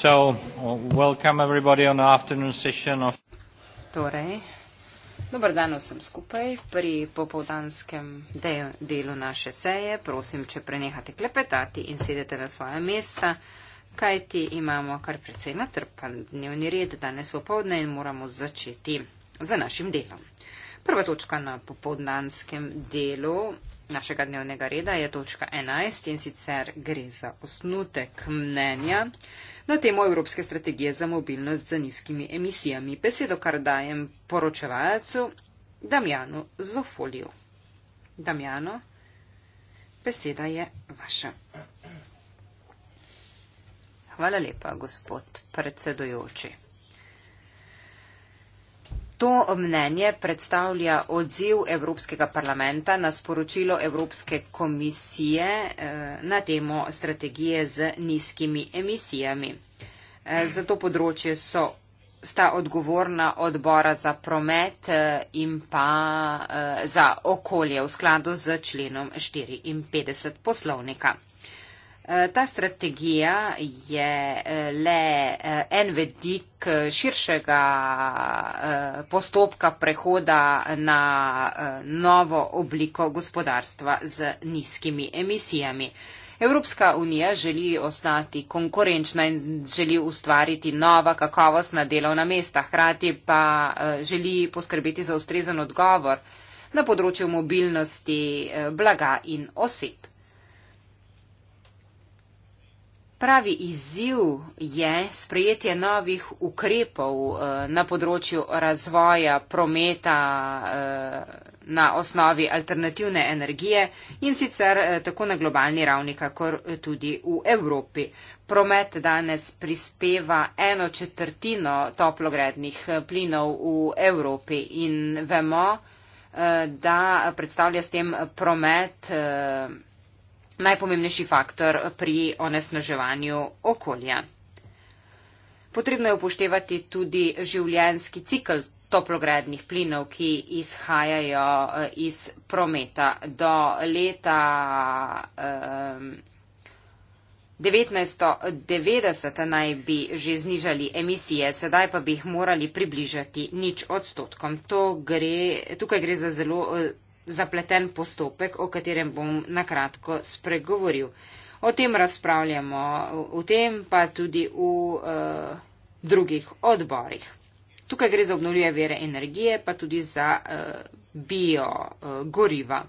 So, welcome everybody on the afternoon session of. Torej, dobro dan vsem skupaj pri popovdanskem de delu naše seje. Prosim, če prenehate klepetati in sedete na svoje mesta, kajti imamo kar precej natrpan dnevni red danes popovdne in moramo začeti z našim delom. Prva točka na popovdanskem delu. Našega dnevnega reda je točka 11 in sicer gre za osnutek mnenja na temo Evropske strategije za mobilnost z nizkimi emisijami. Besedo kar dajem poročevalcu Damjanu Zofoliju. Damjano, beseda je vaša. Hvala lepa, gospod predsedojoči. To mnenje predstavlja odziv Evropskega parlamenta na sporočilo Evropske komisije eh, na temo strategije z nizkimi emisijami. Eh, za to področje so sta odgovorna odbora za promet eh, in pa za okolje v skladu z členom 54 poslovnika. Eh, ta strategija je eh, le eh, en vedik širšega postopka prehoda na novo obliko gospodarstva z nizkimi emisijami. Evropska unija želi ostati konkurenčna in želi ustvariti nova kakovostna delovna mesta, hkrati pa želi poskrbeti za ustrezen odgovor na področju mobilnosti blaga in oseb. Pravi izziv je sprejetje novih ukrepov eh, na področju razvoja prometa eh, na osnovi alternativne energije in sicer eh, tako na globalni ravni, kakor tudi v Evropi. Promet danes prispeva eno četrtino toplogrednih plinov v Evropi in vemo, da predstavlja s tem promet najpomembnejši faktor pri onesnaževanju okolja. Potrebno je upoštevati tudi življenski cikl toplogrednih plinov, ki izhajajo eh, iz prometa. Do leta um, 1990 naj bi že znižali emisije, sedaj pa bi jih morali približati nič odstotkom. Gre, tukaj gre za zelo eh, zapleten postopek, o katerem bom na kratko spregovoril. O tem razpravljamo, v tem pa tudi v e, drugih odborih. Tukaj gre za obnovljive vere energije, pa tudi za e, eh, bio e, goriva.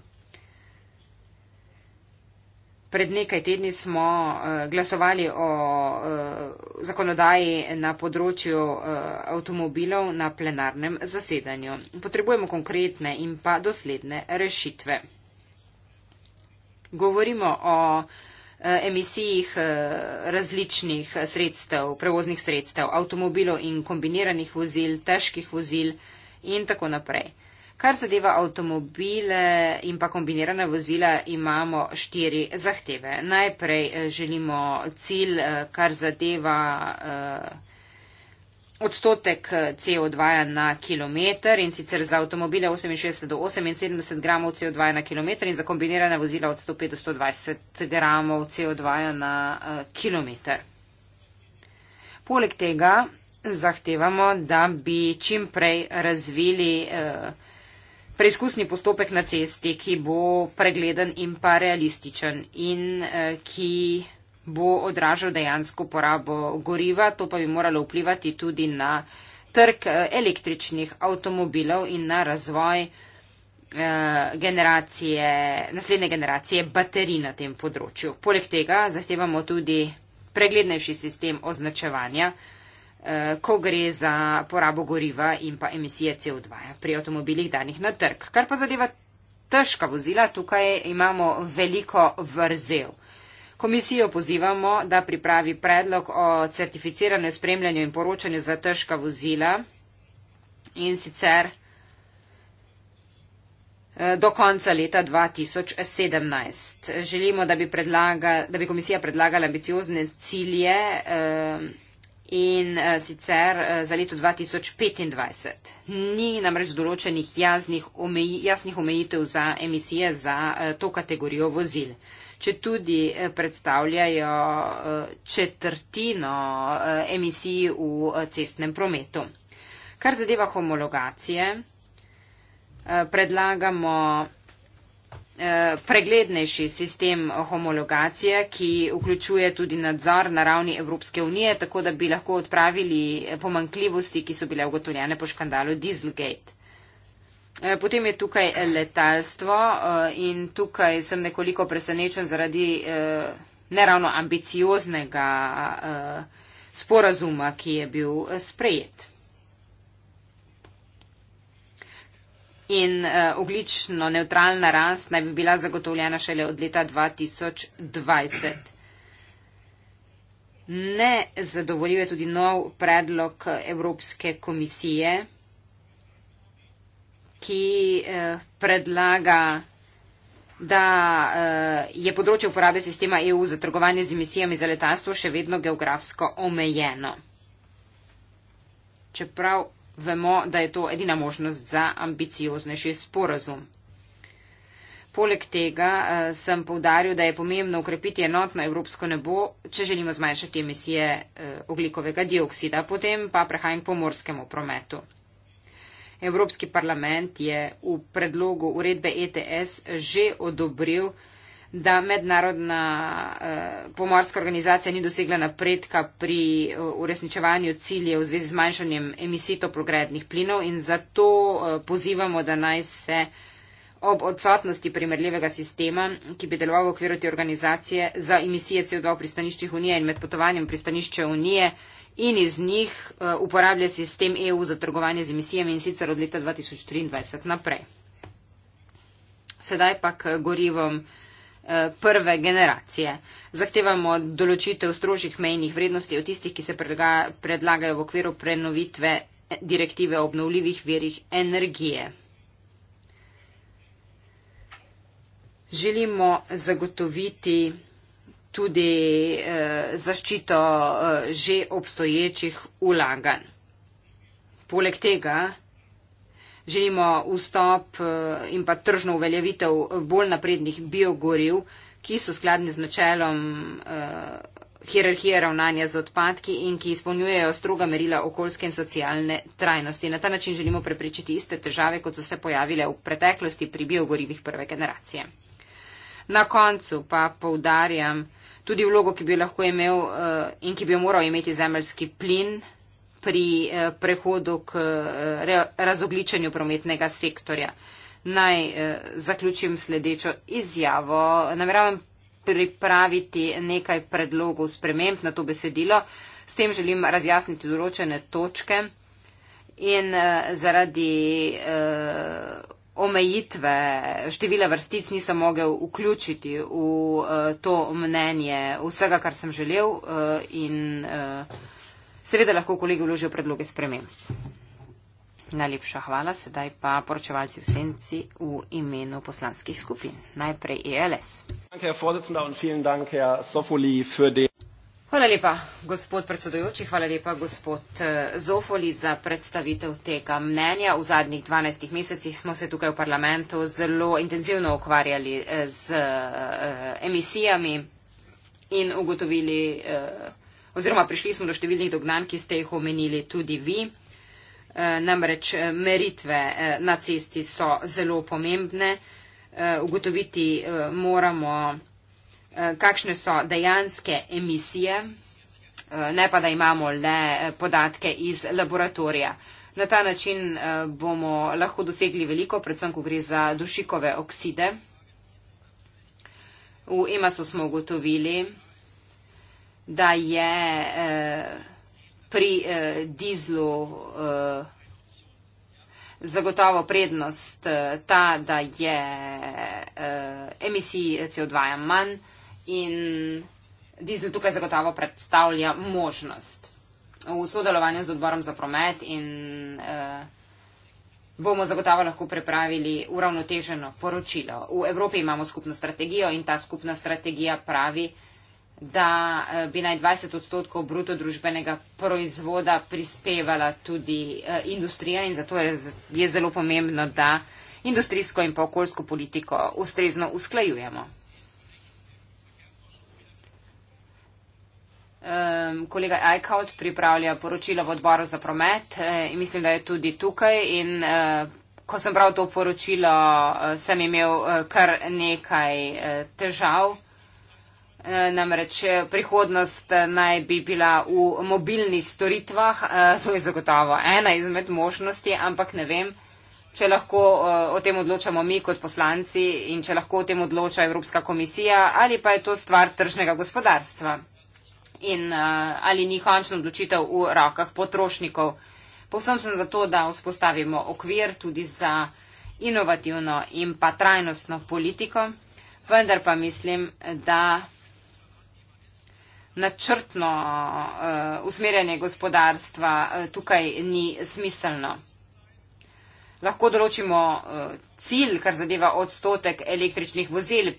Pred nekaj tedni smo eh, glasovali o eh, zakonodaji na področju eh, avtomobilov na plenarnem zasedanju. Potrebujemo konkretne in pa dosledne rešitve. Govorimo o emisijih različnih sredstev, prevoznih sredstev, avtomobilov in kombiniranih vozil, težkih vozil in tako naprej. Kar zadeva avtomobile in pa kombinirane vozila, imamo štiri zahteve. Najprej eh, želimo cilj, eh, kar zadeva eh, odstotek CO2 na kilometr in sicer za avtomobile 68 do 78 gramov CO2 na kilometr in za kombinirane vozila od 105 do 120 gramov CO2 na kilometr. Poleg tega zahtevamo, da bi čim prej razvili eh, preizkusni postopek na cesti, ki bo pregleden in pa realističen in eh, ki bo odražal dejansko porabo goriva. To pa bi moralo vplivati tudi na trg eh, električnih avtomobilov in na razvoj eh, generacije, naslednje generacije baterij na tem področju. Poleg tega zahtevamo tudi preglednejši sistem označevanja, Eh, ko gre za porabo goriva in pa emisije CO2 pri avtomobilih danih na trg. Kar pa zadeva težka vozila, tukaj imamo veliko vrzel. Komisijo pozivamo, da pripravi predlog o certificiranem spremljanju in poročanju za težka vozila in sicer eh, do konca leta 2017. Želimo, da bi, predlaga, da bi komisija predlagala ambiciozne cilje. Eh, in uh, sicer uh, za leto 2025. Ni namreč določenih jaznih omeji, jasnih omejitev za emisije za uh, to kategorijo vozil. Če tudi predstavljajo četrtino emisij v cestnem prometu. Kar zadeva homologacije, predlagamo preglednejši sistem homologacije, ki vključuje tudi nadzor na ravni Evropske unije, tako da bi lahko odpravili pomankljivosti, ki so bile ugotovljene po škandalu Dieselgate. Eh, potem je tukaj letalstvo eh, in tukaj sem nekoliko presenečen zaradi eh, neravno ambicioznega sporazuma, ki je bil sprejet. in uh, eh, oglično neutralna rast naj bi bila zagotovljena šele od leta 2020. Ne zadovoljuje tudi nov predlog Evropske komisije, ki uh, predlaga, da uh, je področje uporabe sistema EU za trgovanje z emisijami za letalstvo še vedno geografsko omejeno. Čeprav vemo, da je to edina možnost za ambicioznejši sporazum. Poleg tega eh, sem povdaril, da je pomembno ukrepiti enotno evropsko nebo, če želimo zmanjšati emisije eh, oglikovega dioksida, potem pa prehajam k pomorskemu prometu. Evropski parlament je v predlogu uredbe ETS že odobril da mednarodna eh, pomorska organizacija ni dosegla napredka pri eh, uresničevanju cilje v zvezi z manjšanjem emisij toplogrednih plinov in zato eh, pozivamo, da naj se ob odsotnosti primerljivega sistema, ki bi deloval v okviru te organizacije za emisije CO2 v pristaniščih Unije in med potovanjem pristanišče Unije in iz njih uporablja sistem EU za trgovanje z emisijami in sicer od leta 2023 naprej. Sedaj pa k gorivom. Eh, prve generacije. Zahtevamo določitev strožjih mejnih vrednosti od tistih, ki se predlagajo v okviru prenovitve direktive o obnovljivih verjih energije. Želimo zagotoviti tudi eh, zaščito eh, že obstoječih ulagan. Poleg tega želimo vstop eh, in pa tržno uveljavitev bolj naprednih biogoriv, ki so skladni z načelom eh, hierarhije ravnanja z odpadki in ki izpolnjujejo stroga merila okoljske in socialne trajnosti. Na ta način želimo preprečiti iste težave, kot so se pojavile v preteklosti pri biogorivih prve generacije. Na koncu pa poudarjam tudi vlogo, ki bi jo lahko imel eh, in ki bi jo moral imeti zemljski plin pri eh, prehodu k eh, razogličenju prometnega sektorja. Naj eh, zaključim sledečo izjavo. Nameravam pripraviti nekaj predlogov sprememb na to besedilo. S tem želim razjasniti določene točke in zaradi omejitve števila vrstic nisem mogel vključiti v to mnenje vsega, kar sem želel in vsega. Seveda lahko kolegi vložijo predloge sprememb. Najlepša hvala, sedaj pa poročevalci v senci v imenu poslanskih skupin. Najprej e ELS. Hvala lepa, gospod predsedujoči, hvala lepa, gospod eh, Zofoli, za predstavitev tega mnenja. V zadnjih 12 mesecih smo se tukaj v parlamentu zelo intenzivno ukvarjali eh, z eh, emisijami in ugotovili oziroma prišli smo do številnih dognanj, ki ste jih omenili tudi vi. E, namreč e, meritve e, na cesti so zelo pomembne. Ugotoviti moramo, kakšne so dejanske emisije, ne pa da imamo le podatke iz laboratorija. Na ta način bomo lahko dosegli veliko, predvsem, ko gre za dušikove okside. V EMAS-u smo ugotovili, da je eh, pri eh, dizlu eh, zagotovo prednost ta, da je emisij CO2 manj in dizel tukaj zagotovo predstavlja možnost. V sodelovanju z odborom za promet in bomo zagotovo lahko pripravili uravnoteženo poročilo. V Evropi imamo skupno strategijo in ta skupna strategija pravi, da eh, bi naj 20 odstotkov bruto družbenega proizvoda prispevala tudi eh, industrija in zato je zelo pomembno, da industrijsko in pa okoljsko politiko ustrezno usklajujemo. Kolega Eichhout pripravlja poročilo v odboru za promet eh, in mislim, da je tudi tukaj in ko sem bral to poročilo, sem imel kar nekaj težav. Eh, namreč eh, prihodnost eh, naj bi bila v mobilnih storitvah, to je zagotovo ena izmed možnosti, ampak ne vem, če lahko o tem odločamo mi kot poslanci in če lahko o tem odloča Evropska komisija ali pa je to stvar tržnega gospodarstva in ali ni končno odločitev v rokah potrošnikov. Povsem sem zato, da vzpostavimo okvir tudi za inovativno in pa trajnostno politiko, vendar pa mislim, da načrtno uh, usmerjanje gospodarstva uh, tukaj ni smiselno. Lahko določimo uh, cilj, kar zadeva odstotek električnih vozil.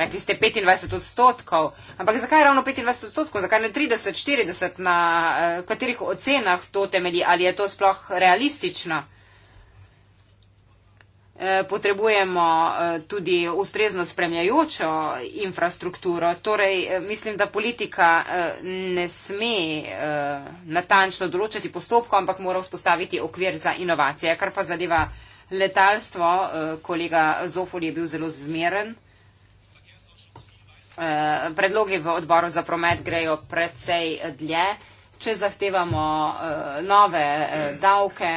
Rekli ste 25 odstotkov, ampak zakaj ravno 25 odstotkov, zakaj ne 30, 40, na uh, katerih ocenah to temelji, ali je to sploh realistično? Uh, Eh, potrebujemo eh, tudi ustrezno spremljajočo infrastrukturo. Torej, eh, mislim, da politika ne sme natančno določiti postopko, ampak mora vzpostaviti okvir za inovacije. Kar pa zadeva letalstvo, kolega Zofol je bil zelo zmeren. Predlogi v odboru za promet grejo predvsej dlje. Če zahtevamo nove davke,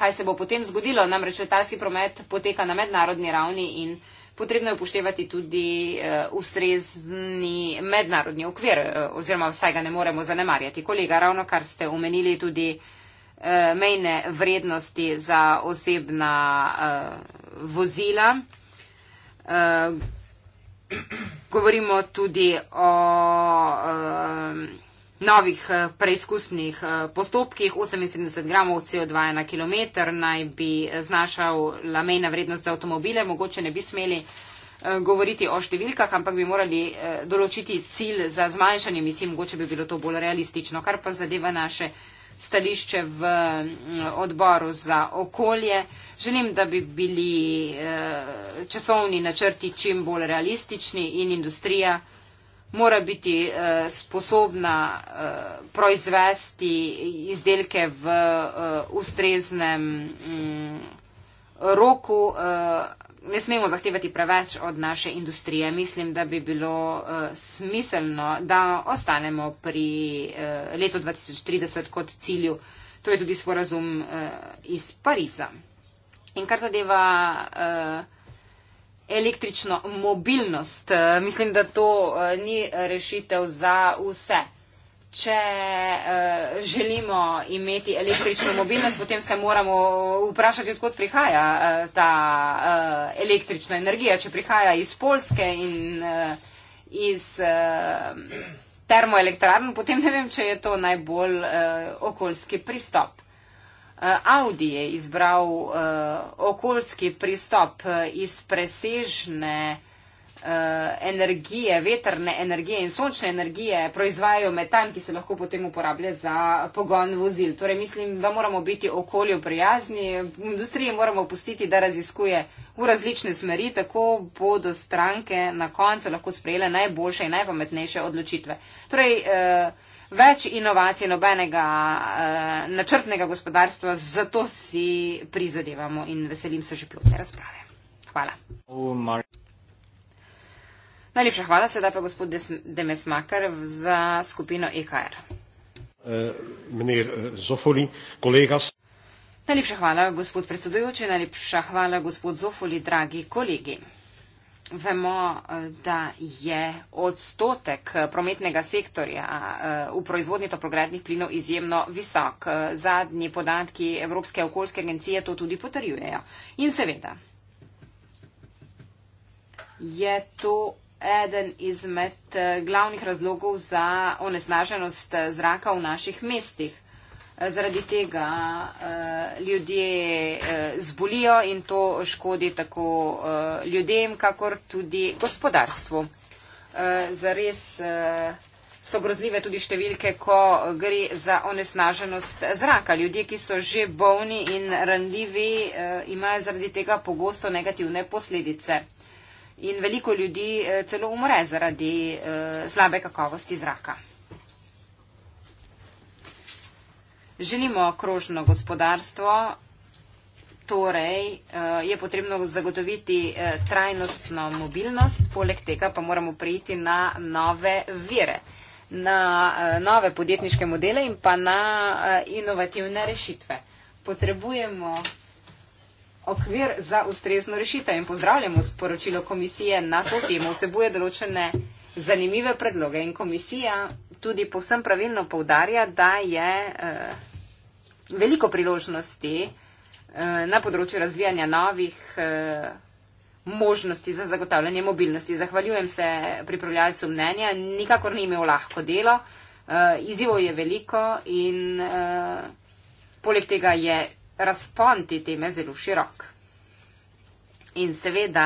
kaj se bo potem zgodilo. Namreč letalski promet poteka na mednarodni ravni in potrebno je upoštevati tudi uh, ustrezni mednarodni okvir uh, oziroma vsaj ga ne moremo zanemarjati. Kolega, ravno kar ste omenili tudi uh, mejne vrednosti za osebna uh, vozila. Uh, govorimo tudi o. Uh, novih eh, preizkusnih eh, postopkih. 78 gramov CO2 na kilometr naj bi znašal lamejna vrednost za avtomobile. Mogoče ne bi smeli eh, govoriti o številkah, ampak bi morali določiti cilj za zmanjšanje emisij. Mogoče bi bilo to bolj realistično, kar pa zadeva naše stališče v mm, odboru za okolje. Želim, da bi bili časovni načrti čim bolj realistični in industrija mora biti uh, sposobna uh, proizvesti izdelke v uh, ustreznem um, roku. Uh, ne smemo zahtevati preveč od naše industrije. Mislim, da bi bilo uh, smiselno, da ostanemo pri uh, letu 2030 kot cilju. To je tudi sporazum uh, iz Pariza. In kar zadeva uh, električno mobilnost. Eh, mislim, da to eh, ni rešitev za vse. Če uh, želimo imeti električno mobilnost, potem se moramo vprašati, odkot prihaja uh, ta uh, električna energija. Če prihaja iz Polske in uh, iz uh, termoelektrarn, potem ne vem, če je to najbolj uh, okoljski pristop. Audi je izbral uh, okoljski pristop eh, iz presežne uh, energije, veterne energije in sončne energije, proizvajajo metan, ki se lahko potem uporablja za pogon vozil. Torej mislim, da moramo biti okolju prijazni, industriji moramo pustiti, da raziskuje v različne smeri, tako bodo stranke na koncu lahko sprejele najboljše in najpametnejše odločitve. Torej, uh, več inovacij, nobenega uh, načrtnega gospodarstva, zato si prizadevamo in veselim se že plodne razprave. Hvala. Najlepša hvala sedaj pa gospod Demesmaker za skupino EKR. Eh, Mnir eh, Zofoli, kolegas. Najlepša hvala, gospod predsedujoči, najlepša hvala, gospod Zofoli, dragi kolegi. Vemo, eh, da je odstotek eh, prometnega sektorja eh, v proizvodnji toplogrednih plinov izjemno visok. Zadnji podatki Evropske okoljske agencije to tudi potrjujejo. In seveda je to eden izmed glavnih razlogov za onesnaženost zraka v naših mestih zaradi tega eh, ljudje eh, zbolijo in to škodi tako eh, ljudem, kakor tudi gospodarstvu. Zares so grozljive tudi številke, ko gre za onesnaženost zraka. Ljudje, ki so že bolni in randljivi, imajo zaradi tega pogosto negativne posledice. In veliko ljudi celo umre zaradi slabe kakovosti zraka. želimo krožno gospodarstvo, torej eh, je potrebno zagotoviti eh, trajnostno mobilnost, poleg tega pa moramo prijeti na nove vire, na eh, nove podjetniške modele in pa na inovativne rešitve. Potrebujemo okvir za ustrezno rešitev in pozdravljamo sporočilo komisije na to temo. Vsebuje določene zanimive predloge in komisija tudi povsem pravilno povdarja, da je. Eh, veliko priložnosti eh, na področju razvijanja novih eh, možnosti za zagotavljanje mobilnosti. Zahvaljujem se pripravljalcu mnenja, nikakor ni imel lahko delo, eh, izzivov je veliko in poleg tega je razpon te teme zelo širok. In seveda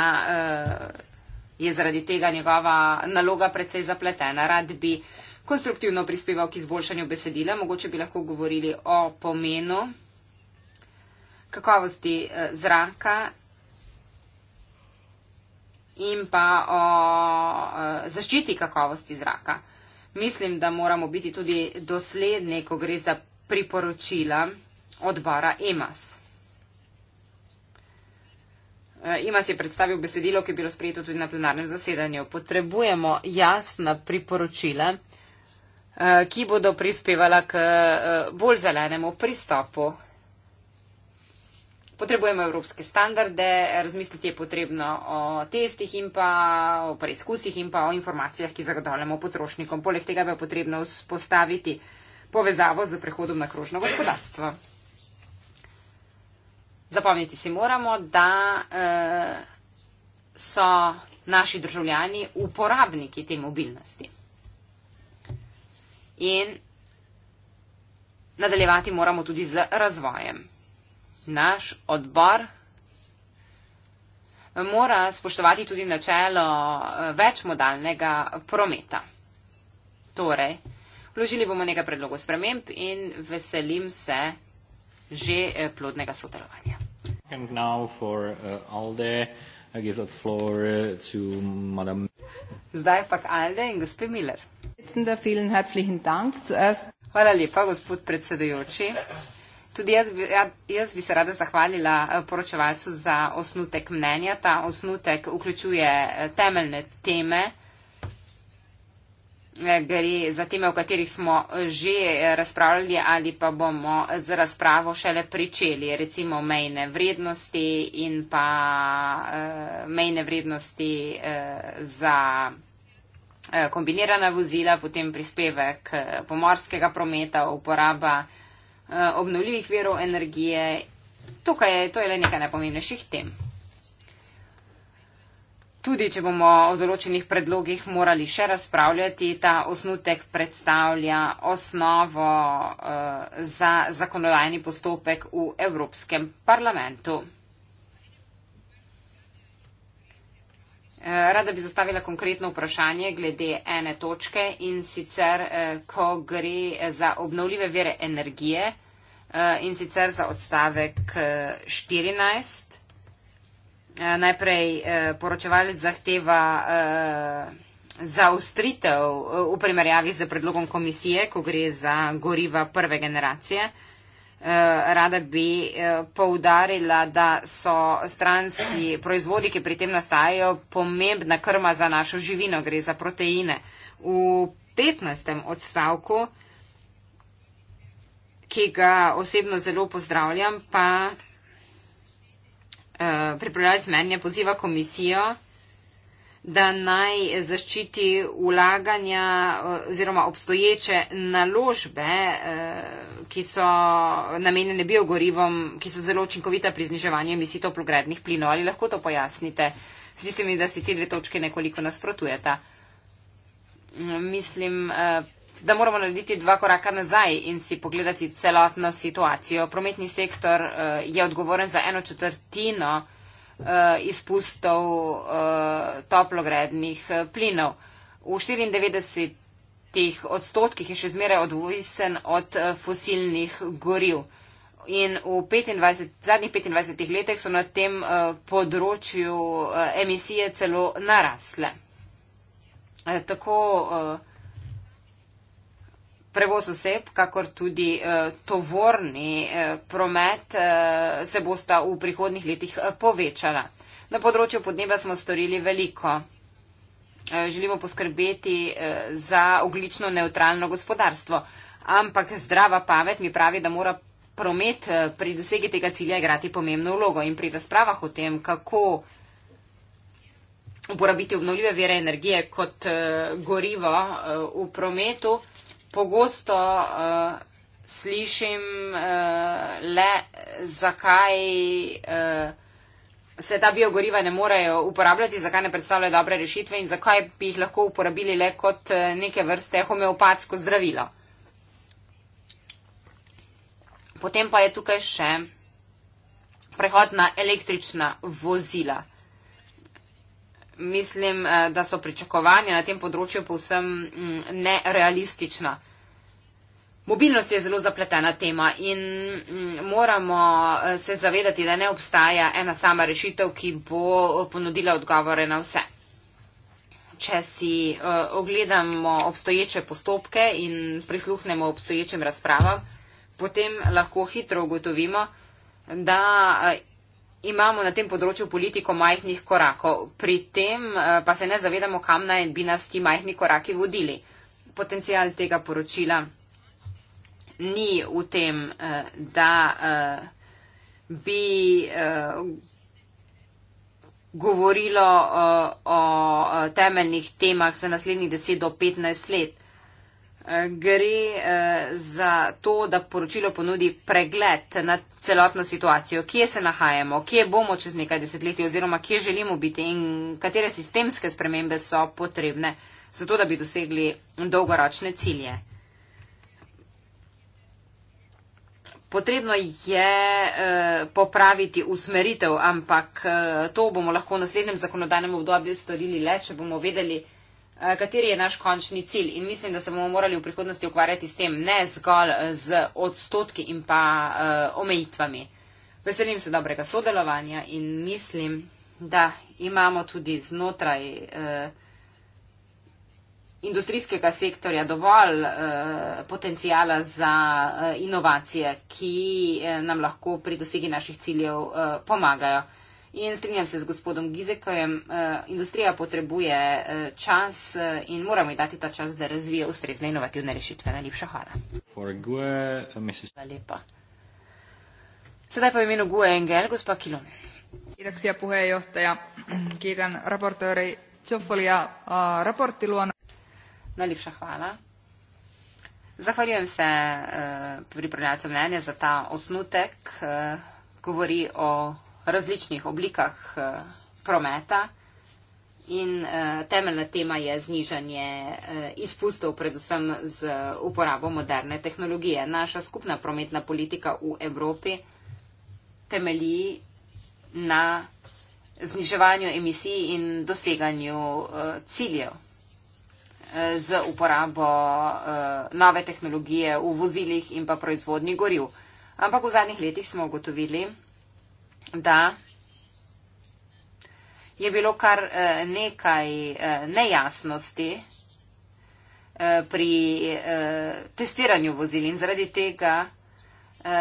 je zaradi tega njegova naloga predvsej zapletena. Rad bi uh, konstruktivno prispeval k izboljšanju besedila. Mogoče bi lahko govorili o pomenu kakovosti eh, zraka in pa o eh, zaščiti kakovosti zraka. Mislim, da moramo biti tudi dosledni, ko gre za priporočila odbora EMAS. Eh, EMAS je predstavil besedilo, ki je bilo sprejeto tudi na plenarnem zasedanju. Potrebujemo jasna priporočila Eh, ki bodo prispevala k eh, bolj zelenemu pristopu. Potrebujemo evropske standarde, razmisliti je potrebno o testih in pa o preizkusih in pa o informacijah, ki zagotavljamo potrošnikom. Poleg tega je potrebno vzpostaviti povezavo z prehodom na krožno gospodarstvo. Zapomniti si moramo, da eh, so naši državljani uporabniki te mobilnosti in nadaljevati moramo tudi z razvojem. Naš odbor mora spoštovati tudi načelo eh, večmodalnega prometa. Torej, vložili bomo nekaj predlogov sprememb in veselim se že eh, plodnega sodelovanja. And now for uh, Alde, uh, I give the floor uh, to Madam. Zdaj pa k Alde in gospe Miller. Vielen herzlichen Dank zuerst. Hvala lepa, gospod predsedujoči. Tudi jaz bi, jaz, jaz bi se rada zahvalila eh, poročevalcu za osnutek mnenja. Ta osnutek vključuje eh, temeljne teme. Eh, gre za teme, o katerih smo že razpravljali ali pa bomo z razpravo šele pričeli, recimo mejne vrednosti in pa eh, mejne vrednosti eh, za kombinirana vozila, potem prispevek pomorskega prometa, uporaba obnovljivih verov energije. Tukaj je, to je le nekaj najpomembnejših tem. Tudi, če bomo o določenih predlogih morali še razpravljati, ta osnutek predstavlja osnovo uh, za zakonodajni postopek v Evropskem parlamentu. Eh, rada bi zastavila konkretno vprašanje glede ene točke in sicer, eh, ko gre za obnovljive vere energije in sicer za odstavek 14. Eh, najprej eh, poročevalec zahteva eh, zaustritev v primerjavi z predlogom komisije, ko gre za goriva prve generacije. Rada bi poudarila, da so stranski proizvodi, ki pri tem nastajajo, pomembna krma za našo živino, gre za proteine. V 15. odstavku, ki ga osebno zelo pozdravljam, pa Eh, pripravljalec mnenja poziva komisijo, da naj zaščiti ulaganja eh, oziroma obstoječe naložbe, eh, ki so namenjene biogorivom, ki so zelo učinkovita pri zniževanju emisij toplogrednih plinov. Ali lahko to pojasnite? Zdi se mi, da si te dve točke nekoliko nasprotujeta. Mislim, da moramo narediti dva koraka nazaj in si pogledati celotno situacijo. Prometni sektor uh, je odgovoren za eno četrtino uh, izpustov uh, toplogrednih plinov. V 94 odstotkih je še zmeraj odvisen od fosilnih goriv. In v 25, zadnjih 25 letih so na tem področju emisije celo narasle. Tako prevoz oseb, kakor tudi eh, tovorni eh, promet eh, se bosta v prihodnih letih eh, povečala. Na področju podnebja smo storili veliko. Eh, želimo poskrbeti eh, za oglično neutralno gospodarstvo, ampak zdrava pamet mi pravi, da mora promet eh, pri dosegi tega cilja igrati pomembno vlogo in pri razpravah o tem, kako uporabiti obnovljive vere energije kot eh, gorivo eh, v prometu, pogosto uh, slišim uh, le, zakaj uh, se ta biogoriva ne morejo uporabljati, zakaj ne predstavljajo dobre rešitve in zakaj bi jih lahko uporabili le kot neke vrste homeopatsko zdravilo. Potem pa je tukaj še prehod na električna vozila mislim, eh, da so pričakovanja na tem področju povsem mm, nerealistična. Mobilnost je zelo zapletena tema in mm, moramo eh, se zavedati, da ne obstaja ena sama rešitev, ki bo ponudila odgovore na vse. Če si eh, ogledamo obstoječe postopke in prisluhnemo obstoječim razpravam, potem lahko hitro ugotovimo, da imamo na tem področju politiko majhnih korakov, pri tem eh, pa se ne zavedamo, kam naj bi nas ti majhni koraki vodili. Potencijal tega poročila ni v tem, eh, da eh, bi govorilo o temeljnih temah za naslednjih 10 do 15 let gre eh, za to, da poročilo ponudi pregled nad celotno situacijo, kje se nahajamo, kje bomo čez nekaj desetletij oziroma kje želimo biti in katere sistemske spremembe so potrebne, zato da bi dosegli dolgoročne cilje. Potrebno je eh, popraviti usmeritev, ampak eh, to bomo lahko v naslednjem zakonodajnem obdobju storili le, če bomo vedeli, Eh, kateri je naš končni cilj. In mislim, da se bomo morali v prihodnosti ukvarjati s tem, ne zgolj eh, z odstotki in pa eh, omejitvami. Veselim se dobrega sodelovanja in mislim, da imamo tudi znotraj industrijskega sektorja dovolj eh, potencijala za eh, inovacije, ki eh, nam lahko pri dosegi naših ciljev eh, pomagajo. In strinjam se z gospodom Gizekojem, eh, industrija potrebuje eh, čas eh, in moramo ji dati ta čas, da razvije ustrezne inovativne rešitve. Najlepša hvala. Hvala. Sedaj pa je imenu Gue Engel, gospa Kilon. Kiitoksia puheenjohtaja. Kiitän raportööri Tjoffolia äh, raporttiluon. Najlepša hvala. Zahvaljujem se äh, pripravljajcu mnenja za ta osnutek. Äh, govori o različnih oblikah eh, prometa in eh, temeljna tema je znižanje eh, izpustov, predvsem z uporabo moderne tehnologije. Naša skupna prometna politika v Evropi temelji na zniževanju emisij in doseganju ciljev z uporabo nove tehnologije v vozilih in pa proizvodni goriv. Ampak v zadnjih letih smo ugotovili, da je bilo kar eh, nekaj eh, nejasnosti eh, pri testiranju vozil in zaradi tega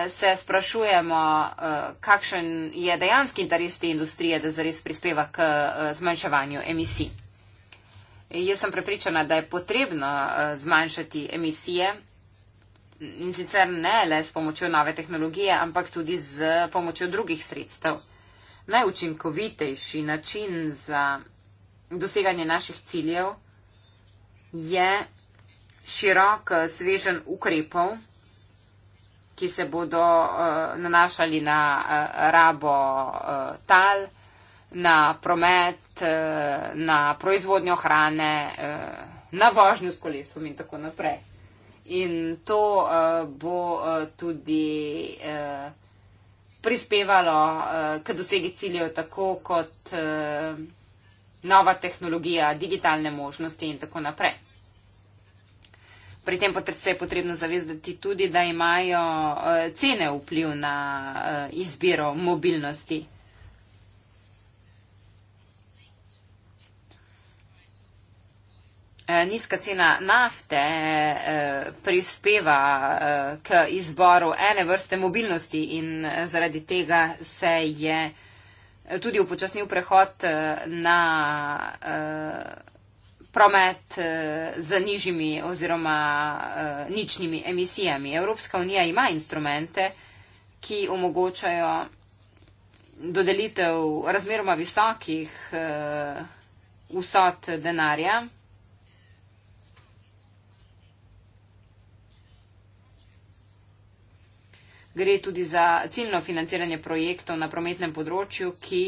se sprašujemo, kakšen je dejanski interes te industrije, da zares prispeva k zmanjševanju emisij. Jaz sem prepričana, da je potrebno zmanjšati emisije in sicer ne le s pomočjo nove tehnologije, ampak tudi z pomočjo drugih sredstev. Najučinkovitejši način za doseganje naših ciljev je širok svežen ukrepov, ki se bodo eh, nanašali na eh, rabo eh, tal, na promet, na proizvodnjo hrane, na vožnjo s kolesom in tako naprej in to uh, bo uh, tudi uh, prispevalo uh, k dosegi ciljev, tako kot uh, nova tehnologija, digitalne možnosti in tako naprej. Pri tem se je potrebno zavezati tudi, da imajo cene vpliv na izbiro mobilnosti. Eh, nizka cena nafte eh, prispeva eh, k izboru ene vrste mobilnosti in zaradi tega se je tudi upočasnil prehod na promet z nižjimi oziroma ničnimi emisijami. Evropska unija ima instrumente, ki omogočajo dodelitev razmeroma visokih vsot denarja gre tudi za ciljno financiranje projektov na prometnem področju, ki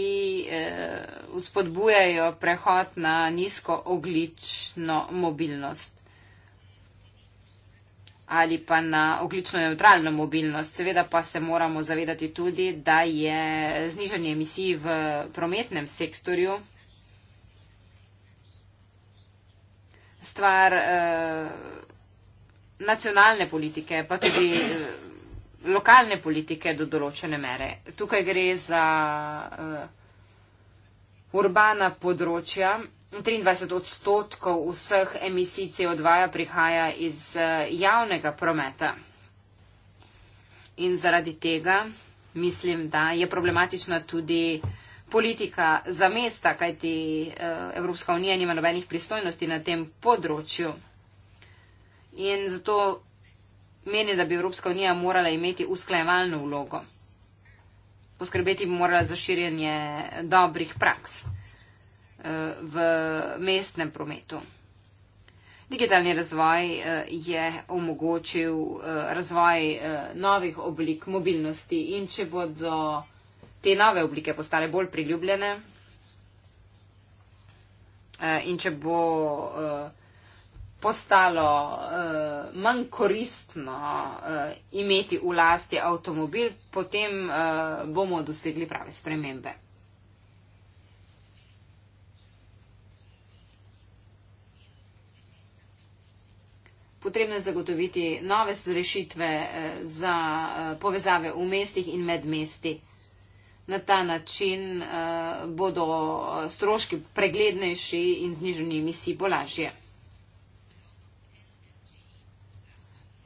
eh, uspodbujajo prehod na nizkooglično mobilnost ali pa na oglično neutralno mobilnost. Seveda pa se moramo zavedati tudi, da je znižanje emisij v prometnem sektorju stvar eh, nacionalne politike, pa tudi. Eh, lokalne politike do določene mere. Tukaj gre za uh, urbana področja. 23 odstotkov vseh emisij CO2 ja prihaja iz uh, javnega prometa. In zaradi tega mislim, da je problematična tudi politika za mesta, kajti uh, Evropska unija nima nobenih pristojnosti na tem področju. In zato meni, da bi Evropska unija morala imeti usklajevalno vlogo. Poskrbeti bi morala za širjenje dobrih praks eh, v mestnem prometu. Digitalni razvoj eh, je omogočil eh, razvoj novih oblik mobilnosti in če bodo te nove oblike postale bolj priljubljene in če bo postalo uh, manj koristno uh, imeti v lasti avtomobil, potem uh, bomo dosegli prave spremembe. Potrebno je zagotoviti nove rešitve za povezave v mestih in med mesti. Na ta način bodo stroški preglednejši in znižanje emisij bo lažje.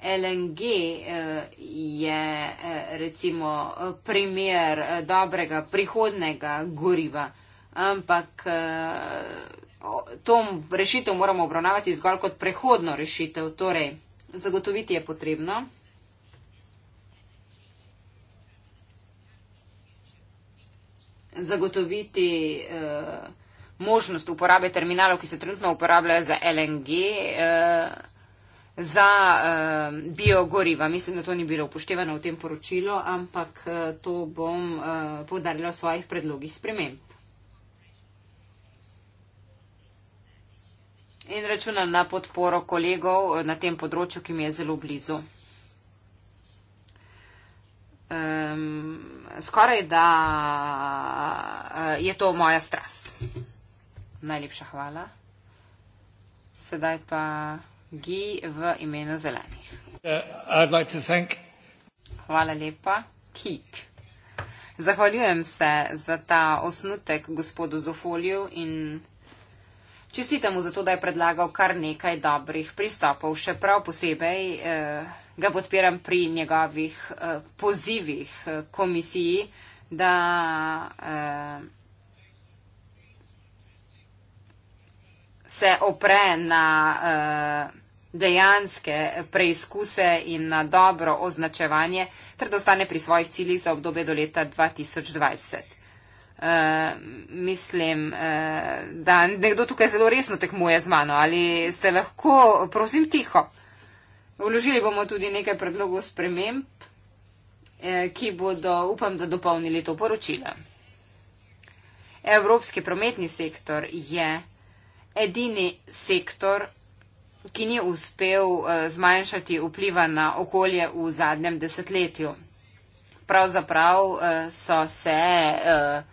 LNG eh, je eh, recimo primer eh, dobrega prihodnega goriva, ampak to rešitev moramo obravnavati zgolj kot prehodno rešitev, torej zagotoviti je potrebno. zagotoviti eh, možnost uporabe terminalov, ki se trenutno uporabljajo za LNG, eh, za uh, biogoriva. Mislim, da to ni bilo upoštevano v tem poročilu, ampak uh, to bom uh, eh, podarila v svojih predlogih sprememb. In računam na podporo kolegov na tem področju, ki mi je zelo blizu. Um, skoraj da uh, je to moja strast. Najlepša hvala. Sedaj pa. Gi v imenu zelenih. Uh, like Hvala lepa, Kit. Zahvaljujem se za ta osnutek gospodu Zofoliju in čestitam mu za to, da je predlagal kar nekaj dobrih pristopov. Še prav posebej eh, ga podpiram pri njegovih eh, pozivih eh, komisiji, da. Eh, se opre na eh, dejanske preizkuse in na dobro označevanje, ter da ostane pri svojih ciljih za obdobje do leta 2020. Uh, eh, mislim, uh, da nekdo tukaj zelo resno tekmuje z mano. Ali ste lahko, prosim, tiho? Vložili bomo tudi nekaj predlogov sprememb, eh, ki bodo, upam, da dopolnili to poročilo. Evropski prometni sektor je edini sektor, ki ni uspel eh, zmanjšati vpliva na okolje v zadnjem desetletju. Pravzaprav eh, so se eh,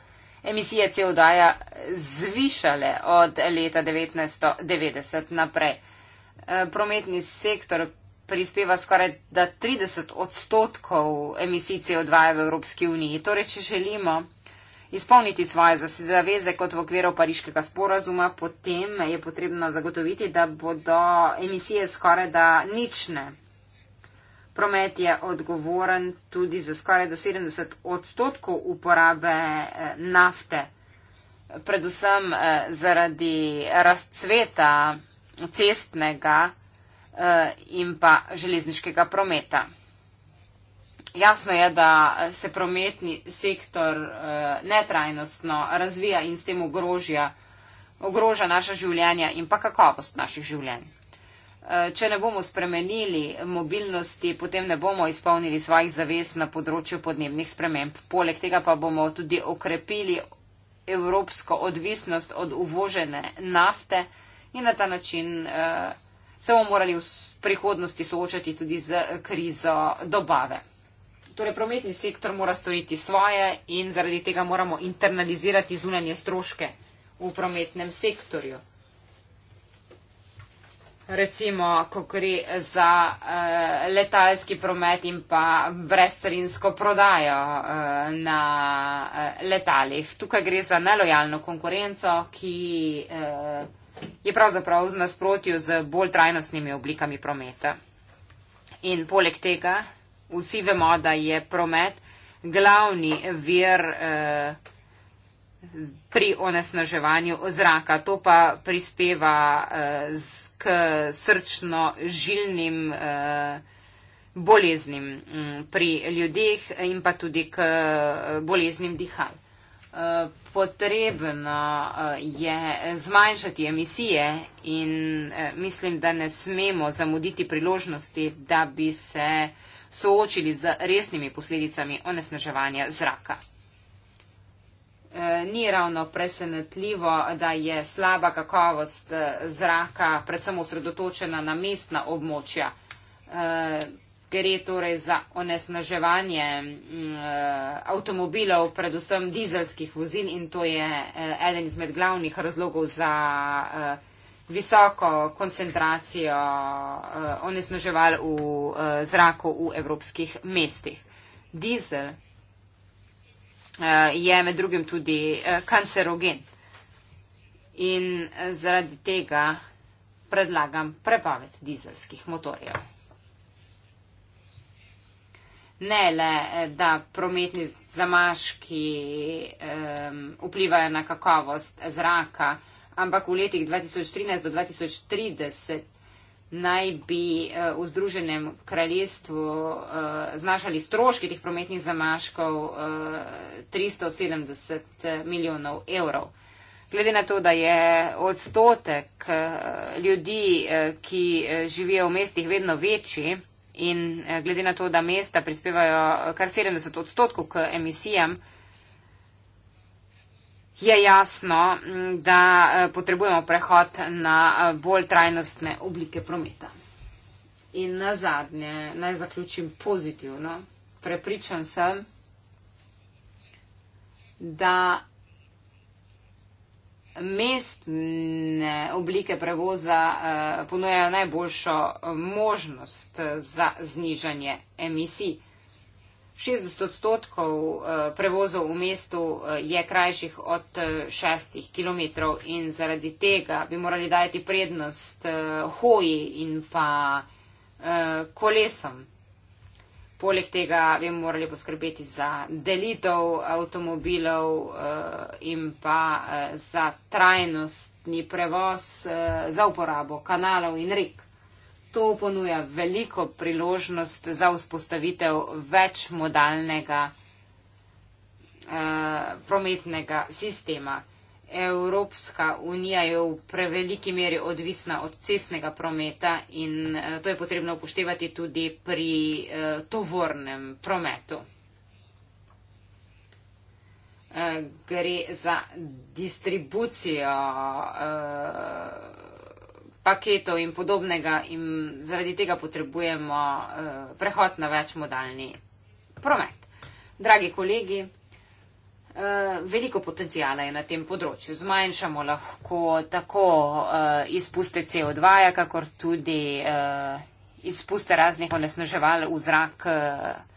emisije CO2 ja zvišale od leta 1990 naprej. Prometni sektor prispeva skoraj 30 odstotkov emisij CO2 v Evropski uniji. Torej, če želimo izpolniti svoje zaveze kot v okviru pariškega sporazuma, potem je potrebno zagotoviti, da bodo emisije skoraj da nične. Promet je odgovoren tudi za skoraj da 70 odstotkov uporabe eh, nafte, predvsem eh, zaradi razcveta cestnega eh, in pa železniškega prometa. Jasno je, da se prometni sektor eh, netrajnostno razvija in s tem ogrožja, ogroža naša življenja in pa kakovost naših življenj. Eh, če ne bomo spremenili mobilnosti, potem ne bomo izpolnili svojih zavez na področju podnebnih sprememb. Poleg tega pa bomo tudi okrepili evropsko odvisnost od uvožene nafte in na ta način eh, se bomo morali v prihodnosti soočati tudi z krizo dobave. Torej, prometni sektor mora storiti svoje in zaradi tega moramo internalizirati zunanje stroške v prometnem sektorju. Recimo, ko gre za uh, letalski promet in pa brezcarinsko prodajo uh, na uh, letalih. Tukaj gre za nelojalno konkurenco, ki uh, je pravzaprav v nasprotju z bolj trajnostnimi oblikami prometa. In poleg tega vsi vemo, da je promet glavni vir eh, pri onesnaževanju zraka. To pa prispeva eh, z, k srčno-žilnim eh, boleznim m, mm, pri ljudeh in pa tudi k eh, boleznim dihal. Eh, potrebno eh, je zmanjšati emisije in mislim, da ne smemo zamuditi priložnosti, da bi se uh, soočili z resnimi posledicami onesnaževanja zraka. E, ni ravno presenetljivo, da je slaba kakovost e, zraka predvsem osredotočena na mestna območja. E, gre torej za onesnaževanje avtomobilov, predvsem dizelskih vozil in to je eden izmed glavnih razlogov za visoko koncentracijo uh, onesnaževal v uh, zraku v evropskih mestih. Dizel uh, je med drugim tudi uh, kancerogen in uh, zaradi tega predlagam prepoved dizelskih motorjev. Ne le, da prometni zamaški um, vplivajo na kakovost zraka, uh, ampak v letih 2013 do 2030 naj bi eh, v Združenem kraljestvu eh, znašali stroški teh prometnih zamaškov 370 eh, milijonov evrov. Glede na to, da je odstotek ljudi, ki živijo v mestih, vedno večji in glede na to, da mesta prispevajo kar 70 odstotkov k emisijam, je jasno, mm, da eh, potrebujemo prehod na eh, bolj trajnostne oblike prometa. In na zadnje, naj zaključim pozitivno. Prepričan sem, da mestne oblike prevoza eh, ponujajo najboljšo možnost za znižanje emisij. 60 odstotkov eh, prevozov v mestu eh, je krajših od 6 eh, km in zaradi tega bi morali dajati prednost hoji in pa kolesom. Poleg tega bi morali poskrbeti za delitev avtomobilov in pa za trajnostni prevoz za uporabo kanalov in rik. To ponuja veliko priložnost za vzpostavitev večmodalnega eh, prometnega sistema. Evropska unija je v preveliki meri odvisna od cestnega prometa in eh, to je potrebno upoštevati tudi pri eh, tovornem prometu. Eh, gre za distribucijo. Eh, paketov in podobnega in zaradi tega potrebujemo eh, prehod na večmodalni promet. Dragi kolegi, eh, veliko potencijala je na tem področju. Zmanjšamo lahko tako eh, izpuste CO2, kakor tudi eh, izpuste raznih onesnaževal v zrak. Eh,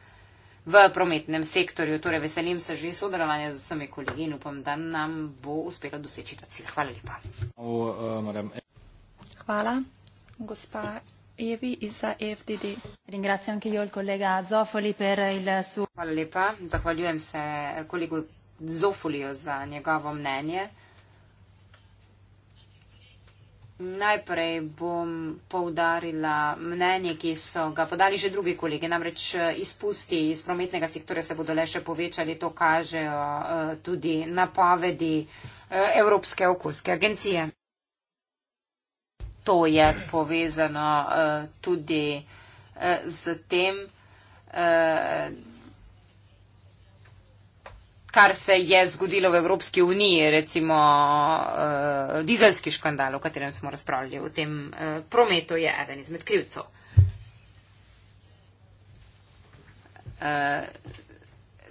v prometnem sektorju. Torej, veselim se že sodelovanja z vsemi kolegi in upam, da nam bo uspelo doseči ta cilj. Hvala lepa. Oh, uh, Hvala. Gospa Evi iz AFDD. Hvala lepa. Zahvaljujem se kolegu Zofoliju za njegovo mnenje. Najprej bom poudarila mnenje, ki so ga podali že drugi kolegi. Namreč eh, izpusti iz prometnega sektorja se bodo le še povečali, to kažejo eh, tudi napovedi eh, Evropske okoljske agencije to je povezano uh, tudi uh, eh, z tem, uh, kar se je zgodilo v Evropski uniji, recimo uh, dizelski škandal, o katerem smo razpravljali, v tem uh, prometu je eden izmed krivcev. Uh,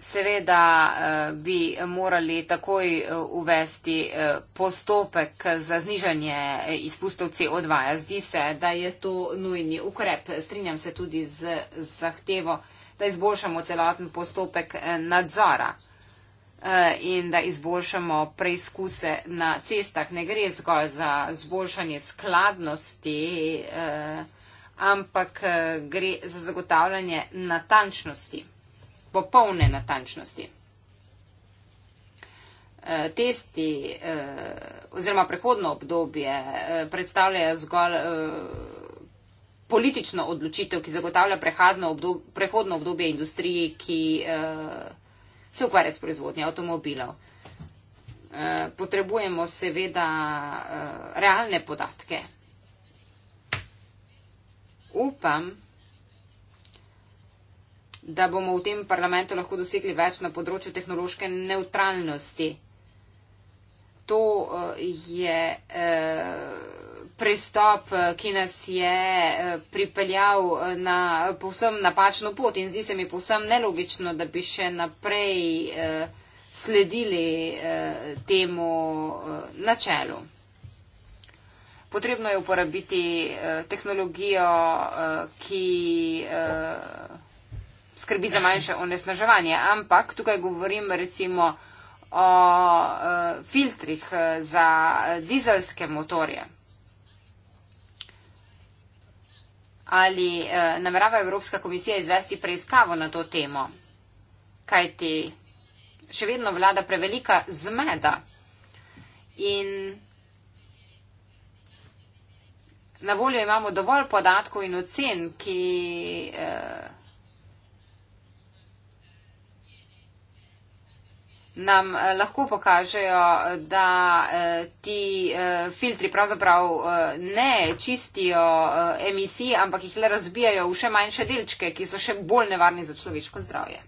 seveda eh, bi morali takoj eh, uvesti eh, postopek za znižanje izpustov CO2. Zdi se, da je to nujni ukrep. Strinjam se tudi z zahtevo, da izboljšamo celoten postopek nadzora in da izboljšamo preizkuse na cestah. Ne gre zgolj za zboljšanje skladnosti, ampak gre za zagotavljanje natančnosti popolne natančnosti. E, testi e, oziroma prehodno obdobje e, predstavljajo zgolj politično odločitev, ki zagotavlja obdobje, prehodno obdobje industriji, ki se ukvarja s proizvodnjo avtomobilov. Potrebujemo seveda realne podatke. Upam, da bomo v tem parlamentu lahko dosegli več na področju tehnološke neutralnosti. To eh, je eh, pristop, eh, ki nas je pripeljal na povsem napačno pot in zdi se mi povsem nelogično, da bi še naprej sledili temu načelu. Potrebno je uporabiti tehnologijo, ki skrbi za manjše onesnaževanje. Ampak tukaj govorim recimo o uh, filtrih e, za dizelske motorje. Ali uh, namerava Evropska komisija izvesti preiskavo na to temo? Kaj ti še vedno vlada prevelika zmeda? In na voljo imamo dovolj podatkov in ocen, ki. Uh, nam eh, lahko pokažejo, da eh, ti eh, filtri pravzaprav ne čistijo emisij, ampak jih le razbijajo v še manjše delčke, ki so še bolj nevarni za človeško zdravje.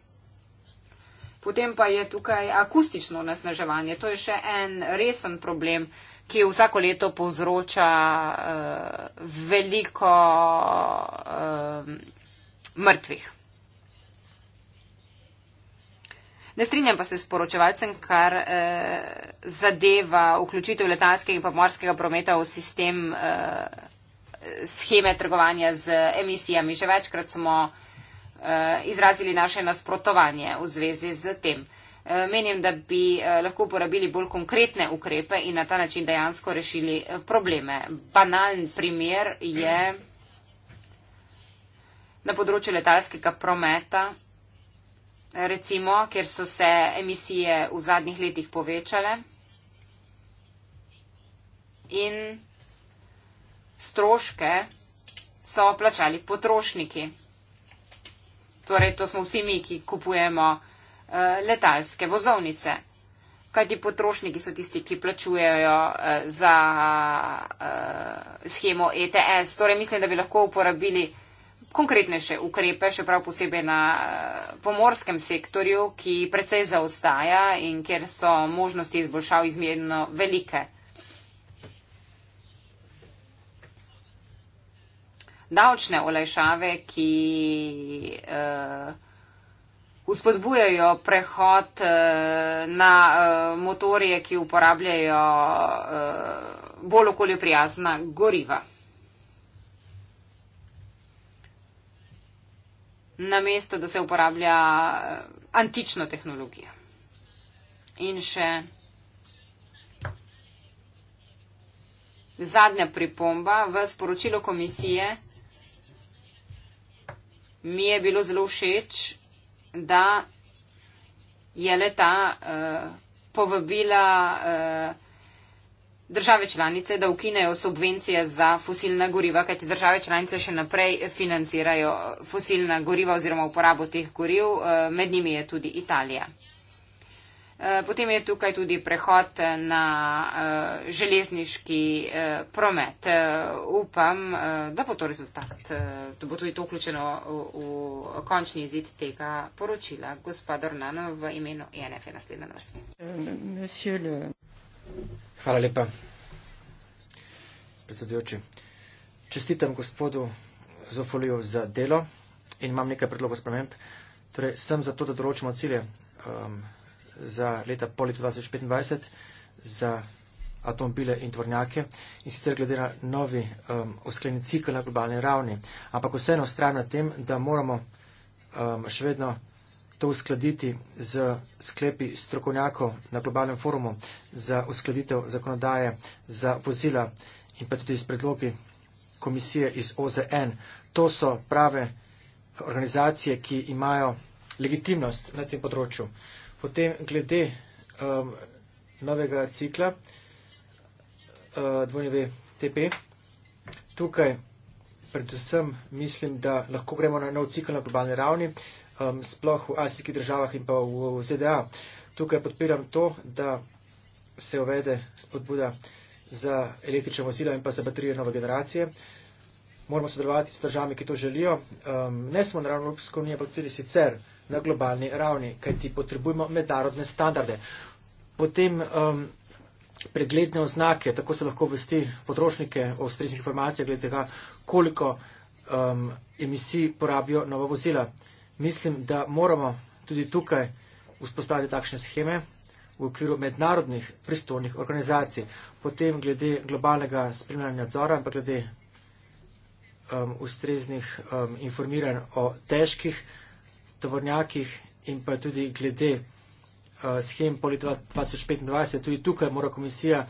Potem pa je tukaj akustično nasneževanje. To je še en resen problem, ki vsako leto povzroča veliko mrtvih. Ne strinjam pa se s poročevalcem, kar eh, zadeva vključitev letalskega in pomorskega prometa v sistem eh, scheme trgovanja z emisijami. Že večkrat smo eh, izrazili naše nasprotovanje v zvezi z tem. Eh, menim, da bi eh, lahko uporabili bolj konkretne ukrepe in na ta način dejansko rešili eh, probleme. Banalen primer je na področju letalskega prometa recimo, kjer so se emisije v zadnjih letih povečale in stroške so plačali potrošniki. Torej, to smo vsi mi, ki kupujemo eh, letalske vozovnice. Kaj ti potrošniki so tisti, ki plačujejo eh, za eh, schemo ETS? Torej, mislim, da bi lahko uporabili konkretnejše ukrepe, še prav posebej na eh, pomorskem sektorju, ki precej zaostaja in kjer so možnosti izboljšav izmerno velike. Davčne olajšave, ki uh, eh, uspodbujajo prehod uh, na uh, motorje, ki uporabljajo uh, bolj okoljoprijazna goriva. namesto da se uporablja eh, antično tehnologijo. In še zadnja pripomba v sporočilu komisije. Mi je bilo zelo všeč, da je leta uh, povabila uh, države članice, da ukinejo subvencije za fosilna goriva, kajti države članice še naprej financirajo eh, fosilna goriva oziroma uporabo teh goriv, eh, med njimi je tudi Italija. Eh, potem je tukaj tudi prehod na železniški promet. Upam, da bo to rezultat, da bo tudi to vključeno v končni izid tega poročila. Gospod Ornano v imenu ENF je naslednja na vrsti. Euh, monsieur le... Hvala lepa, predsedujoči. Čestitam gospodu Zofoliju za delo in imam nekaj predlogov sprememb. Torej, sem zato, da določimo cilje um, za leta po letu 2025 za avtomobile in tvornjake in sicer glede na novi um, osklenjen cikl na globalni ravni. Ampak vseeno stran na tem, da moramo um, še vedno to uskladiti z sklepi strokovnjakov na globalnem forumu za uskladitev zakonodaje za vozila in pa tudi z predlogi komisije iz OZN. To so prave organizacije, ki imajo legitimnost na tem področju. Potem glede um, novega cikla uh, dvojneve TP, tukaj predvsem mislim, da lahko gremo na nov cikl na globalni ravni um, sploh v asijskih državah in pa v, v ZDA. Tukaj podpiram to, da se uvede spodbuda za električno vozilo in pa za baterije nove generacije. Moramo sodelovati s državami, ki to želijo, um, ne samo na ravni Evropske unije, pa tudi sicer na globalni ravni, kajti potrebujemo mednarodne standarde. Potem um, pregledne oznake, tako se lahko obvesti potrošnike o ustreznih informacijah glede tega, koliko um, emisij porabijo nova vozila mislim, da moramo tudi tukaj vzpostaviti takšne scheme v okviru mednarodnih pristojnih organizacij, potem glede globalnega spremljanja nadzora, ampak glede um, ustreznih um, informiranj o težkih tovornjakih in pa tudi glede uh, schem poli 2025, tudi tukaj mora komisija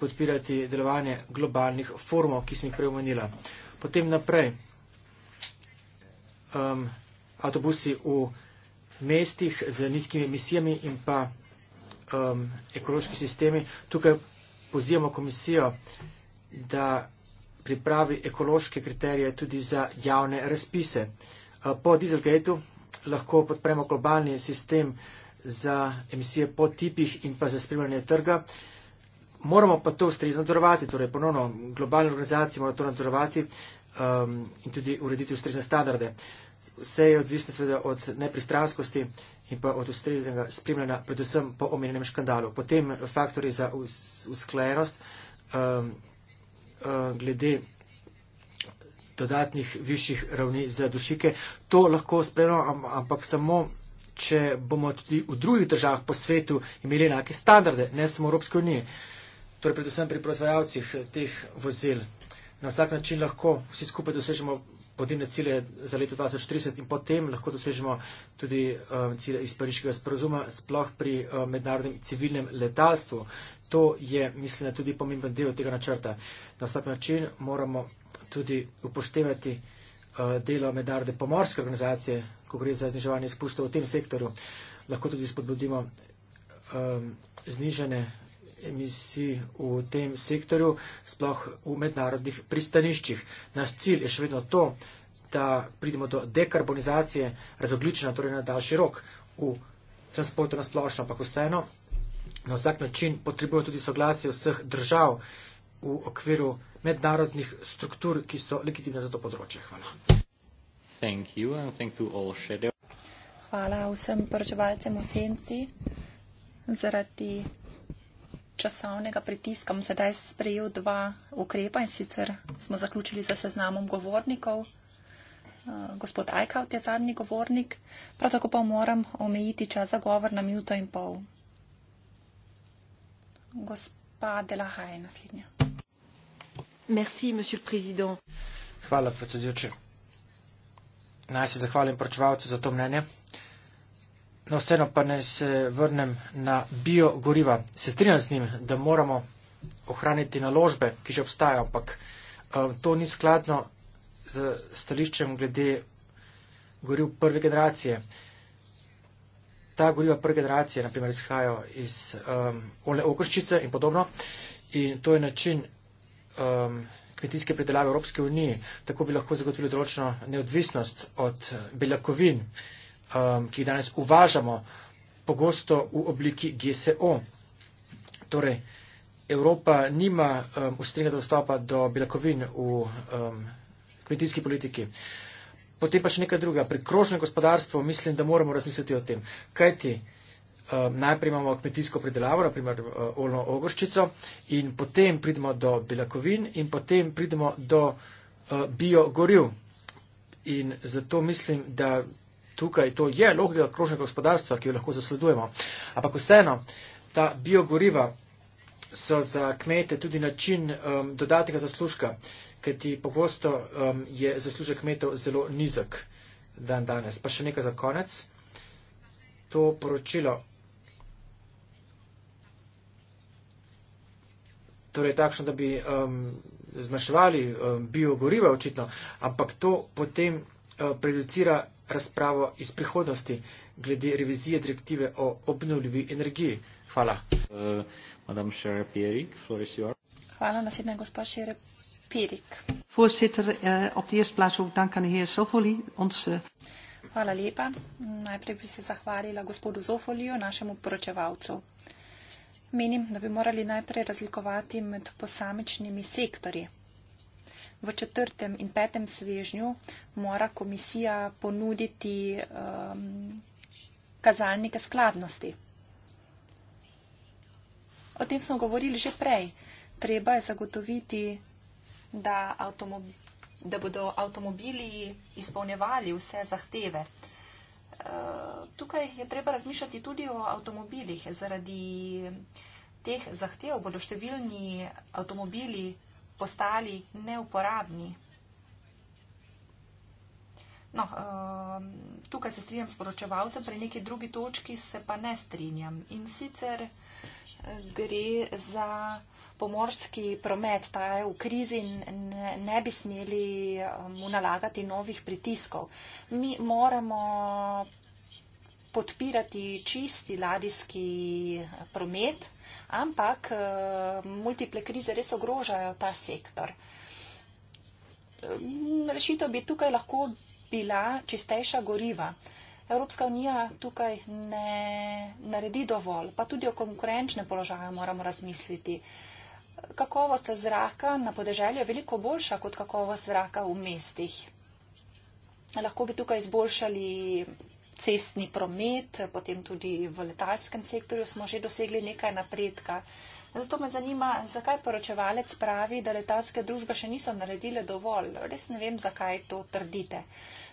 podpirati delovanje globalnih forumov, ki sem jih preomenila. Potem naprej. Um, avtobusi v mestih z nizkimi emisijami in pa um, ekološki sistemi. Tukaj pozivamo komisijo, da pripravi ekološke kriterije tudi za javne razpise. Uh, po Dieselgateu lahko podpremo globalni sistem za emisije po tipih in pa za spremljanje trga. Moramo pa to ustrezno nadzorovati, torej ponovno globalne organizacije morajo to nadzorovati um, in tudi urediti ustrezne standarde. Uh, vse je odvisno seveda od nepristranskosti in pa od ustreznega spremljanja, predvsem po omenjenem škandalu. Potem faktori za usklajenost um, um, glede dodatnih višjih ravni za dušike. To lahko spremljamo, ampak samo, če bomo tudi v drugih državah po svetu imeli enake standarde, ne samo Evropske unije. Torej, predvsem pri proizvajalcih teh vozil. Na vsak način lahko vsi skupaj dosežemo podnebne cilje za leto 2030 in potem lahko dosežemo tudi um, cilje iz pariškega sporozuma, sploh pri um, mednarodnem civilnem letalstvu. To je, mislim, tudi pomemben del tega načrta. Na slab način moramo tudi upoštevati uh, delo mednarodne pomorske organizacije, ko gre za zniževanje izpustov v tem sektorju. Lahko tudi spodbudimo um, znižene emisij v tem sektorju, sploh v mednarodnih pristaniščih. Naš cilj je še vedno to, da pridemo do dekarbonizacije razogličena, torej na daljši rok v transportu na splošno, ampak vseeno na vsak način potrebujemo tudi soglasje vseh držav v okviru mednarodnih struktur, ki so legitimne za to področje. Hvala. Thank you and thank to all shadow. Hvala vsem poročevalcem v senci zaradi časovnega pritiska, bom sedaj sprejel dva ukrepa in sicer smo zaključili za seznamom govornikov. Eh, gospod Ajkaut je zadnji govornik, prav tako pa moram omejiti čas za govor na minuto in pol. Gospa Delahaj je naslednja. Merci, Hvala, predsedujoče. Naj se zahvalim pročevalcu za to mnenje. No, vseeno pa naj se vrnem na biogoriva. Se strinjam z njim, da moramo ohraniti naložbe, ki že obstajajo, ampak um, to ni skladno z stališčem glede goriv prve generacije. Ta goriva prve generacije, naprimer, izhajajo iz um, eh, okrščice in podobno. In to je način um, kmetijske predelave Evropske unije. Tako bi lahko zagotovili določeno neodvisnost od beljakovin. Uh, um, ki jih danes uvažamo, pogosto v obliki GSO. Torej, Evropa nima um, ustrega dostopa do belakovin v um, kmetijski politiki. Potem pa še nekaj druga. Pri krožnem gospodarstvu mislim, da moramo razmisliti o tem, kaj ti. Um, najprej imamo kmetijsko pridelavo, naprimer uh, olno ogoščico in potem pridemo do belakovin in potem pridemo do uh, biogoriv. In zato mislim, da tukaj to je logika krožnega gospodarstva, ki jo lahko zasledujemo. Ampak vseeno, ta biogoriva so za kmete tudi način um, dodatnega zaslužka, kajti pogosto um, je zaslužek kmetov zelo nizek dan danes. Pa še nekaj za konec. To poročilo. Torej, takšno, da bi um, zmaševali um, biogoriva, očitno, ampak to potem uh, producira razpravo iz prihodnosti glede revizije direktive o obnovljivi energiji. Hvala. Uh, Hvala, naslednja gospa Šere Pirik. Eh, eh, Hvala lepa. Najprej bi se zahvalila gospodu Zofoliju, našemu poročevalcu. Menim, da bi morali najprej razlikovati med posamičnimi sektorji. V četrtem in petem svežnju mora komisija ponuditi um, kazalnike skladnosti. O tem smo govorili že prej. Treba je zagotoviti, da, da bodo avtomobili izpolnjevali vse zahteve. Uh, tukaj je treba razmišljati tudi o avtomobilih. Zaradi teh zahtev bodo številni avtomobili postali neuporabni. No, ehm, tukaj se strinjam s poročevalcem, pri neki drugi točki se pa ne strinjam. In sicer eh, gre za pomorski promet, ta je v krizi in ne, ne bi smeli eh, mu nalagati novih pritiskov. Mi moramo podpirati čisti ladijski eh, promet ampak eh, multiple krize res ogrožajo ta sektor. Ehm, rešitev bi tukaj lahko bila čistejša goriva. Evropska unija tukaj ne naredi dovolj, pa tudi o konkurenčnem položaju moramo razmisliti. Kakovost zraka na podeželju je veliko boljša kot kakovost zraka v mestih. Lahko bi tukaj izboljšali cestni promet, potem tudi v letalskem sektorju smo že dosegli nekaj napredka. Zato me zanima, zakaj poročevalec pravi, da letalske družbe še niso naredile dovolj. Res ne vem, zakaj to trdite.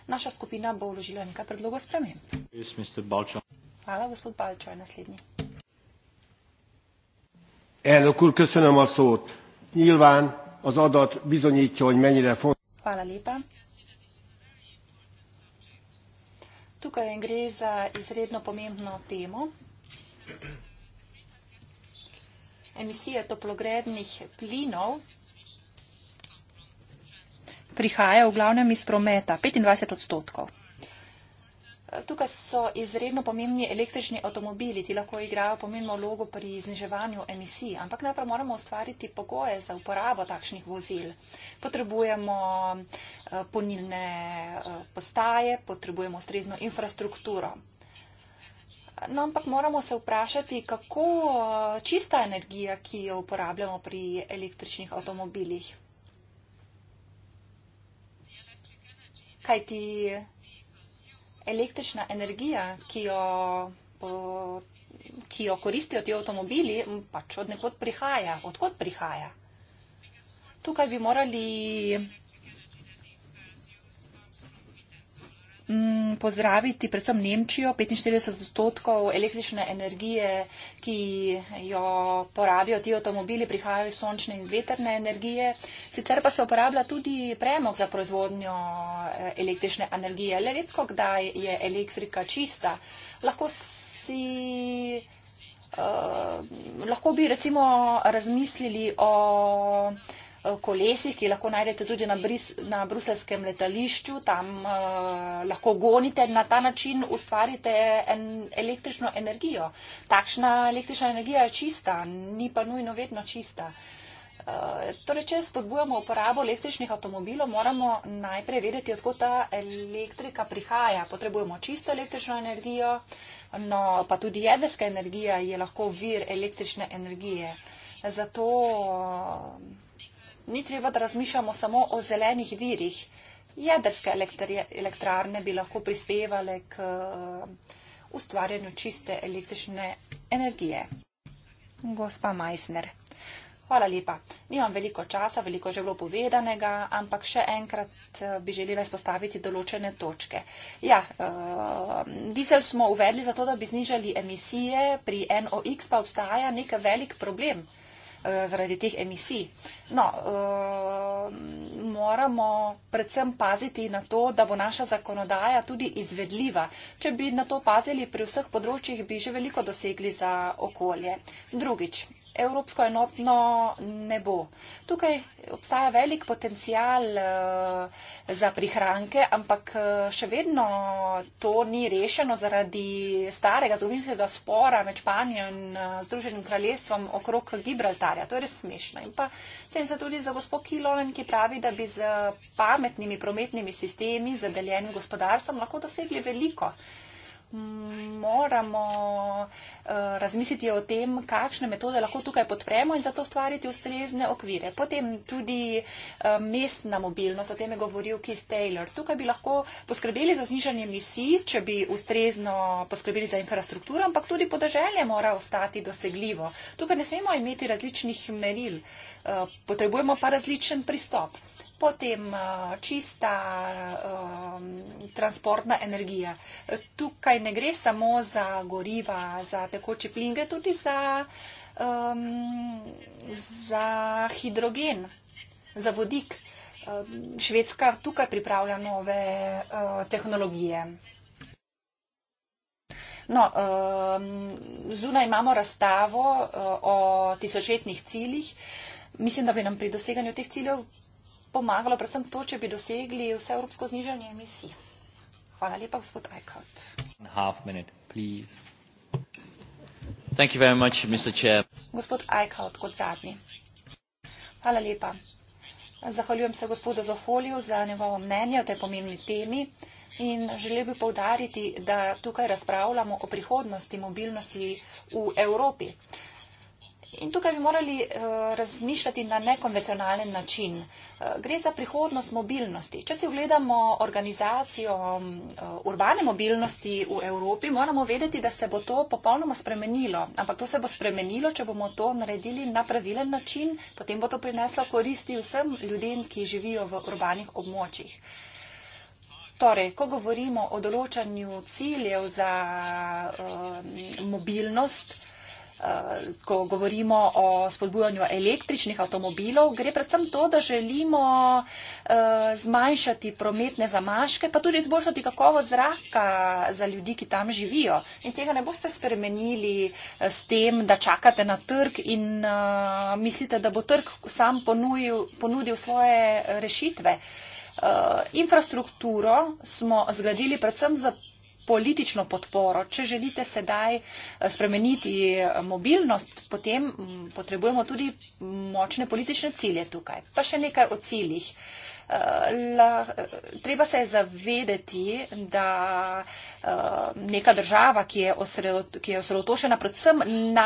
Naša skupina bo vložila nekaj predlogov sprememb. Hvala, gospod Balčo, je naslednji. Elnökul, köszönöm a szót. Nyilván az adat bizonyítja, hogy mennyire fontos. Hvala lépa. Tukaj gre za izredno pomembno temo. Emisije toplogrednih plinov prihaja v glavnem iz prometa 25 odstotkov. Tukaj so izredno pomembni električni avtomobili, ti lahko igrajo pomembno vlogo pri zniževanju emisij, ampak najprej moramo ustvariti pogoje za uporabo takšnih vozil. Potrebujemo eh, ponilne eh, postaje, potrebujemo ustrezno infrastrukturo. No, ampak moramo se vprašati, kako eh, čista energija, ki jo uporabljamo pri električnih avtomobilih. Kaj ti električna energija, ki jo, po, ki jo koristijo ti avtomobili, pač od nekod prihaja. Odkot prihaja? Tukaj bi morali m, mm, pozdraviti predvsem Nemčijo. 45 odstotkov električne energije, ki jo porabijo ti avtomobili, prihajajo iz sončne in veterne energije. Sicer pa se uporablja tudi premog za proizvodnjo eh, električne energije. Le redko, kdaj je elektrika čista. Lahko si. Uh, lahko bi recimo razmislili o uh, Eh, kolesih, ki lahko najdete tudi na, bris, na bruselskem letališču, tam uh, lahko gonite in na ta način ustvarite en, električno energijo. Takšna električna energija je čista, ni pa nujno vedno čista. Eh, torej, če spodbujamo uporabo električnih avtomobilov, moramo najprej vedeti, odkot ta elektrika prihaja. Potrebujemo čisto električno energijo, no, pa tudi jedrska energija je lahko vir električne energije. Zato ni treba, da razmišljamo samo o zelenih virih. Jedrske elektrarne bi lahko prispevale k uh, ustvarjanju čiste električne energije. Gospa Majsner. Hvala lepa. Nimam veliko časa, veliko že bilo povedanega, ampak še enkrat uh, bi želela izpostaviti določene točke. Ja, uh, dizel smo uvedli zato, da bi znižali emisije, pri NOX pa obstaja nek velik problem. Eh, zaradi teh emisij. No, eh, moramo predvsem paziti na to, da bo naša zakonodaja tudi izvedljiva. Če bi na to pazili pri vseh področjih, bi že veliko dosegli za okolje. Drugič, evropsko enotno ne bo. Tukaj obstaja velik potencial eh, za prihranke, ampak eh, še vedno to ni rešeno zaradi starega zovinskega spora med Španijo in eh, Združenim kraljestvom okrog Gibraltarja. To je res smešno. In pa sem se tudi za gospod Kilonen, ki pravi, da bi z pametnimi prometnimi sistemi, z deljenim gospodarstvom lahko dosegli veliko moramo eh, razmisliti o tem, kakšne metode lahko tukaj podpremo in zato ustvariti ustrezne okvire. Potem tudi eh, mestna mobilnost, o tem je govoril Keith Taylor. Tukaj bi lahko poskrbeli za znižanje emisij, če bi ustrezno poskrbeli za infrastrukturo, ampak tudi podeželje mora ostati dosegljivo. Tukaj ne smemo imeti različnih meril, eh, potrebujemo pa različen pristop potem uh, čista uh, transportna energija. Tukaj ne gre samo za goriva, za tekoče plinge, tudi za, um, za hidrogen, za vodik. Uh, Švedska tukaj pripravlja nove uh, tehnologije. No, zunaj imamo razstavo o tisočletnih ciljih. Mislim, da bi nam pri doseganju teh ciljev pomagalo, predvsem to, če bi dosegli vse evropsko znižanje emisij. Hvala lepa, gospod Eichhardt. Gospod Eichhardt, kot zadnji. Hvala lepa. Zahvaljujem se gospodu Zofoliju za njegovo mnenje o tej pomembni temi in želel bi povdariti, da tukaj razpravljamo o prihodnosti mobilnosti v Evropi. In tukaj bi morali eh, razmišljati na nekonvencionalen način. Eh, gre za prihodnost mobilnosti. Če si ogledamo organizacijo mm, eh, urbane mobilnosti v Evropi, moramo vedeti, da se bo to popolnoma spremenilo. Ampak to se bo spremenilo, če bomo to naredili na pravilen način, potem bo to prineslo koristi vsem ljudem, ki živijo v urbanih območjih. Torej, ko govorimo o določanju ciljev za uh, mobilnost, uh, Eh, ko govorimo o spodbujanju električnih avtomobilov, gre predvsem to, da želimo eh, zmanjšati prometne zamaške, pa tudi izboljšati kakovo zraka za ljudi, ki tam živijo. In tega ne boste spremenili eh, s tem, da čakate na trg in mislite, da bo trg sam ponudil, ponudil svoje rešitve. Infrastrukturo smo zgradili predvsem za politično podporo. Če želite sedaj eh, spremeniti eh, mobilnost, potem mm, potrebujemo tudi močne politične cilje tukaj. Pa še nekaj o ciljih. Eh, treba se je zavedeti, da neka država, ki je osredotočena predvsem na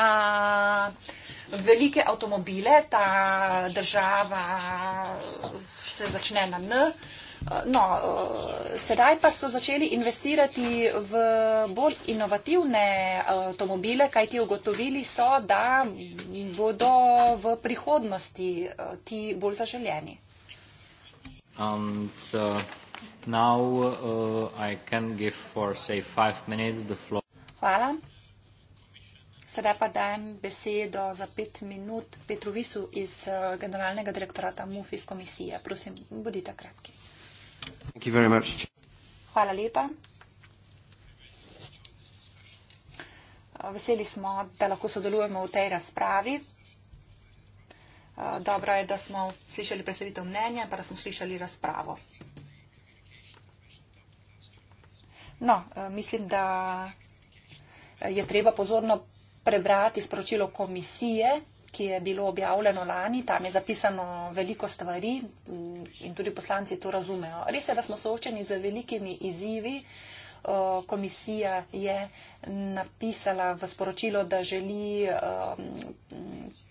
velike avtomobile, ta država se začne na N, No, eh, sedaj pa so začeli investirati v bolj inovativne eh, avtomobile, kajti ugotovili so, da bodo v prihodnosti eh, ti bolj zaželjeni. Uh, uh, Hvala. Sedaj pa dajem besedo za pet minut Petru Visu iz generalnega direktorata MUF iz komisije. Prosim, bodite kratki. Hvala lepa. Veseli smo, da lahko sodelujemo v tej razpravi. Dobro je, da smo slišali predstavitev mnenja, pa da smo slišali razpravo. No, mislim, da je treba pozorno prebrati sporočilo komisije ki je bilo objavljeno lani, tam je zapisano veliko stvari in tudi poslanci to razumejo. Res je, da smo soočeni z velikimi izzivi. Komisija je napisala v sporočilo, da želi,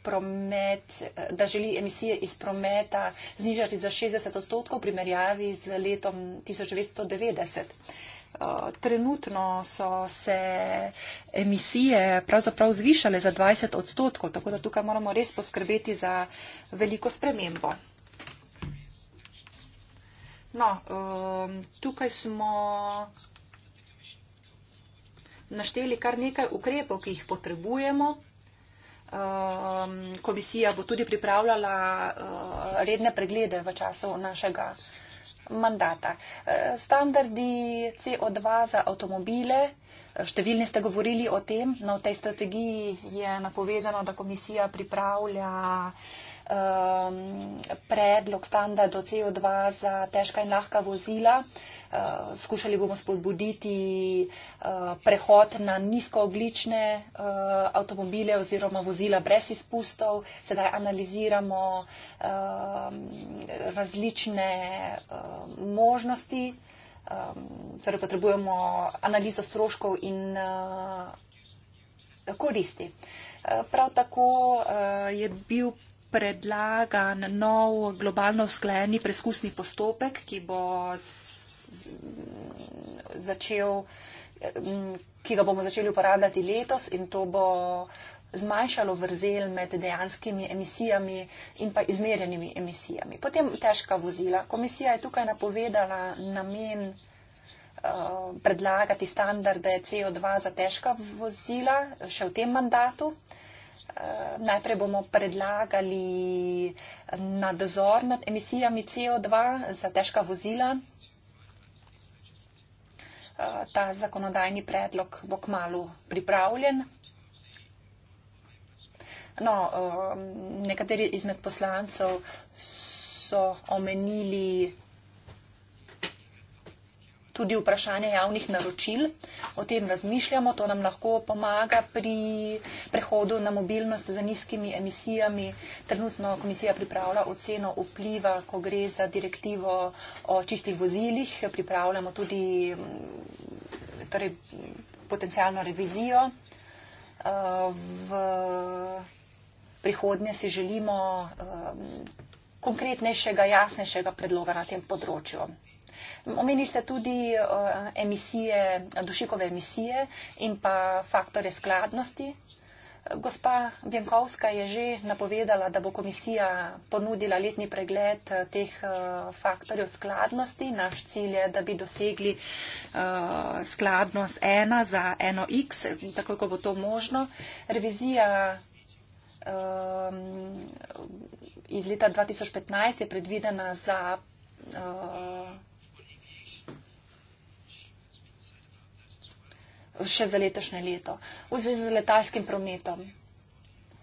promet, da želi emisije iz prometa znižati za 60 odstotkov v primerjavi z letom 1990. Eh, trenutno so se emisije pravzaprav zvišale za 20 odstotkov, tako da tukaj moramo res poskrbeti za veliko spremembo. No, um, tukaj smo našteli kar nekaj ukrepov, ki jih potrebujemo. Um, komisija bo tudi pripravljala uh, redne preglede v času našega mandata. E, standardi CO2 za avtomobile, e, številni ste govorili o tem, no v tej strategiji je napovedano, da komisija pripravlja um, predlog standardo CO2 za težka in lahka vozila. Uh, skušali bomo spodbuditi uh, prehod na nizkooglične uh, avtomobile oziroma vozila brez izpustov. Sedaj analiziramo uh, različne uh, možnosti. Um, torej potrebujemo analizo stroškov in uh, koristi. Uh, prav tako uh, je bil predlagan nov globalno vzklajeni preskusni postopek, ki bo začel, ki ga bomo začeli uporabljati letos in to bo zmanjšalo vrzel med dejanskimi emisijami in pa izmerjenimi emisijami. Potem težka vozila. Komisija je tukaj napovedala namen eh, predlagati standarde CO2 za težka vozila še v tem mandatu najprej bomo predlagali nadzor nad emisijami CO2 za težka vozila. Ta zakonodajni predlog bo k malu pripravljen. No, nekateri izmed poslancov so omenili tudi vprašanje javnih naročil. O tem razmišljamo, to nam lahko pomaga pri prehodu na mobilnost za nizkimi emisijami. Trenutno komisija pripravlja oceno vpliva, ko gre za direktivo o čistih vozilih. Pripravljamo tudi mm, torej, potencijalno revizijo. Eh, v prihodnje si želimo eh, konkretnejšega, jasnejšega predloga na tem področju. Omenili ste tudi eh, emisije, dušikove emisije in pa faktore skladnosti. Gospa Bjankovska je že napovedala, da bo komisija ponudila letni pregled eh, teh eh, faktorjev skladnosti. Naš cilj je, da bi dosegli skladnost 1 za 1x, tako kot bo to možno. Revizija ehm, iz leta 2015 je predvidena za še za letošnje leto. V zvezi z letalskim prometom.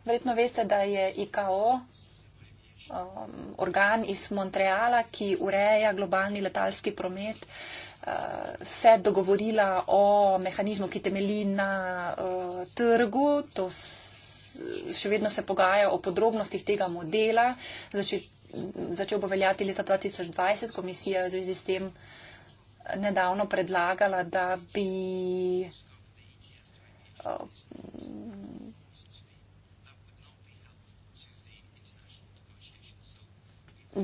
Verjetno veste, da je IKO um, organ iz Montreala, ki ureja globalni letalski promet, uh, se dogovorila o mehanizmu, ki temeli na uh, trgu. To še vedno se pogaja o podrobnostih tega modela. Začel bo veljati leta 2020, komisija v zvezi s tem uh, nedavno predlagala, da bi Uh,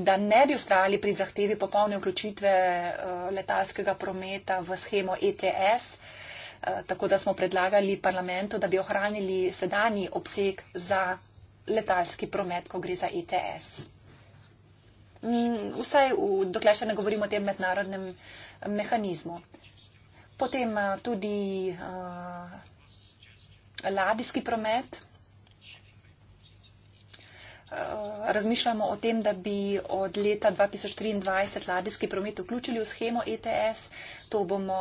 da ne bi ustrajali pri zahtevi popolne vključitve uh, letalskega prometa v schemo ETS, uh, tako da smo predlagali parlamentu, da bi ohranili sedanji obseg za letalski promet, ko gre za ETS. Mm, vsaj v, dokler še ne govorimo o tem mednarodnem mehanizmu. Potem tudi ladijski promet. Eh, razmišljamo o tem, da bi od leta 2023 ladijski promet vključili v schemo ETS. To bomo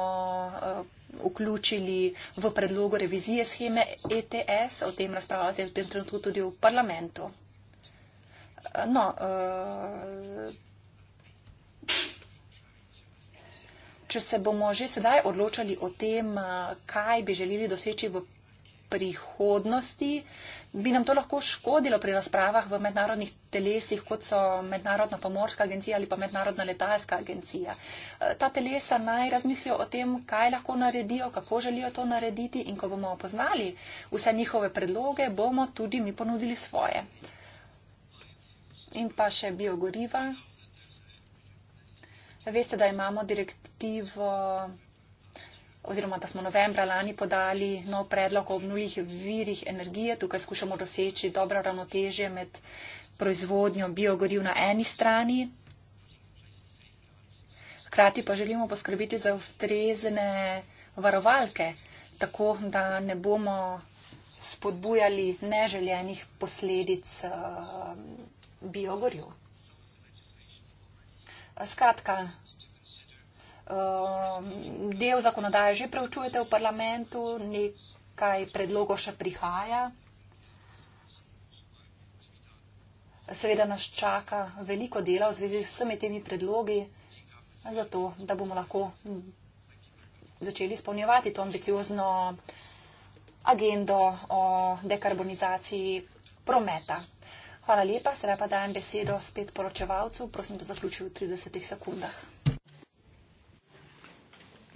eh, vključili v predlogo revizije scheme ETS. O tem razpravljate v tem trenutku tudi v parlamentu. Eh, no, če se bomo že sedaj odločali o tem, kaj bi želeli doseči v prihodnosti, bi nam to lahko škodilo pri razpravah v mednarodnih telesih, kot so Mednarodna pomorska agencija ali pa Mednarodna letalska agencija. E, ta telesa naj razmislijo o tem, kaj lahko naredijo, kako želijo to narediti in ko bomo opoznali vse njihove predloge, bomo tudi mi ponudili svoje. In pa še biogoriva. Veste, da imamo direktivo oziroma da smo novembra lani podali nov predlog o obnuljih virih energije. Tukaj skušamo doseči dobro ravnotežje med proizvodnjo biogoriv na eni strani. Hkrati pa želimo poskrbiti za ustrezne varovalke, tako da ne bomo spodbujali neželjenih posledic uh, eh, biogorju. Skratka, Um, del zakonodaje že preučujete v parlamentu, nekaj predlogov še prihaja. Seveda nas čaka veliko dela v zvezi s vsemi temi predlogi, zato da bomo lahko začeli izpolnjevati to ambiciozno agendo o dekarbonizaciji prometa. Hvala lepa, sedaj pa dajem besedo spet poročevalcu, prosim, da zaključi v 30 sekundah.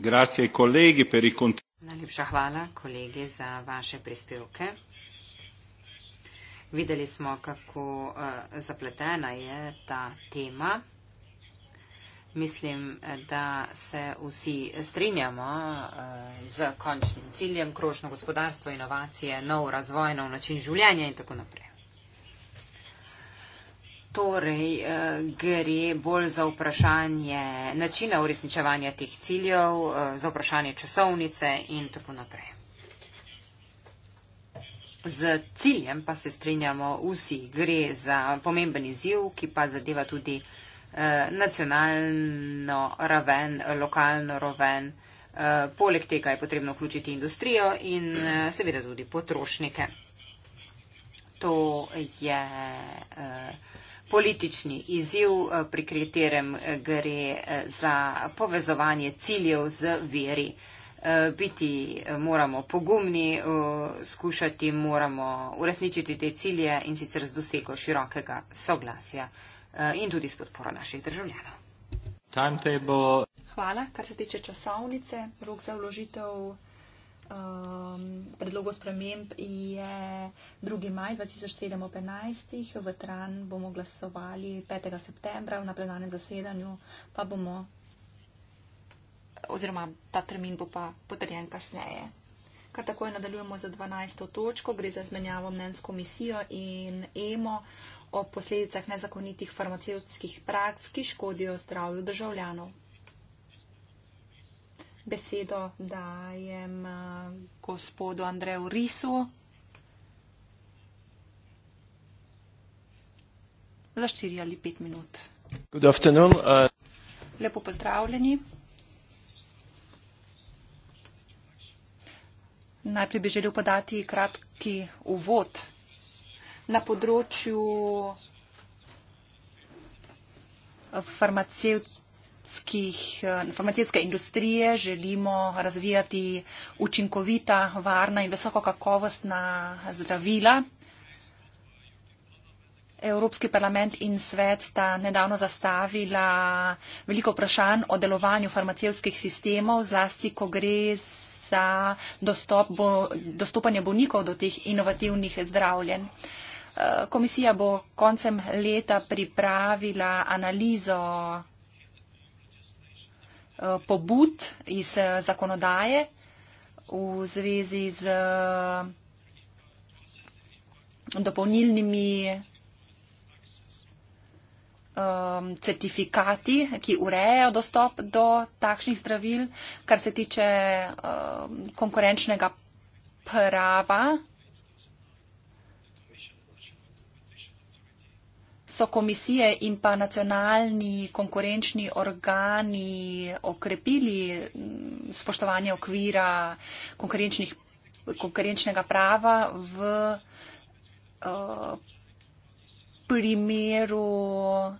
Grazie, colleghi, per i cont- Najlepša hvala, kolege, za vaše prispevke. Videli smo, kako uh, zapletena je ta tema. Mislim, da se vsi strinjamo uh, z končnim ciljem krožno gospodarstvo, inovacije, nov razvoj, nov način življenja in tako naprej torej eh, gre bolj za vprašanje načina uresničevanja teh ciljev, eh, za vprašanje časovnice in tako naprej. Z ciljem pa se strinjamo vsi, gre za pomemben izziv, ki pa zadeva tudi eh, nacionalno raven, lokalno raven. Poleg tega je potrebno vključiti industrijo in seveda tudi potrošnike. To je. Uh politični izziv, eh, pri katerem eh, gre eh, za povezovanje ciljev z veri. Biti moramo pogumni, skušati moramo uresničiti te cilje in sicer z dosego širokega soglasja in tudi s podporo naših državljanov. Hvala, kar se tiče časovnice, rok za vložitev um, predlogov sprememb je 2. maj 2007 ob 11. v Tran bomo glasovali 5. septembra na plenarnem zasedanju, pa bomo, oziroma ta termin bo pa potrjen kasneje. Kar takoj nadaljujemo za 12. točko, gre za zmenjavo mnen s komisijo in EMO o posledicah nezakonitih farmacevskih praks, ki škodijo zdravju državljanov besedo dajem eh, gospodu Andreju Risu. Za štiri ali pet minut. Uh... Lepo pozdravljeni. Najprej bi želel podati kratki uvod na področju farmacevtov farmacevtskih, eh, farmacevtske industrije želimo razvijati učinkovita, varna in visokokakovostna zdravila. Evropski parlament in svet sta nedavno zastavila veliko vprašanj o delovanju farmacevskih sistemov, zlasti ko gre za dostop, bo, dostopanje bolnikov do teh inovativnih zdravljen. Eh, komisija bo koncem leta pripravila analizo Eh, pobud iz eh, zakonodaje v zvezi z eh, dopolnilnimi certifikati, ki urejajo dostop do takšnih zdravil, kar se tiče konkurenčnega prava so komisije in pa nacionalni konkurenčni organi okrepili mm, spoštovanje okvira konkurenčnega prava v eh, uh, primeru.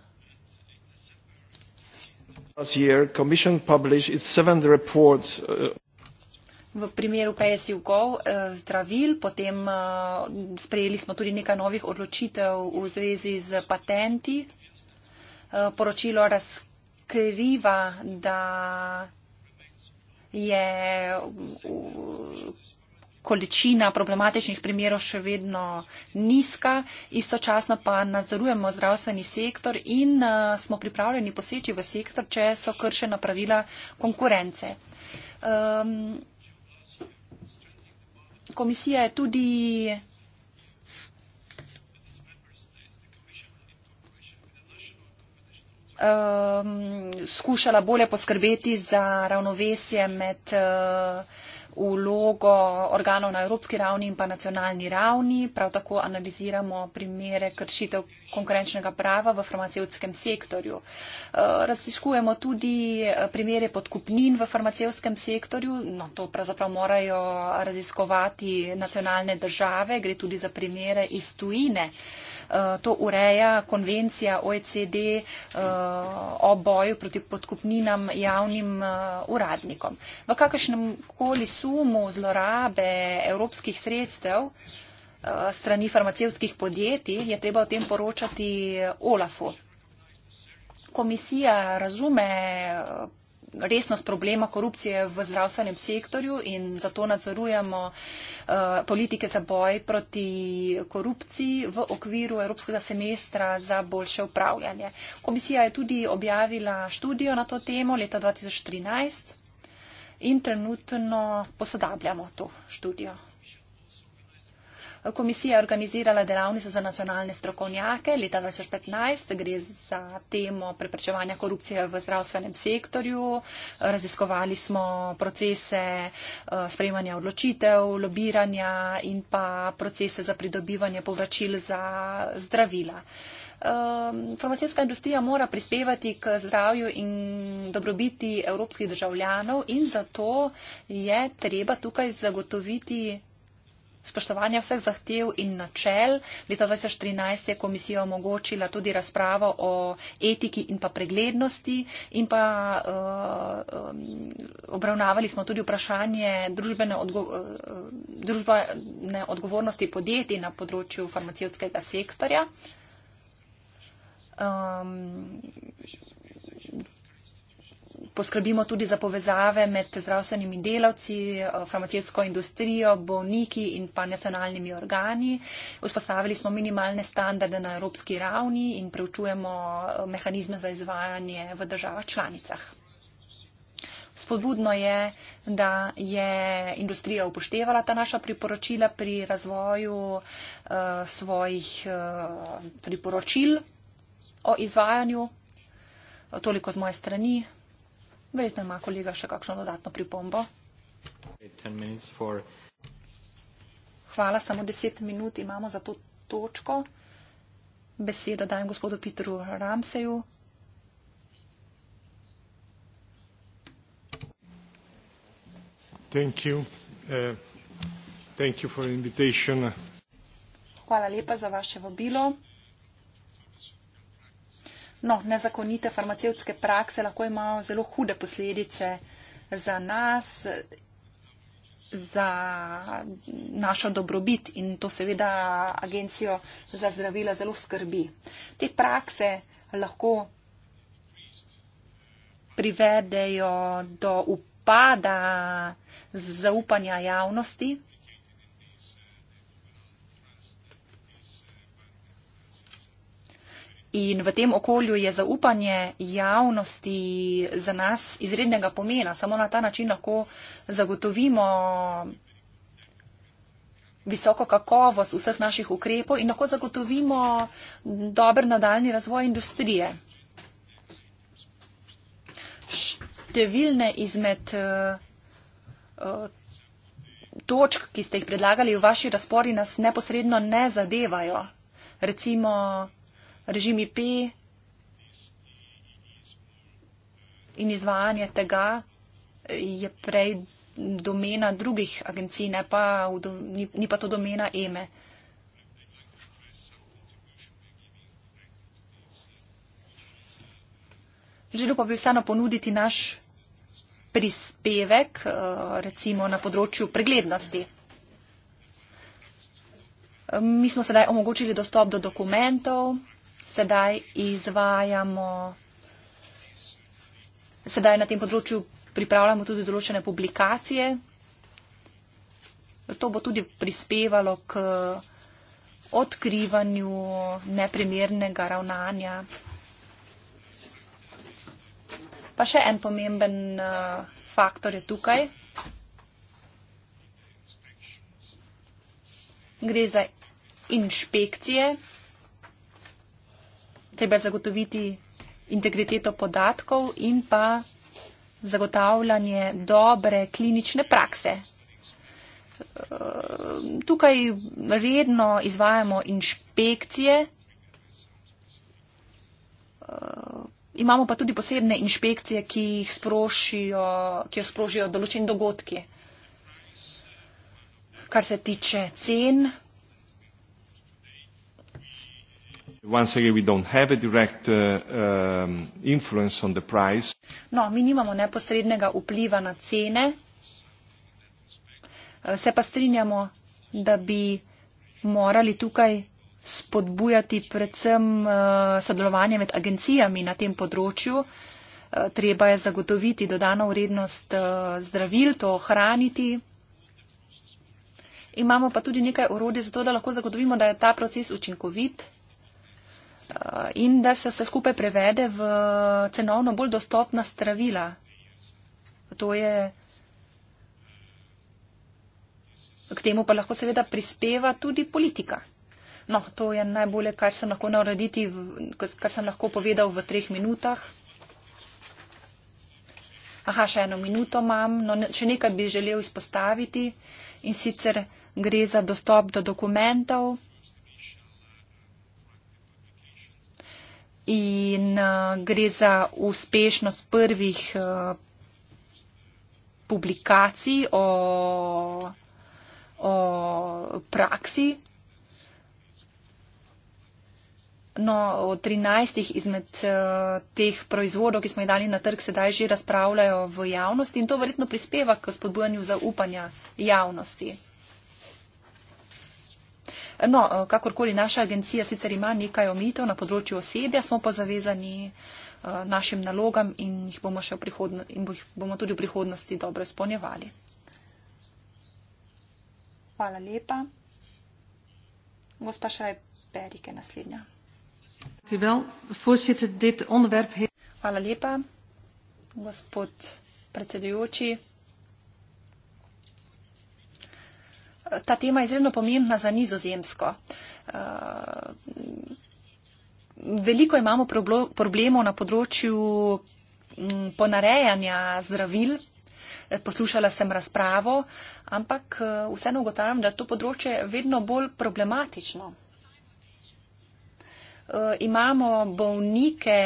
Year, V primeru PSUGO eh, zdravil, potem eh, sprejeli smo tudi nekaj novih odločitev v zvezi z patenti. Eh, poročilo razkriva, da je količina problematičnih primerov še vedno nizka, istočasno pa nadzorujemo zdravstveni sektor in smo pripravljeni poseči v sektor, če so kršena pravila konkurence. Ehm, komisije tudi um, skušala bolje poskrbeti za ravnovesje med uh, vlogo organov na evropski ravni in pa nacionalni ravni. Prav tako analiziramo primere kršitev konkurenčnega prava v farmacevskem sektorju. Eh, Raziskujemo tudi eh, primere podkupnin v farmacevskem sektorju. No, to pravzaprav morajo raziskovati nacionalne države, gre tudi za primere iz tujine. Eh, to ureja konvencija OECD eh, o boju proti podkupninam javnim eh, uradnikom. V kakršnem koli sumu zlorabe evropskih sredstev strani farmacevskih podjetij je treba o tem poročati OLAFu. Komisija razume resnost problema korupcije v zdravstvenem sektorju in zato nadzorujemo eh, politike za boj proti korupciji v okviru Evropskega semestra za boljše upravljanje. Komisija je tudi objavila študijo na to temo leta 2013 in trenutno posodabljamo to študijo komisija je organizirala delavnico za nacionalne strokovnjake leta 2015, gre za temo preprečevanja korupcije v zdravstvenem sektorju. Raziskovali smo procese eh, sprejemanja odločitev, lobiranja in pa procese za pridobivanje povračil za zdravila. Ehm, Farmacijska industrija mora prispevati k zdravju in dobrobiti evropskih državljanov in zato je treba tukaj zagotoviti spoštovanja vseh zahtev in načel. Leta 2013 je komisija omogočila tudi razpravo o etiki in pa preglednosti in pa uh, um, obravnavali smo tudi vprašanje družbene, odgo uh, družbene odgovornosti podjetij na področju farmacijskega sektorja. Um, poskrbimo tudi za povezave med zdravstvenimi delavci, eh, farmacijsko industrijo, bolniki in pa nacionalnimi organi. Vzpostavili smo minimalne standarde na evropski ravni in preučujemo eh, mehanizme za izvajanje v državah članicah. Spodbudno je, da je industrija upoštevala ta naša priporočila pri razvoju uh, svojih uh, priporočil o izvajanju. Toliko z moje strani. Verjetno ima kolega še kakšno dodatno pripombo. Hvala, samo deset minut imamo za to točko. Beseda dajem gospodu Petru Ramseju. Thank you. Uh, thank you for Hvala lepa za vaše vabilo no, nezakonite farmacevtske prakse lahko imajo zelo hude posledice za nas, za našo dobrobit in to seveda agencijo za zdravila zelo skrbi. Te prakse lahko privedejo do upada zaupanja javnosti In v tem okolju je zaupanje javnosti za nas izrednega pomena. Samo na ta način lahko zagotovimo visoko kakovost vseh naših ukrepov in lahko zagotovimo dober nadaljni razvoj industrije. Številne izmed eh, eh, točk, ki ste jih predlagali v vaši razpori, nas neposredno ne zadevajo. Recimo, režim IP in izvajanje tega je prej domena drugih agencij, pa, do, ni, ni pa to domena EME. E. Želel pa bi vseeno ponuditi naš prispevek, eh, recimo na področju preglednosti. Eh, mi smo sedaj omogočili dostop do dokumentov sedaj izvajamo, sedaj na tem področju pripravljamo tudi določene publikacije. To bo tudi prispevalo k odkrivanju neprimernega ravnanja. Pa še en pomemben eh, faktor je tukaj. Gre za inšpekcije treba zagotoviti integriteto podatkov in pa zagotavljanje dobre klinične prakse. Eh, tukaj redno izvajamo inšpekcije, eh, imamo pa tudi posebne inšpekcije, ki jih sprošijo, ki jo sprožijo določeni dogodki. Kar se tiče cen, Once again, we don't have a direct uh, um, influence on the price. No, mi nimamo neposrednega vpliva na cene. Eh, se pa strinjamo, da bi morali tukaj spodbujati predvsem eh, sodelovanje med agencijami na tem področju. Eh, treba je zagotoviti dodano vrednost zdravil, to ohraniti. Imamo pa tudi nekaj urode za to, da lahko zagotovimo, da je ta proces učinkovit. Eh, in da se vse skupaj prevede v cenovno bolj dostopna stravila. To je, k temu pa lahko seveda prispeva tudi politika. No, to je najbolje, kar sem lahko narediti, kar sem lahko povedal v treh minutah. Aha, še eno minuto imam, no, še nekaj bi želel izpostaviti in sicer gre za dostop do dokumentov. in uh, gre za uspešnost prvih uh, publikacij o, o praksi. No, o 13 izmed uh, teh proizvodov, ki smo jih dali na trg, sedaj že razpravljajo v javnosti in to verjetno prispeva k spodbujanju zaupanja javnosti. No, eh, kakorkoli naša agencija sicer ima nekaj omitev na področju osebja, smo pa zavezani eh, našim nalogam in jih bomo, še v in jih bomo tudi v prihodnosti dobro izpolnjevali. Hvala lepa. Gospa Šraj Perike, naslednja. Hvala lepa, gospod predsedujoči. ta tema je izredno pomembna za nizozemsko. Eh, veliko imamo problemov na področju mm, ponarejanja zdravil. Eh, poslušala sem razpravo, ampak eh, vseeno ugotavljam, da je to področje vedno bolj problematično. Imamo bolnike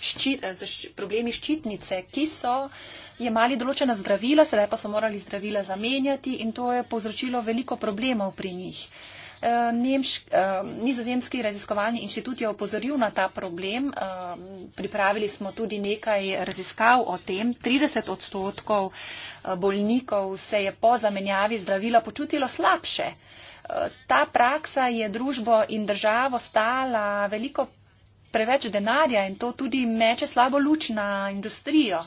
z problemi ščitnice, ki so jemali določena zdravila, sedaj pa so morali zdravila zamenjati in to je povzročilo veliko problemov pri njih. Eh, Nemš, eh, nizozemski raziskovalni inštitut je opozoril na ta problem. Eh, pripravili smo tudi nekaj raziskav o tem. 30 odstotkov bolnikov se je po zamenjavi zdravila počutilo slabše. Ta praksa je družbo in državo stala veliko preveč denarja in to tudi meče slabo luč na industrijo.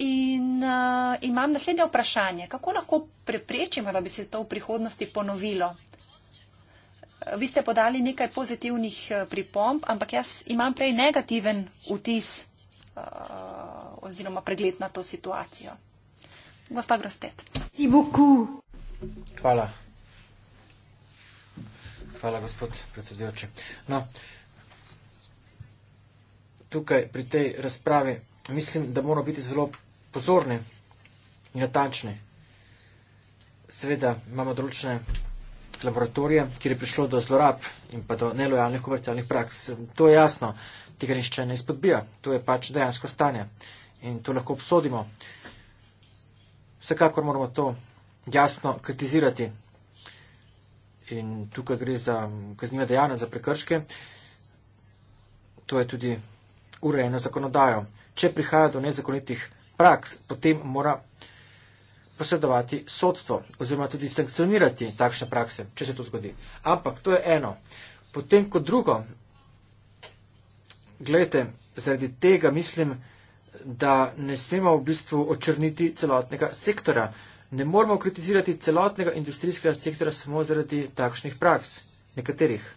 In uh, imam naslednje vprašanje. Kako lahko preprečimo, da bi se to v prihodnosti ponovilo? Eh, vi ste podali nekaj pozitivnih eh, pripomb, ampak jaz imam prej negativen vtis uh, oziroma pregled na to situacijo. Gospa Grostet. Hvala. Hvala, gospod predsedujoči. No, tukaj pri tej razpravi mislim, da moramo biti zelo pozorne in natančne. Seveda imamo določene laboratorije, kjer je prišlo do zlorab in pa do nelojalnih komercialnih praks. To je jasno, tega nišče ne izpodbija, to je pač dejansko stanje in to lahko obsodimo. Vsekakor moramo to jasno kritizirati in tukaj gre za kaznive dejanja, za prekrške. To je tudi urejeno zakonodajo. Če prihaja do nezakonitih praks, potem mora posredovati sodstvo oziroma tudi sankcionirati takšne prakse, če se to zgodi. Ampak to je eno. Potem kot drugo, gledajte, zaradi tega mislim, da ne smemo v bistvu očrniti celotnega sektora. Ne moramo kritizirati celotnega industrijskega sektora samo zaradi takšnih praks, nekaterih.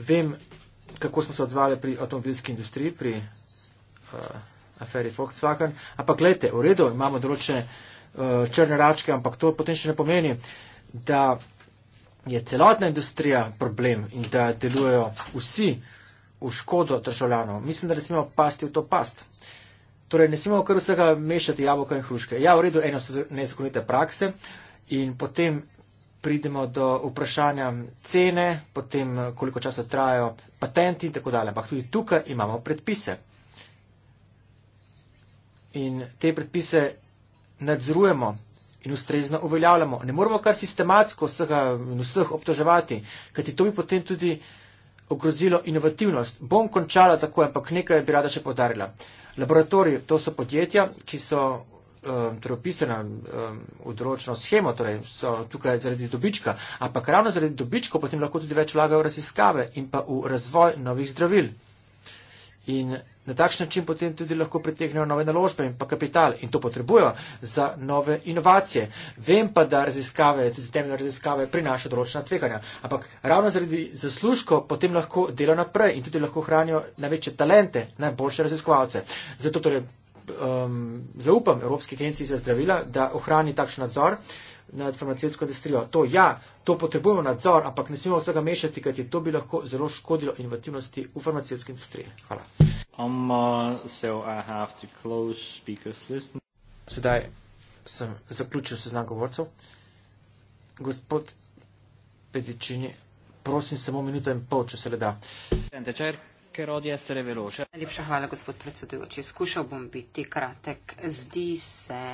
Vem, kako smo se odzvali pri avtomobilski industriji, pri. Uh, aferi Volkswagen. Ampak gledajte, v redu imamo določene uh, črne račke, ampak to potem še ne pomeni, da je celotna industrija problem in da delujejo vsi v škodo državljanov. Mislim, da ne smemo pasti v to past. Torej, ne smemo kar vsega mešati jabolka in hruške. Ja, v redu, eno so nezakonite prakse in potem pridemo do vprašanja cene, potem koliko časa trajajo patenti in tako dalje. Ampak tudi tukaj imamo predpise in te predpise nadzorujemo in ustrezno uveljavljamo. Ne moramo kar sistematsko vsega in vseh obtoževati, kajti to bi potem tudi ogrozilo inovativnost. Bom končala tako, ampak nekaj bi rada še podarila. Laboratoriji, to so podjetja, ki so um, torej opisana um, v določeno schemo, torej so tukaj zaradi dobička, ampak ravno zaradi dobička potem lahko tudi več vlagajo v raziskave in pa v razvoj novih zdravil. In na takšen način potem tudi lahko pritegnejo nove naložbe in pa kapital in to potrebujejo za nove inovacije. Vem pa, da raziskave, tudi temeljne raziskave, prinašajo določena tveganja, ampak ravno zaradi zaslužko potem lahko delajo naprej in tudi lahko hranijo največje talente, najboljše raziskovalce. Zato torej um, zaupam Evropski agenciji za zdravila, da ohrani takšen nadzor nad farmacijsko industrijo. To ja, to potrebujemo nadzor, ampak ne smemo vsega mešati, kajti to bi lahko zelo škodilo inovativnosti v farmacijski industriji. Hvala. Um, uh, so Sedaj sem zaključil seznam govorcev. Gospod Pedičini, prosim samo minuto in pol, če se le da. Entečer ker odje se reveloče. Najlepša hvala, gospod predsedujoči. Skušal bom biti kratek. Zdi se,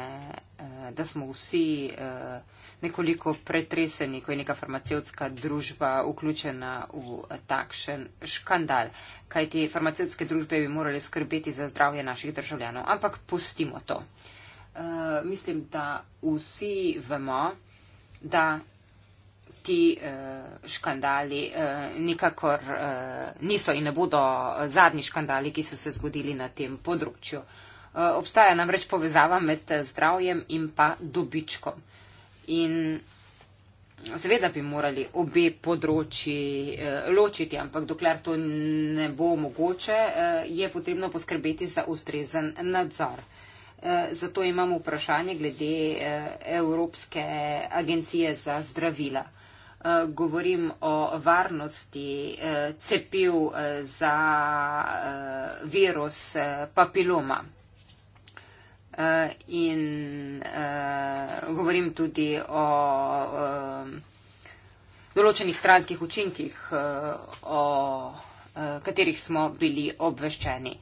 eh, da smo vsi eh, nekoliko pretreseni, ko je neka farmacevtska družba vključena v takšen škandal. Kaj te farmacevtske družbe bi morali skrbeti za zdravje naših državljanov. Ampak pustimo to. Eh, mislim, da vsi vemo, da ti uh, škandali uh, nikakor uh, niso in ne bodo zadnji škandali, ki so se zgodili na tem področju. Uh, obstaja namreč povezava med zdravjem in pa dobičkom. In seveda bi morali obe področji uh, ločiti, ampak dokler to ne bo mogoče, uh, je potrebno poskrbeti za ustrezen nadzor. Zato imamo vprašanje glede Evropske agencije za zdravila. Eh, govorim o varnosti eh, cepiv eh, za virus papiloma. In govorim tudi o določenih stranskih učinkih, o katerih smo bili obveščeni.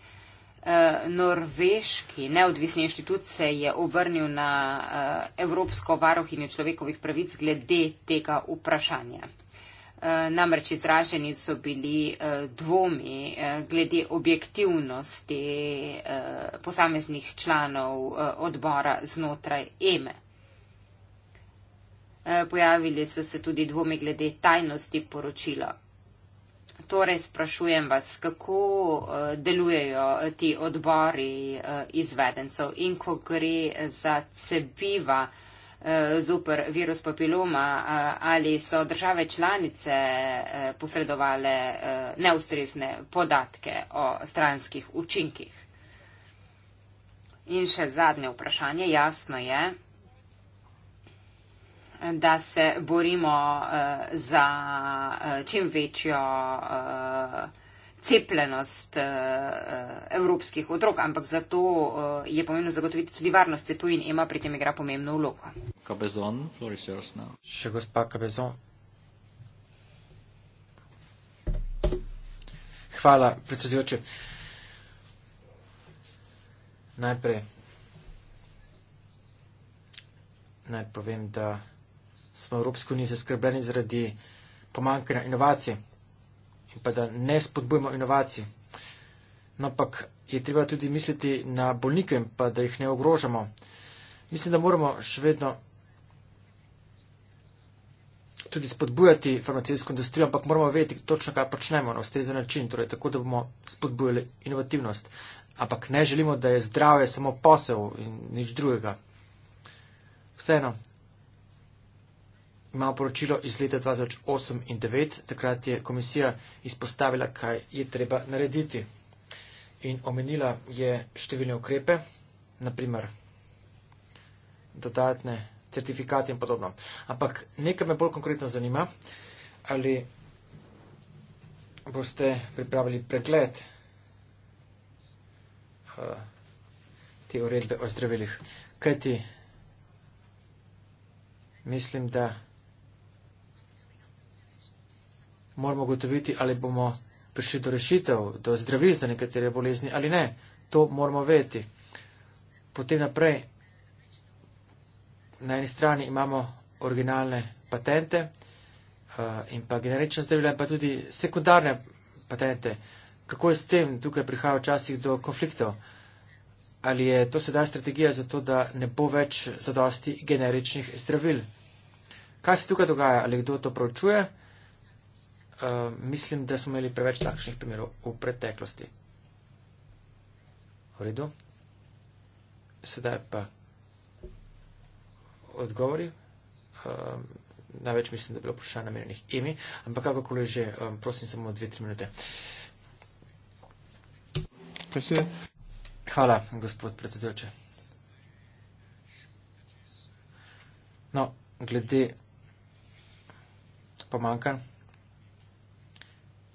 Eh, norveški neodvisni inštitut se je obrnil na eh, Evropsko varohinjo človekovih pravic glede tega vprašanja. Eh, namreč izraženi so bili dvomi glede objektivnosti posameznih članov odbora znotraj EME. Pojavili so se tudi dvomi glede tajnosti poročila torej sprašujem vas, kako eh, delujejo ti odbori eh, izvedencev in ko gre za cepiva eh, zoper virus papiloma, ali so države članice posredovale neustrezne podatke o stranskih učinkih. In še zadnje vprašanje. Jasno je, da se borimo uh, za uh, čim večjo uh, cepljenost uh, evropskih otrok, ampak zato uh, je pomembno zagotoviti tudi varnost cepu in ima pri tem igra pomembno vlogo. Kabezon, Floris Jarsna. Še gospa Kabezon. Hvala, predsedujoče. Najprej naj povem, da smo v Evropski uniji zaskrbljeni zaradi pomankanja inovacij in pa da ne spodbujemo inovacij. No, ampak je treba tudi misliti na bolnike in pa da jih ne ogrožamo. Mislim, da moramo še vedno tudi spodbujati farmacijsko industrijo, ampak moramo vedeti točno, kaj počnemo na ustrezen način, torej tako, da bomo spodbujali inovativnost. Ampak ne želimo, da je zdravje samo posel in nič drugega. Vseeno, Imamo poročilo iz leta 2008 in 2009, takrat je komisija izpostavila, kaj je treba narediti. In omenila je številne ukrepe, naprimer dodatne certifikate in podobno. Ampak nekaj me bolj konkretno zanima, ali boste pripravili pregled uh, te uredbe o zdravilih. Kajti, mislim, da. moramo gotoviti, ali bomo prišli do rešitev, do zdravil za nekatere bolezni ali ne. To moramo vedeti. Potem naprej, na eni strani imamo originalne patente eh, in pa generična zdravila, pa tudi sekundarne patente. Kako je s tem? Tukaj prihaja včasih do konfliktov. Ali je to sedaj strategija za to, da ne bo več zadosti generičnih zdravil? Kaj se tukaj dogaja? Ali kdo to pravčuje? Eh, mislim, da smo imeli preveč takšnih primerov v preteklosti. V redu? Sedaj pa odgovori. Um, največ mislim, da je bilo vprašanje namenjenih imi, ampak kakorkoli že, um, prosim samo dve, tri minute. Hvala, gospod predsedujoče. No, glede pomankanja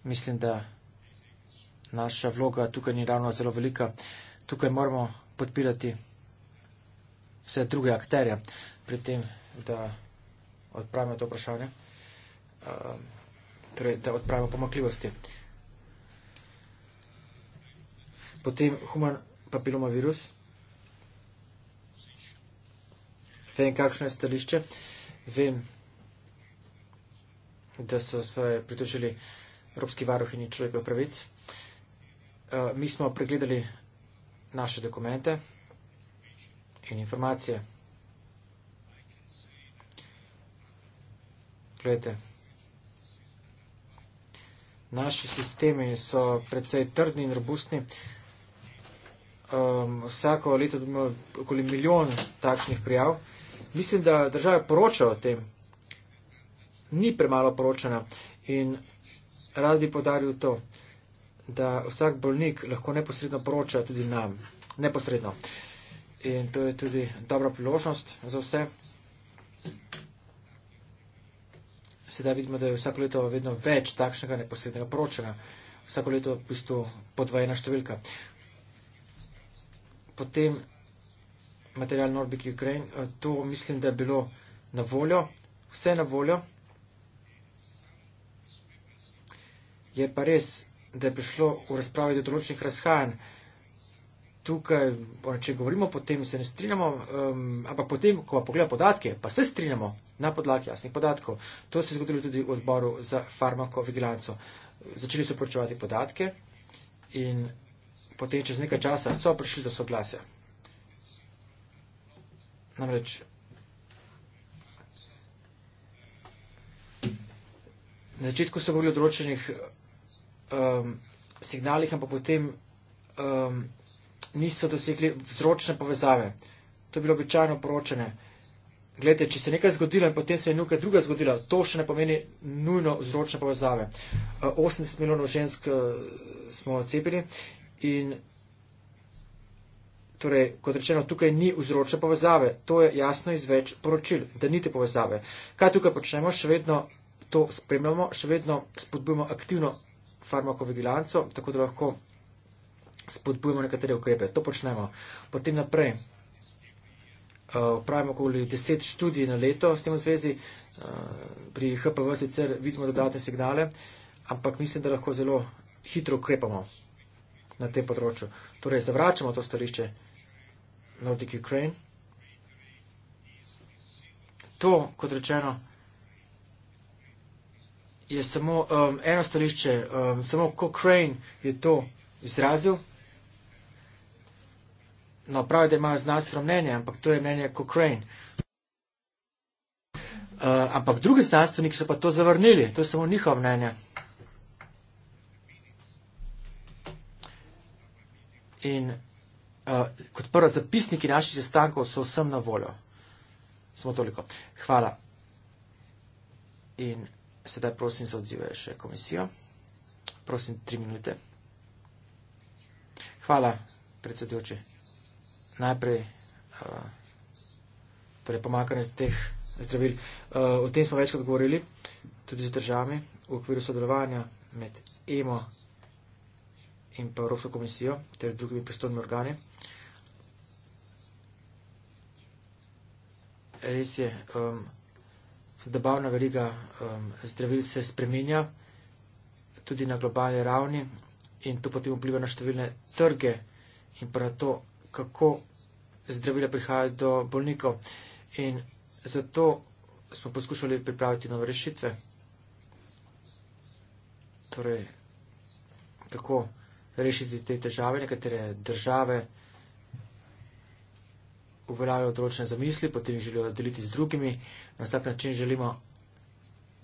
mislim, da naša vloga tukaj ni ravno zelo velika. Tukaj moramo podpirati vse druge akterje pri tem, da odpravimo to vprašanje, um, torej, da odpravimo pomakljivosti. Potem human papilomavirus. Vem, kakšno je stališče. Vem, da so se pritožili uh, Evropski varuhinji človekovih pravic. Eh, mi smo pregledali naše dokumente in informacije. Gledajte, naši sistemi so predvsej trdni in robustni. Um, vsako leto imamo okoli milijon takšnih prijav. Mislim, da država poroča o tem. Ni premalo poročena in rad bi podaril to, da vsak bolnik lahko neposredno poroča tudi nam. Neposredno. In to je tudi dobra priložnost za vse. Sedaj vidimo, da je vsako leto vedno več takšnega neposrednega poročanja. Vsako leto v bistvu podvojena številka. Potem material Norbik Ukraine. Eh, to mislim, da je bilo na voljo. Vse na voljo. Je pa res, da je prišlo v razpravi do določenih razhajanj. Tukaj, če govorimo, potem se ne strinjamo, um, ampak potem, ko pa pogleda podatke, pa se strinjamo na podlagi jasnih podatkov. To se je zgodilo tudi v odboru za farmakovigilanco. Začeli so poročevati podatke in potem čez nekaj časa so prišli do soglasja. Namreč na začetku so govorili o določenih um, signalih, ampak potem um, niso dosegli vzročne povezave. To je bilo običajno poročene. Glede, če se nekaj zgodilo in potem se je nekaj druga zgodilo, to še ne pomeni nujno vzročne povezave. 80 uh, milijonov žensk uh, smo cepili in torej, kot rečeno, tukaj ni vzročne povezave. To je jasno iz več poročil, da ni te povezave. Kaj tukaj počnemo? Še vedno to spremljamo, še vedno spodbujamo aktivno farmakovigilanco, tako da lahko spodbujemo nekatere ukrepe. To počnemo. Potem naprej upravimo eh, uh, okoli 10 študij na leto s tem v zvezi. Uh, pri HPV sicer vidimo dodatne signale, ampak mislim, da lahko zelo hitro ukrepamo na tem področju. Torej, zavračamo to stališče Nordic Ukraine. To, kot rečeno, je samo um, eno stališče, um, samo Cochrane je to izrazil. No, pravi, da imajo znanstveno mnenje, ampak to je mnenje Cochrane. Uh, ampak drugi znanstveniki so pa to zavrnili, to je samo njihovo mnenje. In uh, kot prvo, zapisniki naših sestankov so vsem na voljo. Samo toliko. Hvala. In Sedaj prosim za odzive še komisijo. Prosim, tri minute. Hvala, predsedujoči. Najprej uh, torej pomakanje teh zdravil. Uh, o tem smo večkrat govorili, tudi z državami, v okviru sodelovanja med EMO in pa Evropsko komisijo ter drugimi pristojnimi organi. Res je. Um, dobavna veriga um, zdravil se spreminja tudi na globalni ravni in to potem vpliva na številne trge in pa na to, kako zdravila prihajajo do bolnikov. In zato smo poskušali pripraviti nove rešitve. Torej, kako rešiti te težave, nekatere države uveljavljajo določene zamisli, potem jih želijo deliti z drugimi. Na vsak način želimo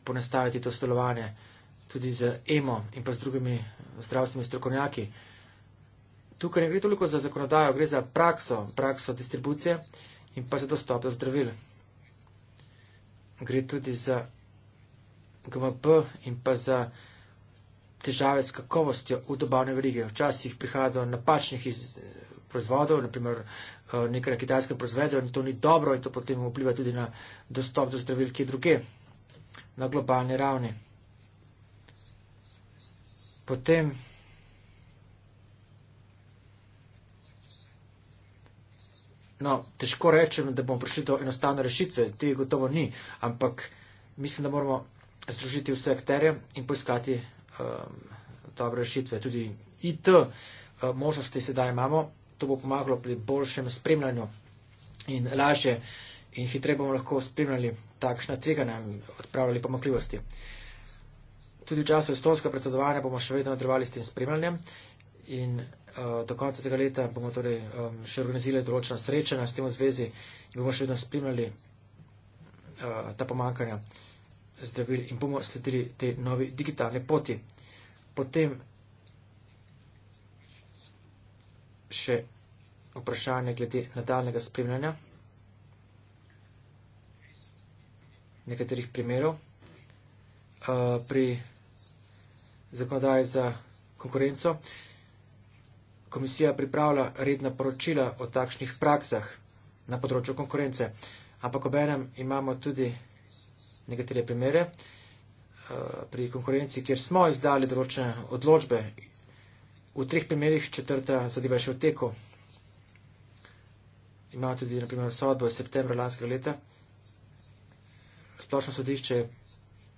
ponestaviti to stolovanje tudi z EMO in pa z drugimi zdravstvenimi strokovnjaki. Tukaj ne gre toliko za zakonodajo, gre za prakso, prakso distribucije in pa za dostop do zdravil. Gre tudi za GMP in pa za težave s kakovostjo v dobavne verige. Včasih prihaja do napačnih iz eh, proizvodov, naprimer Eh, nekaj na kitajskem proizvedejo in to ni dobro in to potem vpliva tudi na dostop do zdravil, ki je druge, na globalni ravni. Potem No, težko rečem, da bomo prišli do enostavne rešitve, te gotovo ni, ampak mislim, da moramo združiti vse akterje in poiskati um, dobre rešitve. Tudi IT uh, eh, možnosti sedaj imamo, to bo pomagalo pri boljšem spremljanju in lažje in hitre bomo lahko spremljali takšna tveganja in odpravljali pomakljivosti. Tudi v času estonskega predsedovanja bomo še vedno nadaljevali s tem spremljanjem in uh, do konca tega leta bomo torej um, še organizirali določena srečanja s tem v zvezi in bomo še vedno spremljali uh, ta pomankanja zdravil in bomo sledili te novi digitalne poti. Potem še vprašanje glede nadaljnega spremljanja nekaterih primerov. Pri zakonodaji za konkurenco komisija pripravlja redna poročila o takšnih praksah na področju konkurence, ampak ob enem imamo tudi nekatere primere pri konkurenci, kjer smo izdali določene odločbe v treh primerjih četrta zadeva še v teku. Imajo tudi, na primer, sodbo iz septembra lanskega leta. Splošno sodišče je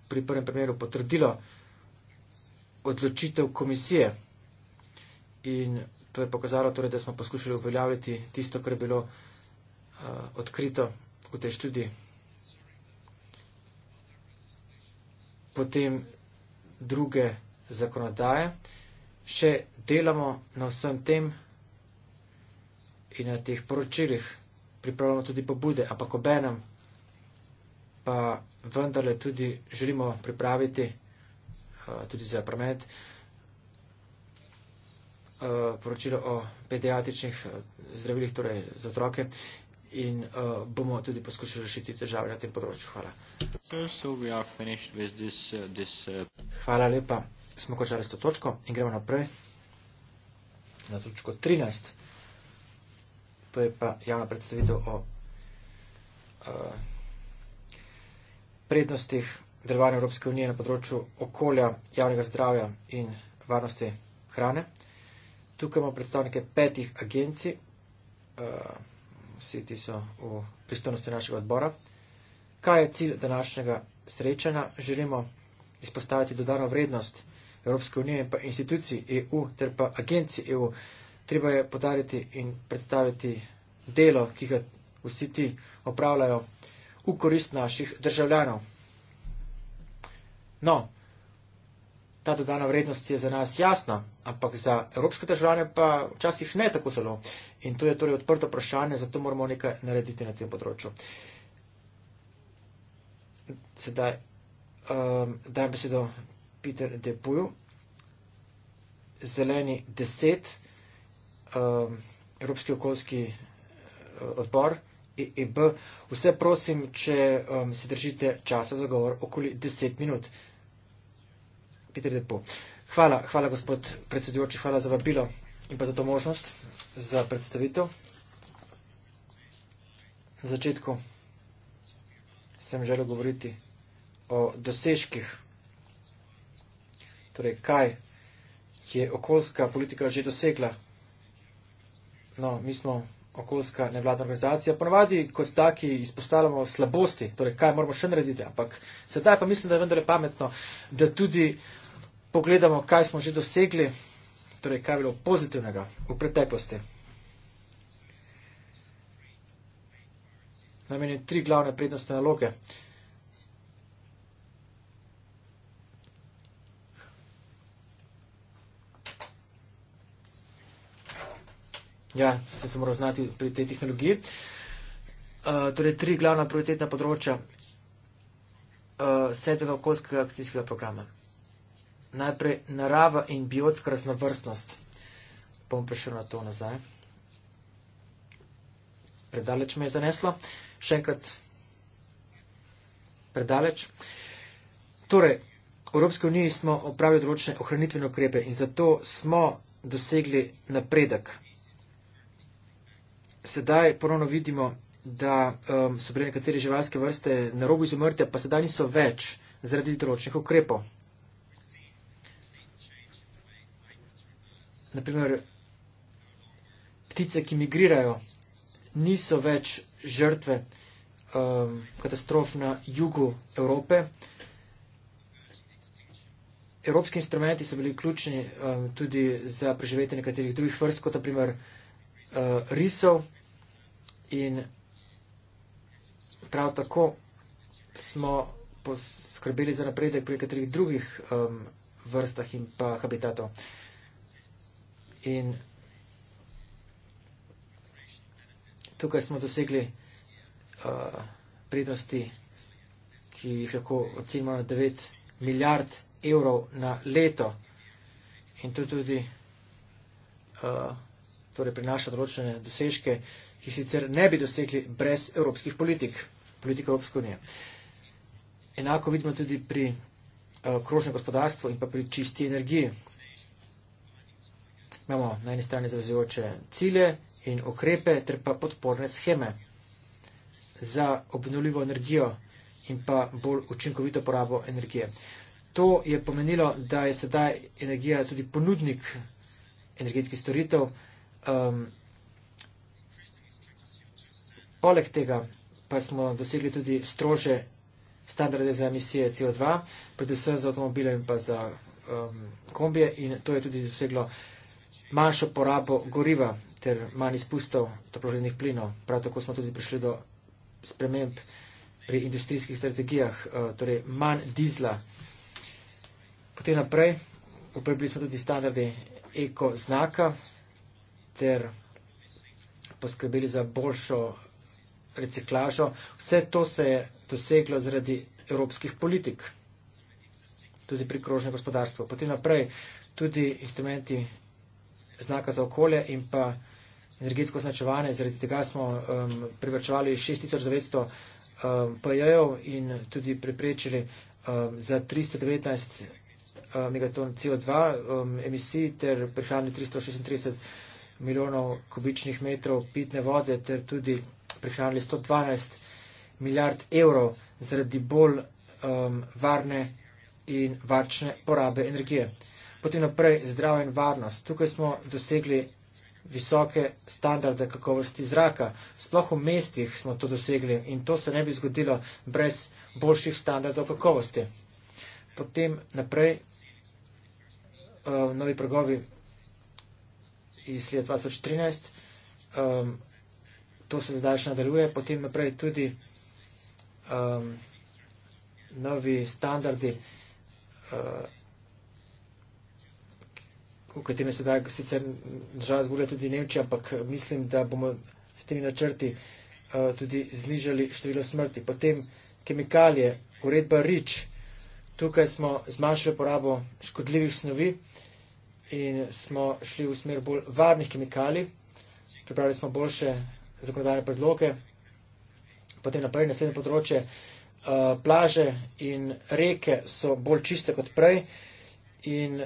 pri prvem primeru potrdilo odločitev komisije in to je pokazalo, torej, da smo poskušali uveljavljati tisto, kar je bilo uh, odkrito v tej študiji. Potem druge zakonodaje še delamo na vsem tem in na teh poročilih, pripravljamo tudi pobude, ampak obenem pa vendarle tudi želimo pripraviti eh, tudi za promet eh, poročilo o pediatričnih eh, zdravilih, torej za otroke in uh, bomo tudi poskušali rešiti težave na tem področju. Hvala. Sir, so this, uh, this, uh... Hvala lepa smo končali s to točko in gremo naprej na točko 13. To je pa javna predstavitev o uh, prednostih delovanja Evropske unije na področju okolja, javnega zdravja in varnosti hrane. Tukaj imamo predstavnike petih agencij, uh, vsi ti so v pristojnosti našega odbora. Kaj je cilj današnjega srečanja? Želimo izpostaviti dodano vrednost Evropske unije in pa institucij EU ter pa agencij EU. Treba je podariti in predstaviti delo, ki ga vsi ti opravljajo v korist naših državljanov. No, ta dodana vrednost je za nas jasna, ampak za evropske državljane pa včasih ne tako zelo. In to je torej odprto vprašanje, zato moramo nekaj narediti na tem področju. Sedaj um, dajem besedo Peter Depuju, zeleni deset, um, Evropski okoljski uh, odbor in e e B. Vse prosim, če um, se držite časa za govor, okoli deset minut. Peter Depu. Hvala, hvala gospod predsedujoči, hvala za vabilo in pa za to možnost, za predstavitev. Na začetku sem želel govoriti o dosežkih Torej, kaj je okoljska politika že dosegla? No, mi smo okoljska nevladna organizacija. Ponovadi, kot taki, izpostavljamo slabosti, torej, kaj moramo še narediti. Ampak sedaj pa mislim, da je vendarle pametno, da tudi pogledamo, kaj smo že dosegli, torej, kaj je bilo pozitivnega v preteklosti. Namenim tri glavne prednostne naloge. Ja, se sem moral znati pri tej tehnologiji. Uh, torej, tri glavna prioritetna področja uh, sedmega okoljskega akcijskega programa. Najprej narava in biotska raznovrstnost. Bom prišel na to nazaj. Predaleč me je zaneslo. Še enkrat predaleč. Torej, v Evropski uniji smo opravili določene ohranitvene ukrepe in zato smo dosegli napredek sedaj ponovno vidimo, da um, so bile nekatere živalske vrste na robu izumrte, pa sedaj niso več zaradi določenih ukrepov. Naprimer, ptice, ki migrirajo, niso več žrtve um, katastrof na jugu Evrope. Evropski instrumenti so bili ključni um, tudi za preživetje nekaterih drugih vrst, kot naprimer uh, risov in prav tako smo poskrbeli za napredek pri katerih drugih um, vrstah in pa habitatov. In tukaj smo dosegli uh, prednosti, ki jih lahko ocenimo na 9 milijard evrov na leto. In to tudi uh, torej prinaša določene dosežke, ki sicer ne bi dosegli brez evropskih politik, politik Evropske unije. Enako vidimo tudi pri eh, krožnem gospodarstvu in pa pri čisti energiji. Imamo na eni strani zavezujoče cilje in okrepe ter pa podporne scheme za obnovljivo energijo in pa bolj učinkovito porabo energije. To je pomenilo, da je sedaj energija tudi ponudnik energetskih storitev, Um, poleg tega pa smo dosegli tudi strože standarde za emisije CO2, predvsem za avtomobile in pa za um, kombije in to je tudi doseglo manjšo porabo goriva ter manj izpustov toplogrednih plinov. Prav tako smo tudi prišli do sprememb pri industrijskih strategijah, e, torej manj dizla. Potem naprej, uprebili smo tudi standarde eko znaka, ter poskrbeli za boljšo reciklažo. Vse to se je doseglo zaradi evropskih politik, tudi pri krožnem gospodarstvu. Potem naprej tudi instrumenti znaka za okolje in pa energetsko značevanje. Zaradi tega smo um, privrčevali 6900 um, PJ-ov in tudi preprečili um, za 319 um, uh, megaton CO2 um, emisij ter prihranili 336 milijonov kubičnih metrov pitne vode ter tudi prihranili 112 milijard evrov zaradi bolj um, varne in varčne porabe energije. Potem naprej zdrav in varnost. Tukaj smo dosegli visoke standarde kakovosti zraka. Sploh v mestih smo to dosegli in to se ne bi zgodilo brez boljših standardov kakovosti. Potem naprej uh, novi progovi iz leta 2013. Um, to se zdaj še nadaljuje, potem naprej tudi um, novi standardi, uh, v katerem se zdaj sicer žal zgodila tudi Nemčija, ampak mislim, da bomo s temi načrti uh, tudi znižali število smrti. Potem kemikalije, uredba REACH. Tukaj smo zmanjšali porabo škodljivih snovi. Uh, in smo šli v smer bolj varnih kemikalij, pripravili smo boljše zakonodajne predloge, potem naprej naslednje področje, eh, plaže in reke so bolj čiste kot prej in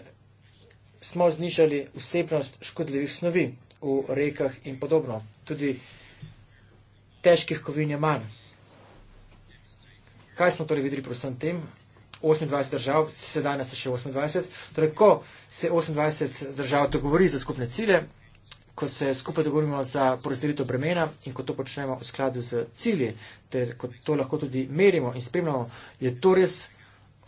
smo znižali vsebnost škodljivih snovi v rekah in podobno. Tudi težkih kovin je manj. Kaj smo torej videli pri vsem tem? 28 držav, sedaj nas je še 28. Torej, ko se 28 držav dogovori za skupne cilje, ko se skupaj dogovorimo za porazdelitev bremena in ko to počnemo v skladu z cilji, ter ko to lahko tudi merimo in spremljamo, je to res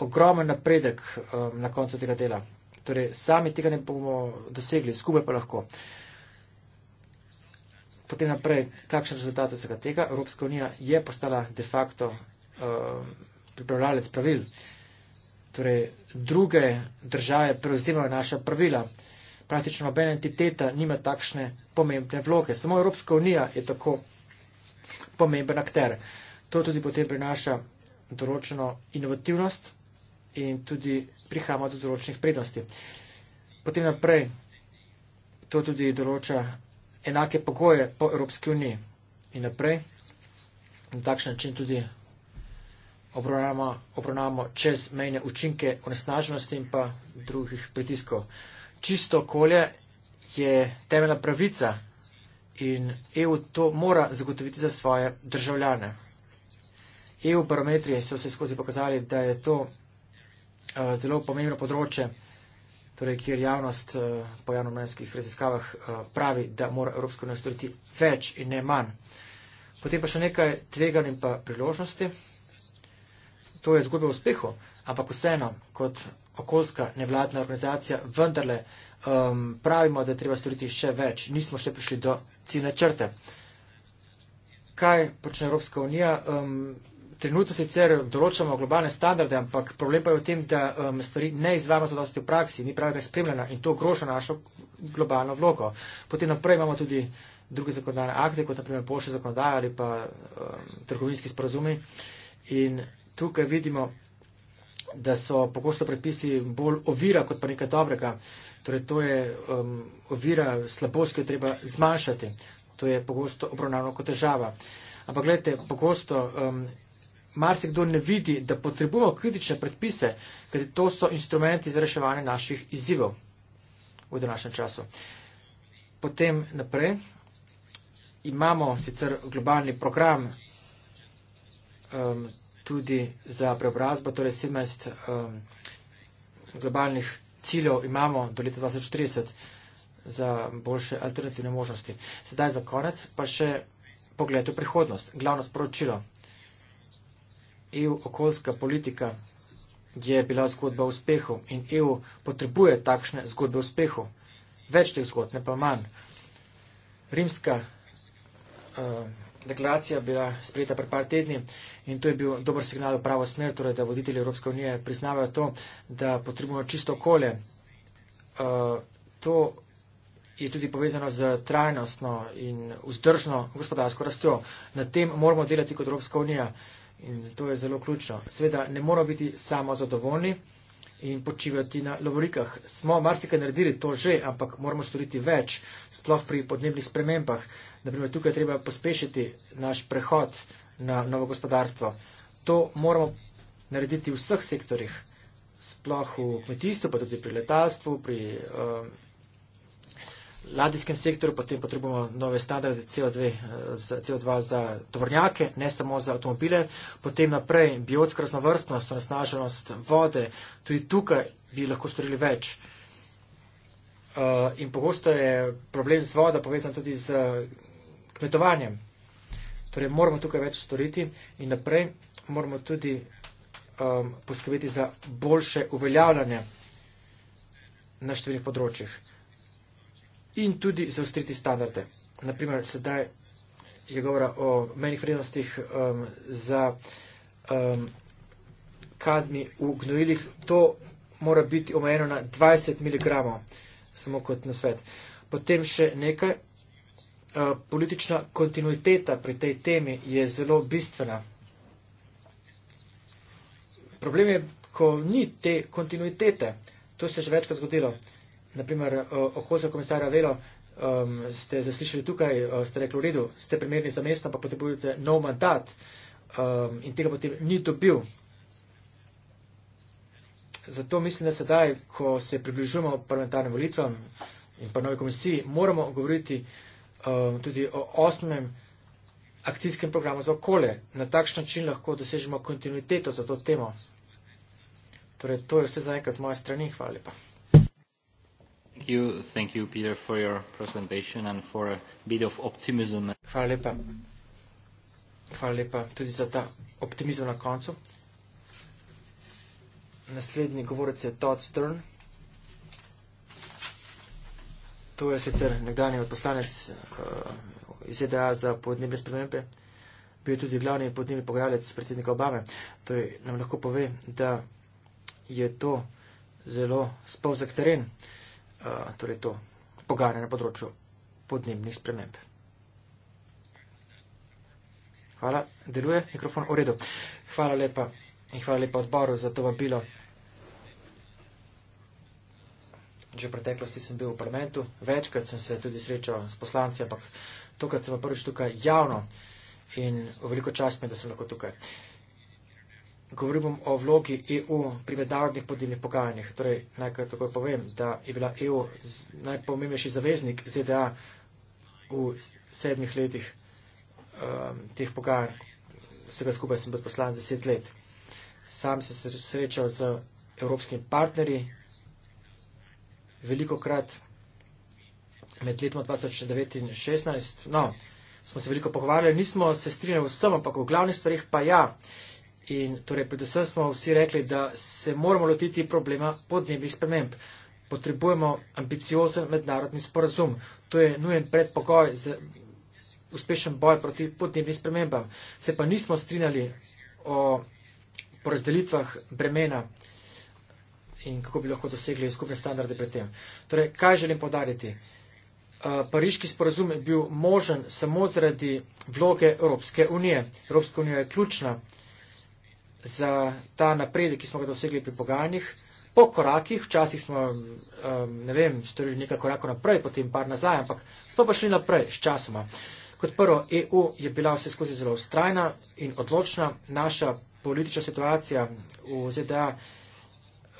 ogromen napredek um, na koncu tega dela. Torej, sami tega ne bomo dosegli, skupaj pa lahko. Potem naprej, kakšen rezultat vsega tega? Evropska unija je postala de facto um, pripravljalec pravil torej druge države prevzemajo naša pravila. Praktično nobena entiteta nima takšne pomembne vloge. Samo Evropska unija je tako pomemben akter. To tudi potem prinaša določeno inovativnost in tudi prihajamo do določenih prednosti. Potem naprej to tudi določa enake pogoje po Evropski uniji. In naprej na takšen način tudi obravnavamo, obravnavamo čezmejne učinke onesnaženosti in pa drugih pritiskov. Čisto okolje je temeljna pravica in EU to mora zagotoviti za svoje državljane. EU parametri so se skozi pokazali, da je to uh, zelo pomembno področje, torej, kjer javnost uh, po javnomenskih raziskavah uh, pravi, da mora Evropska unija storiti več in ne manj. Potem pa še nekaj tveganj in pa priložnosti to je zgodba o uspehu, ampak vseeno, kot okoljska nevladna organizacija, vendarle um, pravimo, da je treba storiti še več. Nismo še prišli do ciljne črte. Kaj počne Evropska unija? Um, trenutno sicer določamo globalne standarde, ampak problem pa je v tem, da um, stvari ne izvajamo zadosti v praksi, ni pravilno spremljena in to ogroža našo globalno vlogo. Potem naprej imamo tudi druge zakonodajne akte, kot naprimer pošte zakonodaje ali pa um, trgovinski sporozumi. In tukaj vidimo, da so pogosto predpisi bolj ovira kot pa nekaj dobrega. Torej, to je um, ovira, slabost, ki jo treba zmanjšati. To je pogosto obravnavano kot težava. Ampak gledajte, pogosto. Um, Marsikdo ne vidi, da potrebujemo kritične predpise, ker to so instrumenti za reševanje naših izzivov v današnjem času. Potem naprej imamo sicer globalni program um, tudi za preobrazbo, torej 17 um, globalnih ciljev imamo do leta 2030 za boljše alternativne možnosti. Sedaj za konec pa še pogled v prihodnost. Glavno sporočilo. EU okoljska politika je bila zgodba uspehu in EU potrebuje takšne zgodbe uspehu. Več teh zgodb, ne pa manj. Rimska. Um, deklaracija bila sprejeta pred par tedni in to je bil dober signal v pravo smer, torej da voditelji Evropske unije priznavajo to, da potrebujemo čisto okolje. Uh, to je tudi povezano z trajnostno in vzdržno gospodarsko rastjo. Na tem moramo delati kot Evropska unija in to je zelo ključno. Sveda ne moramo biti samo zadovoljni in počivati na lovorikah. Smo marsikaj naredili to že, ampak moramo storiti več, sploh pri podnebnih spremembah. Uh, Naprimer, tukaj treba pospešiti naš prehod na novo gospodarstvo. To moramo narediti v vseh sektorjih, sploh v kmetijstvu, pa tudi pri letalstvu, pri uh, ladijskem sektorju, potem potrebujemo nove standarde CO2, uh, CO2 za tovornjake, ne samo za avtomobile, potem naprej biotska raznovrstnost, onesnaženost vode, tudi tukaj bi lahko storili več. Uh, in pogosto je problem z vodo povezan tudi z kmetovanjem. Torej, moramo tukaj več storiti in naprej moramo tudi um, poskrbeti za boljše uveljavljanje na številnih področjih in tudi zaustriti standarde. Naprimer, sedaj je govora o menih vrednostih um, za um, kadmi v gnojilih. To mora biti omejeno na 20 mg, samo kot na svet. Potem še nekaj. Eh, politična kontinuiteta pri tej temi je zelo bistvena. Problem je, ko ni te kontinuitete. To se je že večkrat zgodilo. Naprimer, eh, okoljsko komisarja Velo um, ste zaslišali tukaj, eh, ste rekli v redu, ste primerni za mesto, pa potrebujete nov mandat um, in tega potem ni dobil. Zato mislim, da sedaj, ko se približujemo parlamentarnim volitvam in pa novi komisiji, moramo govoriti uh, Um, tudi o osmem akcijskem programu za okolje. Na takšen način lahko dosežemo kontinuiteto za to temo. Torej, to je vse za enkrat z moje strani. Hvala lepa. Thank you, thank you, Peter, for your presentation and for a bit of optimism. Hvala lepa. Hvala lepa tudi za ta optimizem na koncu. Naslednji govorec je Todd Stern. To je sicer nekdani odposlanec uh, eh, iz ZDA za podnebne spremembe, bil je tudi glavni podnebni pogajalec predsednika Obame. Torej nam lahko pove, da je to zelo spavzak teren, uh, torej to pogajanje na področju podnebnih sprememb. Hvala, deluje mikrofon v redu. Hvala lepa in hvala lepa odboru za to vabilo. Že v preteklosti sem bil v parlamentu, večkrat sem se tudi srečal s poslanci, ampak tokrat sem prvič tukaj javno in veliko čast mi, da sem lahko tukaj. Govorim bom o vlogi EU pri mednarodnih podnebnih pogajanjih. Torej, najkar tako povem, da je bila EU najpomembnejši zaveznik ZDA v sedmih letih um, teh pogajanj. Vsega skupaj sem bil poslan deset let. Sam sem se srečal z evropskimi partnerji, veliko krat med letom 2009 in 2016. No, smo se veliko pogovarjali, nismo se strinjali vsem, ampak v glavnih stvarih pa ja. In torej, predvsem smo vsi rekli, da se moramo lotiti problema podnebnih sprememb. Potrebujemo ambiciozen mednarodni sporazum. To je nujen predpogoj za uspešen boj proti podnebnim spremembam. Se pa nismo strinjali o porazdelitvah bremena in kako bi lahko dosegli skupne standarde pri tem. Torej, kaj želim podariti? Eh, Pariški sporazum je bil možen samo zaradi vloge Evropske unije. Evropska unija je ključna za ta napredek, ki smo ga dosegli pri pogajanjih. Po korakih, včasih smo, ne vem, storili nekaj korakov naprej, potem par nazaj, ampak smo pa šli naprej s časoma. Kot prvo, EU je bila vse skozi zelo ustrajna in odločna. Naša politična situacija v ZDA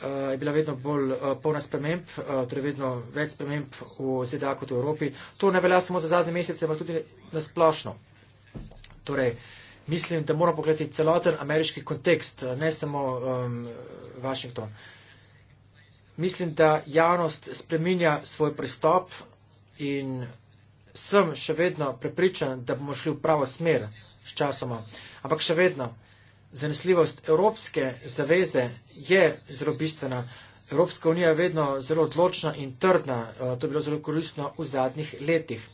uh, je bila vedno bolj uh, polna sprememb, uh, torej vedno več sprememb v ZDA kot v Evropi. To ne velja samo za zadnje mesece, ampak tudi nasplošno. Torej, mislim, da moramo pogledati celoten ameriški kontekst, ne samo um, Washington. Mislim, da javnost spreminja svoj pristop in sem še vedno prepričan, da bomo šli v pravo smer s časoma. Ampak še vedno zanesljivost evropske zaveze je zelo bistvena. Evropska unija je vedno zelo odločna in trdna, eh, to je bilo zelo koristno v zadnjih letih.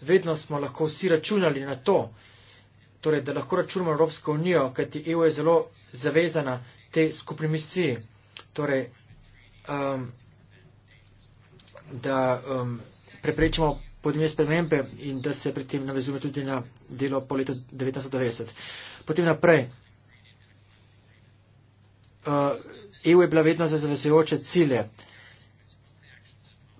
Vedno smo lahko vsi računali na to, torej, da lahko računamo Evropsko unijo, kajti EU je zelo zavezana te skupni misiji. Torej, um, da um, preprečimo podnebne spremembe in da se pri tem navezuje tudi na delo po letu 1990. Potem naprej. Uh, EU je bila vedno za zavezujoče cilje.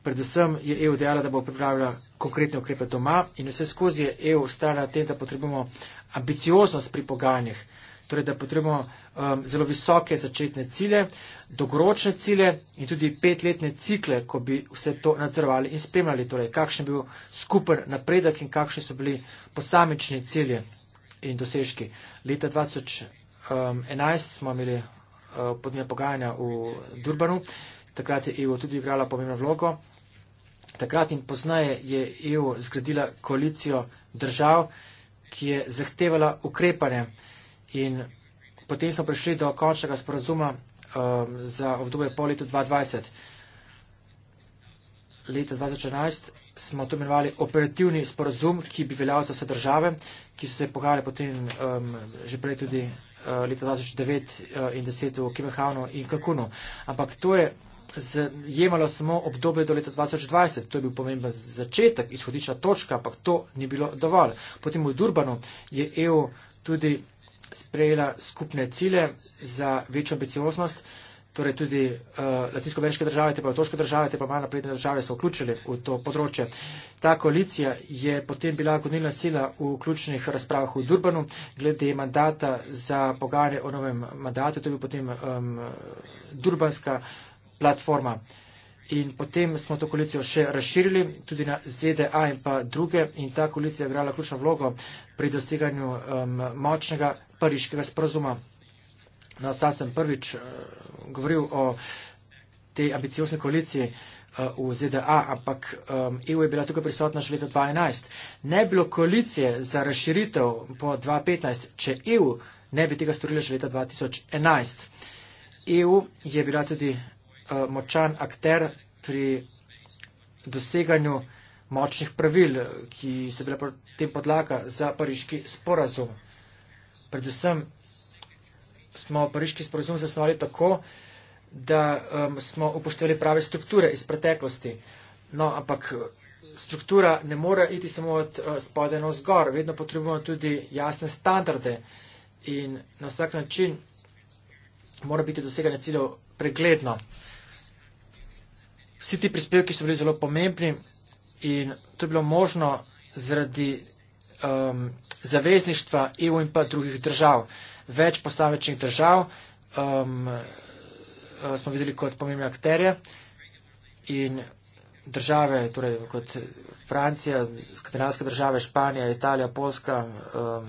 Predvsem je EU dejala, da bo pripravila konkretne ukrepe doma in vse skozi je EU ustala na tem, da potrebujemo ambicioznost pri pogajanjih. Torej, da potrebujemo um, zelo visoke začetne cilje, dogoročne cilje in tudi petletne cikle, ko bi vse to nadzorovali in spremljali, torej, kakšen je bil skupen napredek in kakšni so bili posamični cilje in dosežki. Leta 2011 um, smo imeli Eh, podnebne pogajanja v Durbanu. Takrat je EU tudi igrala pomembno vlogo. Takrat in poznaje je EU zgradila koalicijo držav, ki je zahtevala ukrepanje. In potem smo prišli do končnega sporazuma um, za obdobje po letu 2020. Leta 2011 smo to imenovali operativni sporazum, ki bi veljal za vse države, ki so se pogajale potem um, že prej tudi Eh, leta 2009 eh, in 2010 v Kimehavnu in Kakunu. Ampak to je zajemalo samo obdobje do leta 2020. To je bil pomemben začetek, izhodična točka, ampak to ni bilo dovolj. Potem v Durbanu je EU tudi sprejela skupne cilje za večjo ambicioznost torej tudi uh, latinsko-ameriške države, te pa otoške države, te pa manj napredne države so vključili v to področje. Ta koalicija je potem bila gonilna sila v ključnih razpravah v Durbanu glede mandata za pogajanje o novem mandatu, to je bil potem um, Durbanska platforma. In potem smo to koalicijo še razširili tudi na ZDA in pa druge in ta koalicija je igrala ključno vlogo pri doseganju um, močnega pariškega sporozuma. No, sam sem prvič govoril o tej ambiciozni koaliciji eh, v ZDA, ampak EU e je bila tukaj prisotna že leta 2011. Ne bi bilo koalicije za razširitev po 2015, če EU ne bi tega storila že leta 2011. EU je bila tudi eh, močan akter pri doseganju močnih pravil, ki so bila potem podlaga za pariški sporazum. Predvsem smo pariški sporozum zasnovali tako, da um, smo upoštevali prave strukture iz preteklosti. No, ampak struktura ne more iti samo od uh, spode na vzgor, vedno potrebujemo tudi jasne standarde in na vsak način mora biti doseganje ciljev pregledno. Vsi ti prispevki so bili zelo pomembni in to je bilo možno zaradi um, zavezništva EU in pa drugih držav. Uh, več posamečnih držav, um, uh, smo videli kot pomembne akterje in države, torej kot Francija, skandinavske države, Španija, Italija, Polska, um,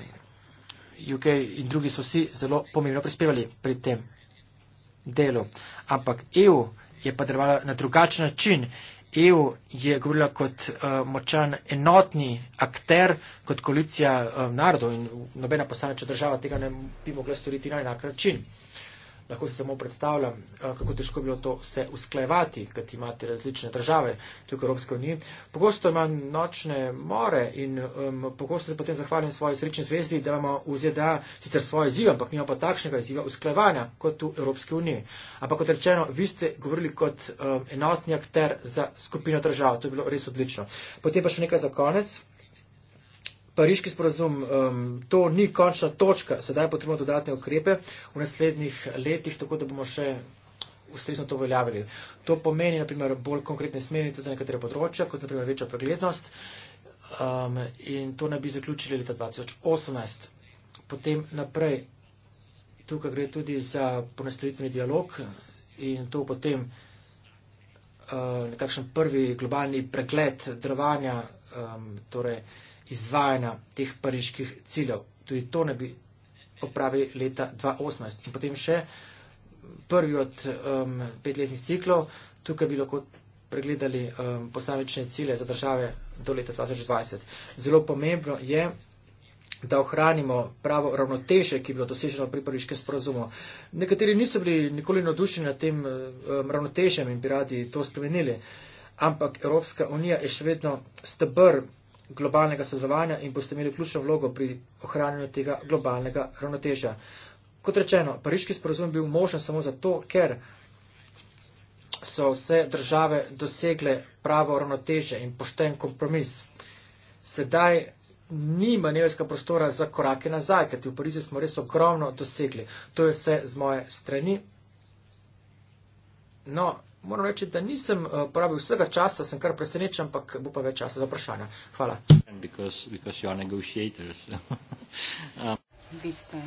UK in drugi so vsi zelo pomembno prispevali pri tem delu. Ampak EU je pa delovala na drugačen način EU je govorila kot uh, močan enotni akter, kot koalicija uh, narodov in nobena posameča država tega ne bi mogla storiti na enak način lahko si samo predstavljam, eh, kako težko je bilo to vse usklajevati, kaj imate različne države tukaj v Evropski uniji. Pogosto imam nočne more in um, pogosto se potem zahvalim svoji srečni zvezdi, da imamo v ZDA sicer svoje izzive, ampak nima pa takšnega izziva usklajevanja kot v Evropski uniji. Ampak kot rečeno, vi ste govorili kot um, enotni akter za skupino držav. To je bilo res odlično. Potem pa še nekaj za konec. Pariški sporozum, um, to ni končna točka, sedaj potrebujemo dodatne ukrepe v naslednjih letih, tako da bomo še ustrezno to uveljavili. To pomeni, naprimer, bolj konkretne smernice za nekatere področja, kot naprimer večja preglednost um, in to naj bi zaključili leta 2018. Potem naprej, tukaj gre tudi za ponastavitveni dialog in to potem uh, nekakšen prvi globalni pregled delovanja. Um, torej, izvajanja teh pariških ciljev. Tudi to ne bi opravili leta 2018. In potem še prvi od um, petletnih ciklov, tukaj bi lahko pregledali um, posamečne cilje za države do leta 2020. Zelo pomembno je, da ohranimo pravo ravnoteže, ki je bilo doseženo pri pariškem sporozumu. Nekateri niso bili nikoli nadušeni nad tem um, ravnotežem in bi radi to spremenili, ampak Evropska unija je še vedno stebr globalnega sodelovanja in boste imeli ključno vlogo pri ohranjanju tega globalnega ravnotežja. Kot rečeno, pariški sporozum je bil možen samo zato, ker so vse države dosegle pravo ravnotežje in pošten kompromis. Sedaj ni manevrska prostora za korake nazaj, kajti v Parizu smo res ogromno dosegli. To je vse z moje strani. No, Moram reči, da nisem eh, porabil vsega časa, sem kar presenečen, ampak bo pa več časa za vprašanja. Hvala. Because, because um. Vi ste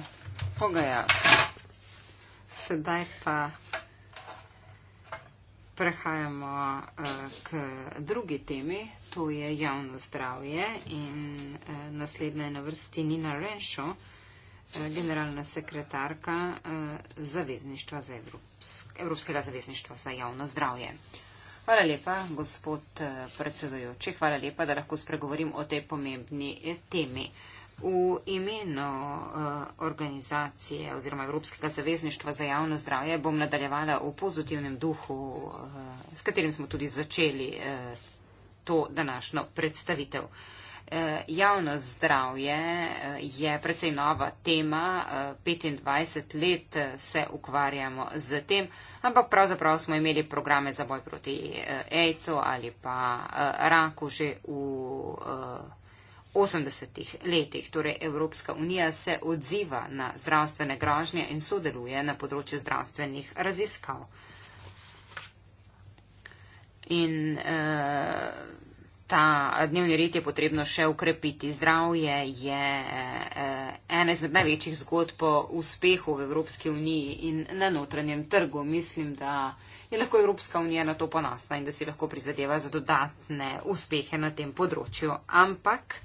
pogajalci. Sedaj pa prehajamo uh, k drugi temi, to je javno zdravje in uh, naslednja je na vrsti Nina Renšo. Eh, generalna sekretarka eh, zavezništva za Evropsk, Evropskega zavezništva za javno zdravje. Hvala lepa, gospod eh, predsedujoči, hvala lepa, da lahko spregovorim o tej pomembni temi. V imenu organizacije oziroma Evropskega zavezništva za javno zdravje bom nadaljevala v pozitivnem duhu, s katerim smo tudi začeli to današnjo predstavitev. Eh, javno zdravje eh, je precej nova tema, 25 eh, let se ukvarjamo z tem, ampak pravzaprav smo imeli programe za boj proti AIDS-u ali pa raku že v 80-ih letih. Torej Evropska unija se odziva na zdravstvene grožnje in sodeluje na področju zdravstvenih raziskav. In, uh, ta dnevni red je potrebno še ukrepiti. Zdravje je eh, ena izmed največjih zgodb po uspehu v Evropski uniji in na notranjem trgu. Mislim, da je lahko Evropska unija na to ponosna in da si lahko prizadeva za dodatne uspehe na tem področju. Ampak.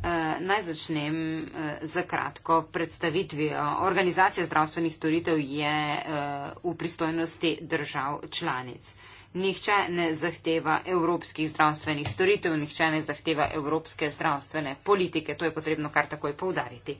Eh, naj začnem eh, za kratko predstavitvijo. Organizacija zdravstvenih storitev je v pristojnosti držav članic nihče ne zahteva evropskih zdravstvenih storitev, nihče ne zahteva evropske zdravstvene politike. To je potrebno kar takoj povdariti.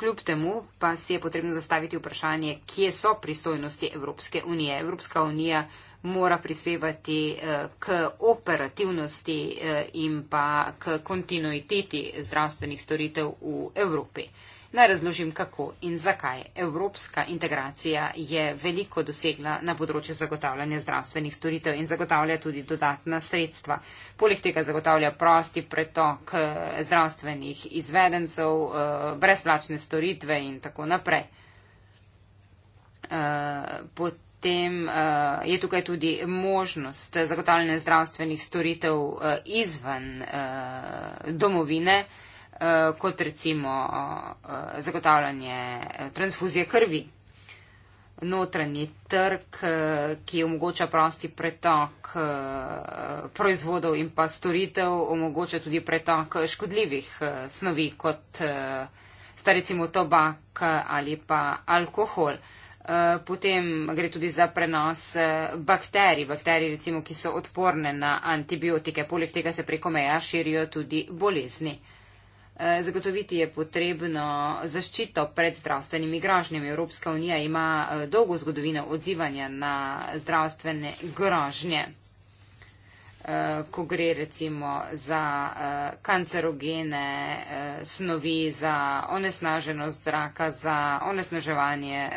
Kljub temu pa si je potrebno zastaviti vprašanje, kje so pristojnosti Evropske unije. Evropska unija mora prispevati eh, k operativnosti eh, in pa k kontinuiteti zdravstvenih storitev v Evropi. Naj razložim, kako in zakaj. Evropska integracija je veliko dosegla na področju zagotavljanja zdravstvenih storitev in zagotavlja tudi dodatna sredstva. Poleg tega zagotavlja prosti pretok eh, zdravstvenih izvedencev, eh, brezplačne storitve in tako naprej. Eh, potem je tukaj tudi možnost zagotavljanja zdravstvenih storitev izven domovine. Eh, kot recimo eh, zagotavljanje eh, transfuzije krvi, notranji trg, ki omogoča prosti pretok proizvodov in pa storitev, omogoča tudi pretok škodljivih snovi, kot sta recimo tobak ali pa alkohol. Potem gre tudi za prenos bakterij, bakterij recimo, ki so odporne na antibiotike. Poleg tega se preko meja širijo tudi bolezni. Eh, zagotoviti je potrebno zaščito pred zdravstvenimi grožnjami. Evropska unija ima eh, dolgo zgodovino odzivanja na zdravstvene grožnje, eh, ko gre recimo za kancerogene snovi, za onesnaženost zraka, za onesnaževanje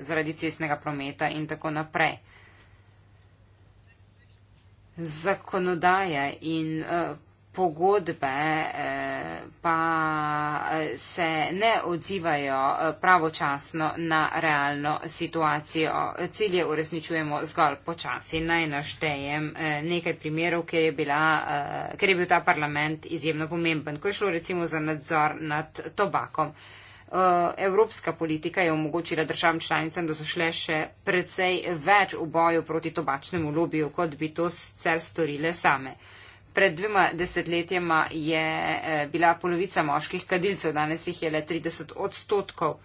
zaradi cestnega prometa in tako naprej. Zakonodaja in pogodbe eh, pa eh, se ne odzivajo eh, pravočasno na realno situacijo. Cilje uresničujemo zgolj počasi. Naj naštejem nekaj primerov, ker je, bila, ker je bil ta parlament izjemno pomemben, ko je šlo recimo za nadzor nad tobakom. Evropska politika je omogočila državam članicam, da so šle še precej več v boju proti tobačnemu lobiju, kot bi to sicer storile same. Pred dvema desetletjema je eh, bila polovica moških kadilcev, danes jih je le 30 odstotkov.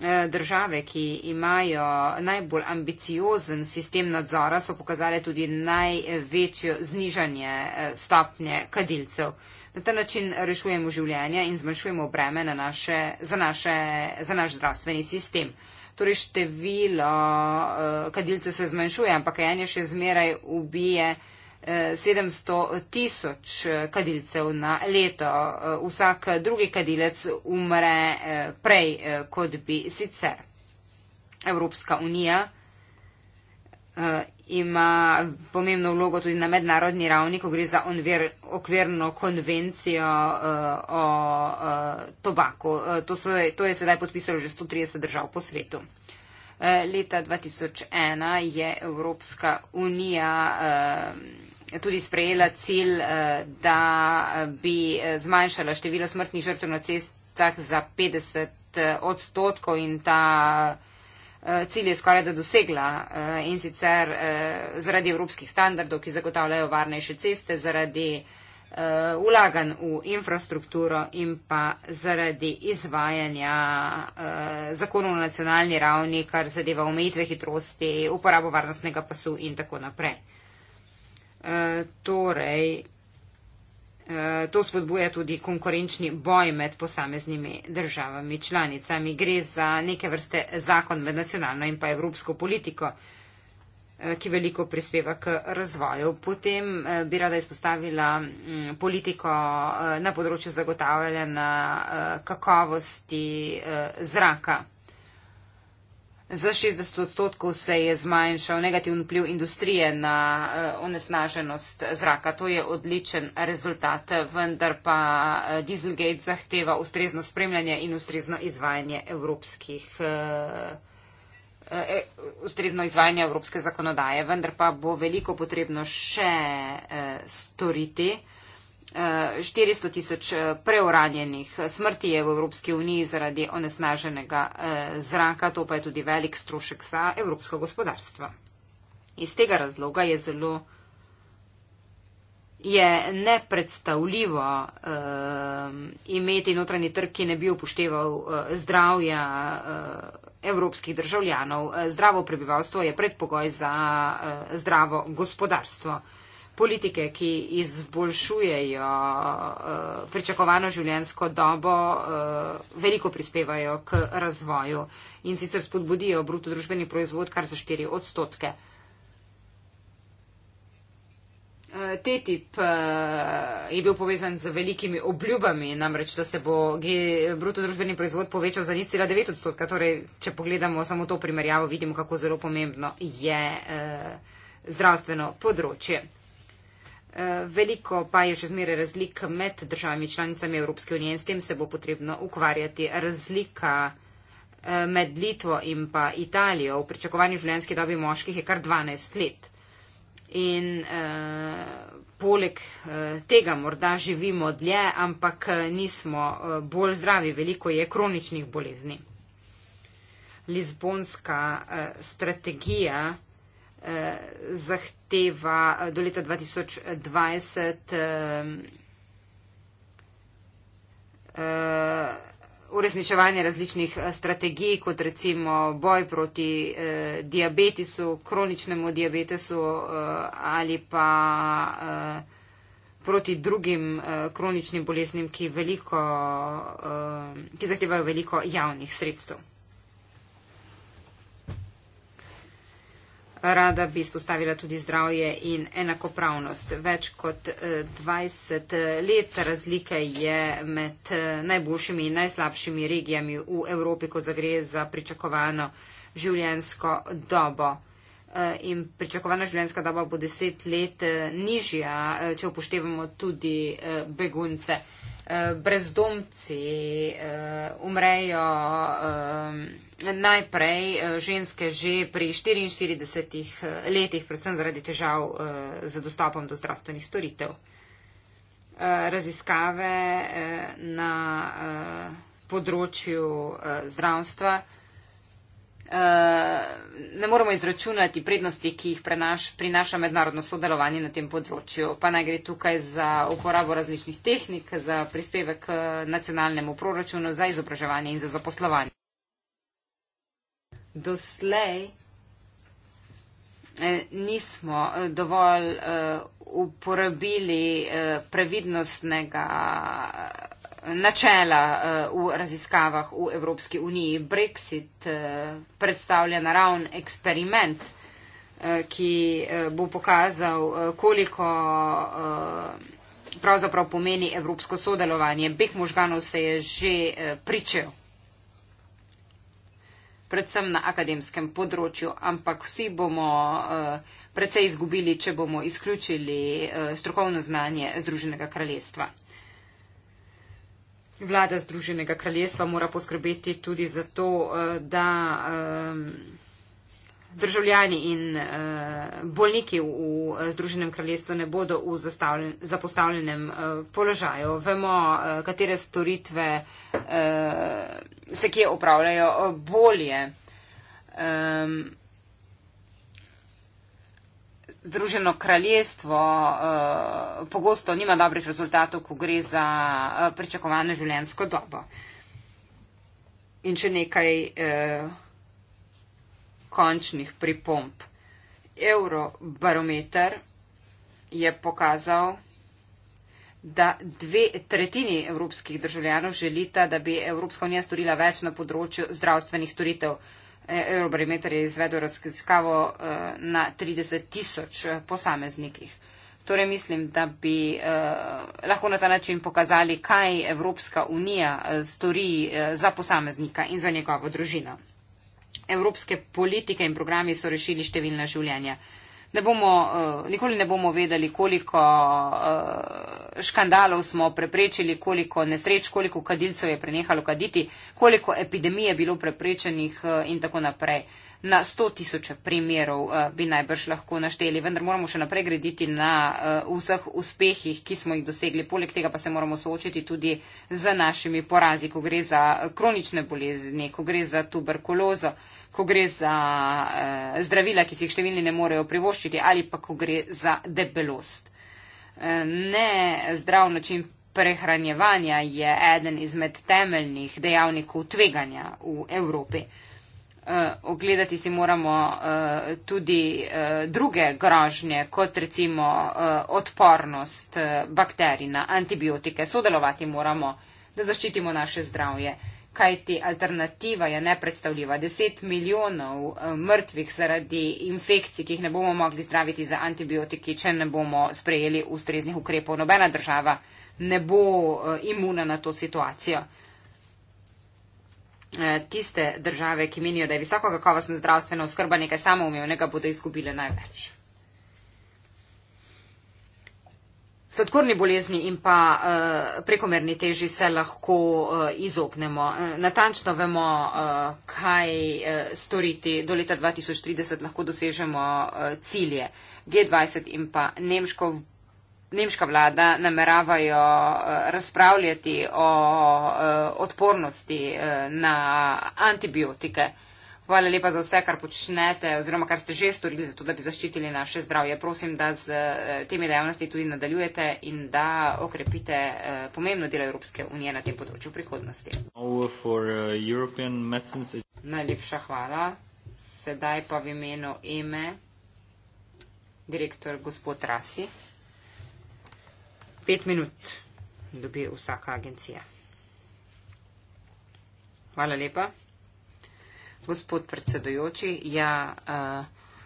Eh, države, ki imajo najbolj ambiciozen sistem nadzora, so pokazale tudi največjo znižanje eh, stopnje kadilcev. Na ta način rešujemo življenje in zmanjšujemo breme na naše, za, naše, za naš zdravstveni sistem. Torej število kadilcev se zmanjšuje, ampak kajenje še zmeraj ubije 700 tisoč eh, kadilcev na leto. Eh, vsak drugi kadilec umre eh, prej, kot bi sicer. Evropska unija ima pomembno vlogo tudi na mednarodni ravni, ko gre za onver, okvirno konvencijo o tobaku. To, so, to je sedaj podpisalo že 130 držav po svetu. Leta 2001 je Evropska unija tudi sprejela cilj, eh, da bi eh, zmanjšala število smrtnih žrtev na cestah za 50 eh, odstotkov in ta cilj je skoraj da dosegla in sicer zaradi evropskih standardov, ki zagotavljajo varnejše ceste, zaradi ulagan v infrastrukturo in pa zaradi izvajanja zakonov na nacionalni ravni, kar zadeva omejitve hitrosti, uporabo varnostnega pasu in tako naprej torej, eh, to spodbuja tudi konkurenčni boj med posameznimi državami članicami. Gre za neke vrste zakon med nacionalno in pa evropsko politiko, eh, ki veliko prispeva k razvoju. Potem eh, bi rada izpostavila mm, politiko na področju zagotavljanja kakovosti zraka. Za 60 odstotkov se je zmanjšal negativni vpliv industrije na eh, onesnaženost zraka. To je odličen rezultat, vendar pa eh, Dieselgate zahteva ustrezno spremljanje in ustrezno izvajanje evropskih. E, ustrezno izvajanje evropske zakonodaje, vendar pa bo veliko potrebno še e, storiti. 400 tisoč eh, preuranjenih smrti je v Evropski uniji zaradi onesnaženega eh, zraka, to pa je tudi velik strošek za evropsko gospodarstvo. Iz tega razloga je zelo je nepredstavljivo uh, imeti notranji trg, ki ne bi upošteval uh, zdravja uh, evropskih državljanov. Zdravo prebivalstvo je predpogoj za uh, zdravo gospodarstvo. Uh, politike, ki izboljšujejo uh, pričakovano življensko dobo, uh, veliko prispevajo k razvoju in sicer spodbudijo bruto družbeni proizvod kar za 4 odstotke. Eh, TTIP je bil povezan z velikimi obljubami, namreč, da se bo bruto družbeni proizvod povečal za 0,9 odstotka. Torej, če pogledamo samo to primerjavo, vidimo, kako zelo pomembno je zdravstveno področje. Veliko pa je še zmeraj razlik med državami članicami Evropske unije in s tem se bo potrebno ukvarjati. Razlika eh, med Litvo in pa Italijo v pričakovanju življenjske dobi moških je kar 12 let. In eh, poleg eh, tega morda živimo dlje, ampak eh, nismo eh, bolj zdravi. Veliko je kroničnih bolezni. Lizbonska eh, strategija. Eh, zahteva eh, do leta 2020 eh, uresničevanje različnih strategij, kot recimo boj proti diabetesu, kroničnemu diabetesu ali pa proti drugim kroničnim boleznim, ki, veliko, ki zahtevajo veliko javnih sredstev. Rada bi spostavila tudi zdravje in enakopravnost. Več kot 20 eh, eh, let razlike je med eh, najboljšimi in najslabšimi regijami v Evropi, ko zagre za pričakovano življensko dobo. In pričakovana življenska doba bo deset let nižja, če upoštevamo tudi begunce. Eh, brezdomci eh, umrejo eh, najprej ženske že pri 44 letih, predvsem zaradi težav z dostopom do zdravstvenih storitev. Raziskave na področju zdravstva Eh, ne moremo izračunati prednosti, ki jih prenaš, prinaša mednarodno sodelovanje na tem področju. Pa naj gre tukaj za uporabo različnih tehnik, za prispevek k nacionalnemu proračunu, za izobraževanje in za zaposlovanje. Doslej eh, nismo eh, dovolj uporabili previdnostnega načela eh, v raziskavah v Evropski uniji. Brexit eh, predstavlja naravn eksperiment, eh, ki bo pokazal, koliko pravzaprav pomeni evropsko sodelovanje. Beg možganov se je že pričel predvsem na akademskem področju, ampak vsi bomo uh, precej izgubili, če bomo izključili uh, strokovno znanje Združenega kraljestva. Vlada Združenega kraljestva mora poskrbeti tudi za to, eh, da eh, državljani in eh, bolniki v Združenem kraljestvu ne bodo v zapostavljenem položaju. Vemo, katere storitve se kje opravljajo bolje. Ehm, Združeno kraljestvo uh, pogosto nima dobrih rezultatov, ko gre za uh, pričakovano življenjsko dobo. In še nekaj uh, končnih pripomp. Eurobarometer je pokazal, da dve tretjini evropskih državljanov želita, da bi Evropska unija storila več na področju zdravstvenih storitev. Uh, Eurobarometer je izvedel razkiskavo eh, na 30 tisoč eh, posameznikih. Torej mislim, da bi eh, lahko na ta način pokazali, kaj Evropska unija stori za posameznika in za njegovo družino. Evropske politike in programi so rešili številna življenja ne bomo, eh, nikoli ne bomo vedeli, koliko eh, škandalov smo preprečili, koliko nesreč, koliko kadilcev je prenehalo kaditi, koliko epidemije je bilo preprečenih eh, in tako naprej. Na sto tisoče primerov bi najbrž lahko našteli, vendar moramo še naprej graditi na vseh uspehih, ki smo jih dosegli. Poleg tega pa se moramo soočiti tudi z našimi porazi, ko gre za kronične bolezni, ko gre za tuberkulozo ko gre za eh, zdravila, ki si jih številni ne morejo privoščiti, ali pa ko gre za debelost. Eh, ne zdrav način prehranjevanja je eden izmed temeljnih dejavnikov tveganja v Evropi. Eh, ogledati si moramo eh, tudi druge grožnje, kot recimo odpornost bakterij na antibiotike. Sodelovati moramo, da zaščitimo naše zdravje kajti alternativa je nepredstavljiva. Deset milijonov eh, mrtvih zaradi infekcij, ki jih ne bomo mogli zdraviti za antibiotiki, če ne bomo sprejeli ustreznih ukrepov. Nobena država ne bo eh, imuna na to situacijo. Eh, tiste države, ki menijo, da je visoko kakovostna zdravstvena oskrba nekaj samoumevnega, bodo izgubile največ. sladkorni bolezni in pa eh, prekomerni teži se lahko eh, izognemo. Eh, natančno vemo, kaj storiti. Do leta 2030 lahko dosežemo cilje. G20 in pa Nemško, nemška vlada nameravajo razpravljati o odpornosti na antibiotike. Hvala lepa za vse, kar počnete oziroma kar ste že storili za to, da bi zaščitili naše zdravje. Prosim, da z eh, temi dejavnosti tudi nadaljujete in da okrepite eh, pomembno delo Evropske unije na tem področju v prihodnosti. Eh, Najlepša hvala. Sedaj pa v imenu Eme, direktor gospod Rasi. Pet minut dobi vsaka agencija. Hvala lepa gospod predsedujoči. Ja, uh,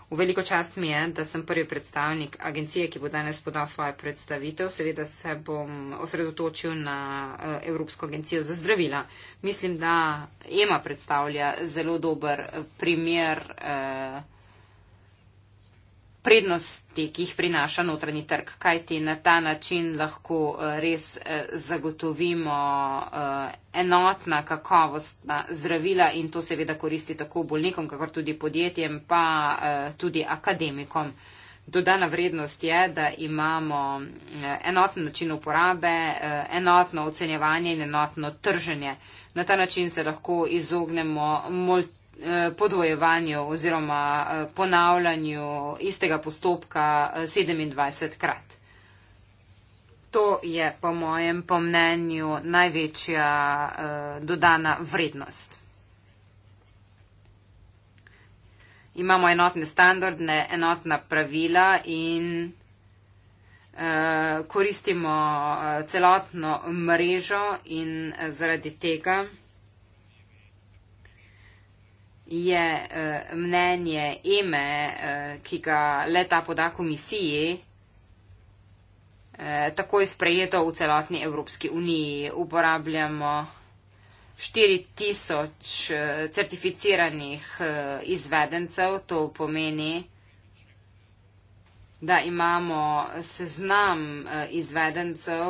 v veliko čast mi je, da sem prvi predstavnik agencije, ki bo danes podal svojo predstavitev. Seveda se bom osredotočil na uh, Evropsko agencijo za zdravila. Mislim, da EMA predstavlja zelo dober eh, primer. Uh, prednosti, ki jih prinaša notranji trg, kajti na ta način lahko eh, res eh, zagotovimo eh, enotna kakovostna zdravila in to seveda koristi tako bolnikom, kakor tudi podjetjem, pa tudi akademikom. Dodana vrednost je, da imamo enoten način uporabe, enotno ocenjevanje in enotno trženje. Na ta način se lahko izognemo multi Eh, podvojevanju oziroma eh, ponavljanju istega postopka 27 eh, krat. To je po mojem pomnenju največja uh, dodana vrednost. Imamo enotne standardne, enotna pravila in uh, koristimo uh, celotno mrežo in uh, zaradi tega je eh, mnenje Eme, eh, ki ga leta poda komisiji, eh, takoj sprejeto v celotni Evropski uniji. Uporabljamo 4000 certificiranih izvedencev, to pomeni, da imamo seznam izvedencev,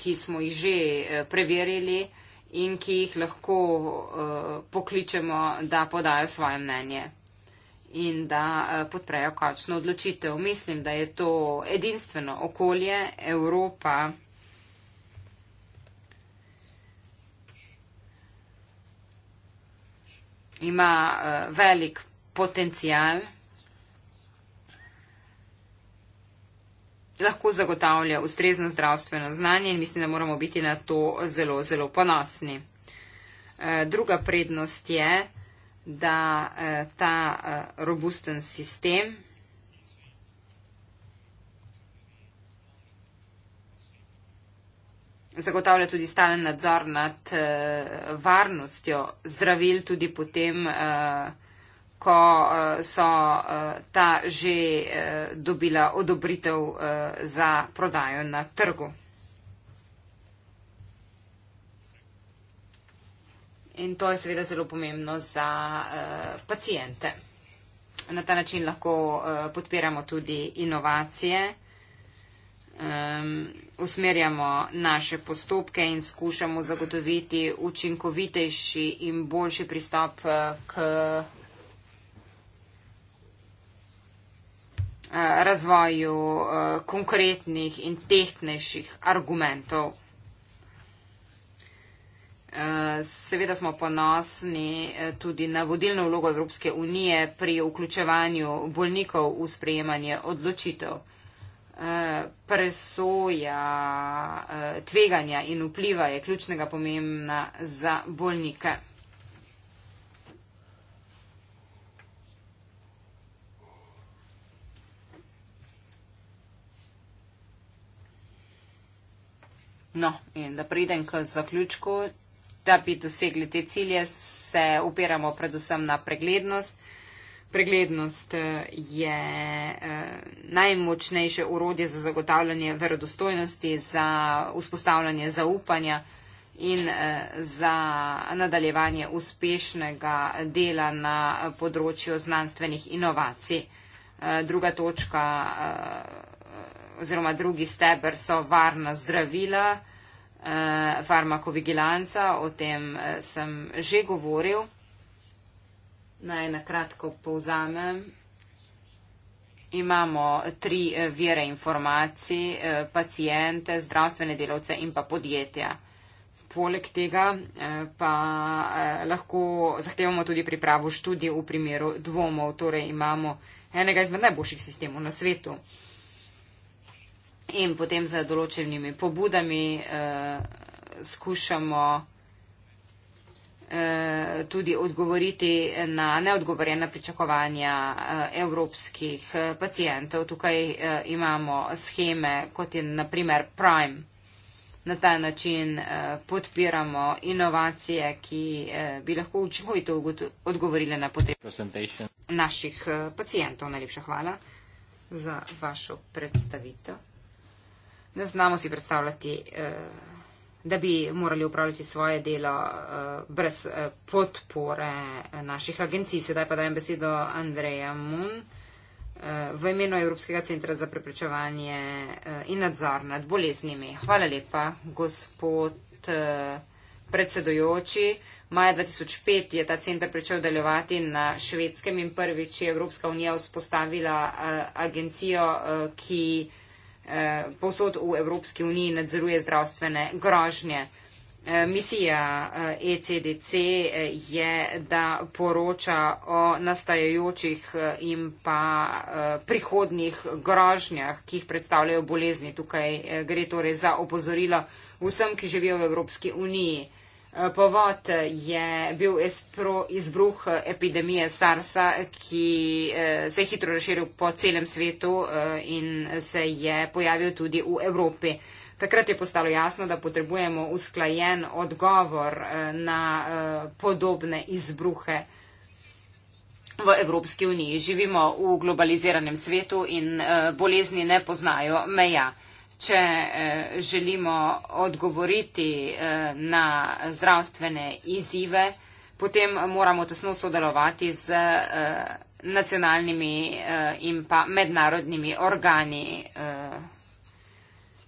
ki smo jih že preverili, in ki jih lahko uh, pokličemo, da podajo svoje mnenje in da uh, podprejo kakšno odločitev. Mislim, da je to edinstveno okolje Evropa. Ima uh, velik potencial. lahko zagotavlja ustrezno zdravstveno znanje in mislim, da moramo biti na to zelo, zelo ponosni. Eh, druga prednost je, da eh, ta eh, robusten sistem zagotavlja tudi stalen nadzor nad varnostjo zdravil tudi potem ko eh, so eh, ta že eh, dobila odobritev za prodajo na trgu. In to je seveda zelo pomembno za pacijente. Na ta način lahko podpiramo tudi inovacije, usmerjamo naše postopke in skušamo zagotoviti učinkovitejši in boljši pristop k Eh, razvoju eh, konkretnih in tehtnejših argumentov. Eh, seveda smo ponosni tudi na vodilno vlogo Evropske unije pri vključevanju bolnikov v sprejemanje odločitev. Presoja tveganja in vpliva je ključnega pomembna za bolnike. No, in da pridem k zaključku, da bi dosegli te cilje, se upiramo predvsem na preglednost. Preglednost eh, je eh, najmočnejše urodje za zagotavljanje verodostojnosti, za vzpostavljanje zaupanja in eh, za nadaljevanje uspešnega dela na področju znanstvenih inovacij. Druga točka oziroma drugi steber so varna zdravila, eh, farmakovigilanca, o tem eh, sem že govoril. Naj na kratko povzamem. Imamo tri eh, vire informacij, eh, pacijente, zdravstvene delavce in pa podjetja. Poleg tega eh, pa eh, lahko zahtevamo tudi pripravo študije v primeru dvomov, torej imamo enega izmed najboljših sistemov na svetu in potem za določenimi pobudami eh, skušamo eh, tudi odgovoriti na neodgovorjena pričakovanja eh, evropskih eh, pacijentov. Tukaj eh, imamo scheme, kot je naprimer Prime. Na ta način eh, podpiramo inovacije, ki eh, bi lahko učinkovito odgovorile na potrebe naših eh, pacijentov. Najlepša hvala za vašo predstavitev ne znamo si predstavljati, eh, da bi morali upravljati svoje delo eh, brez eh, podpore naših agencij. Sedaj pa dajem besedo Andreja Mun v imenu Evropskega centra za preprečevanje in nadzor nad boleznimi. Hvala lepa, gospod predsedujoči. Maja 2005 je ta center pričel delovati na švedskem in prvič je Evropska unija vzpostavila agencijo, ki Eh, posod v Evropski uniji nadzoruje zdravstvene grožnje. Eh, misija ECDC eh, e je, da poroča o nastajajočih in pa prihodnih grožnjah, ki jih predstavljajo bolezni. Tukaj gre torej za opozorilo vsem, ki živijo v Evropski uniji. Povod je bil izbruh epidemije SARS-a, ki eh, se je hitro razširil po celem svetu eh, in se je pojavil tudi v Evropi. Takrat je postalo jasno, da potrebujemo usklajen odgovor eh, na podobne izbruhe v Evropski uniji. Živimo v globaliziranem svetu in bolezni ne poznajo meja če eh, želimo odgovoriti eh, na zdravstvene izzive, potem moramo tesno sodelovati z eh, nacionalnimi eh, in pa mednarodnimi organi eh,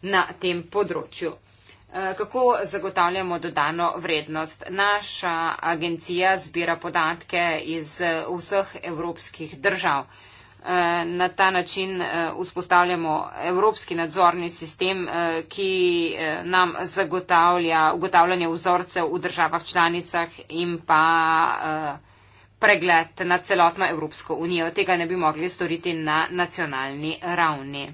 na tem področju. Eh, kako zagotavljamo dodano vrednost? Naša agencija zbira podatke iz eh, vseh evropskih držav. Eh, na ta način eh, vzpostavljamo evropski nadzorni sistem, eh, ki nam zagotavlja ugotavljanje vzorcev v državah članicah in pa pregled na celotno Evropsko unijo. Tega ne bi mogli storiti na nacionalni ravni.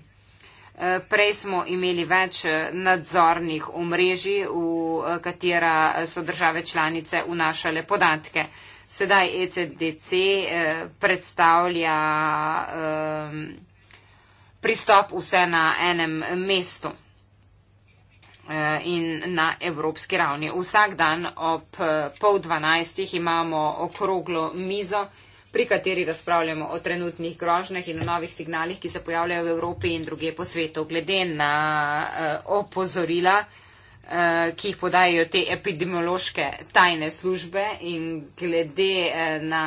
Prej smo imeli več eh, nadzornih omrežij, v eh, katera so države članice vnašale podatke. Sedaj ECDC eh, predstavlja ehm, pristop vse na enem mestu in na evropski ravni. Vsak dan ob pol dvanajstih imamo okroglo mizo pri kateri razpravljamo o trenutnih grožnjah in o novih signalih, ki se pojavljajo v Evropi in druge po svetu. Glede na uh, opozorila, uh, ki jih podajajo te epidemiološke tajne službe in glede uh, na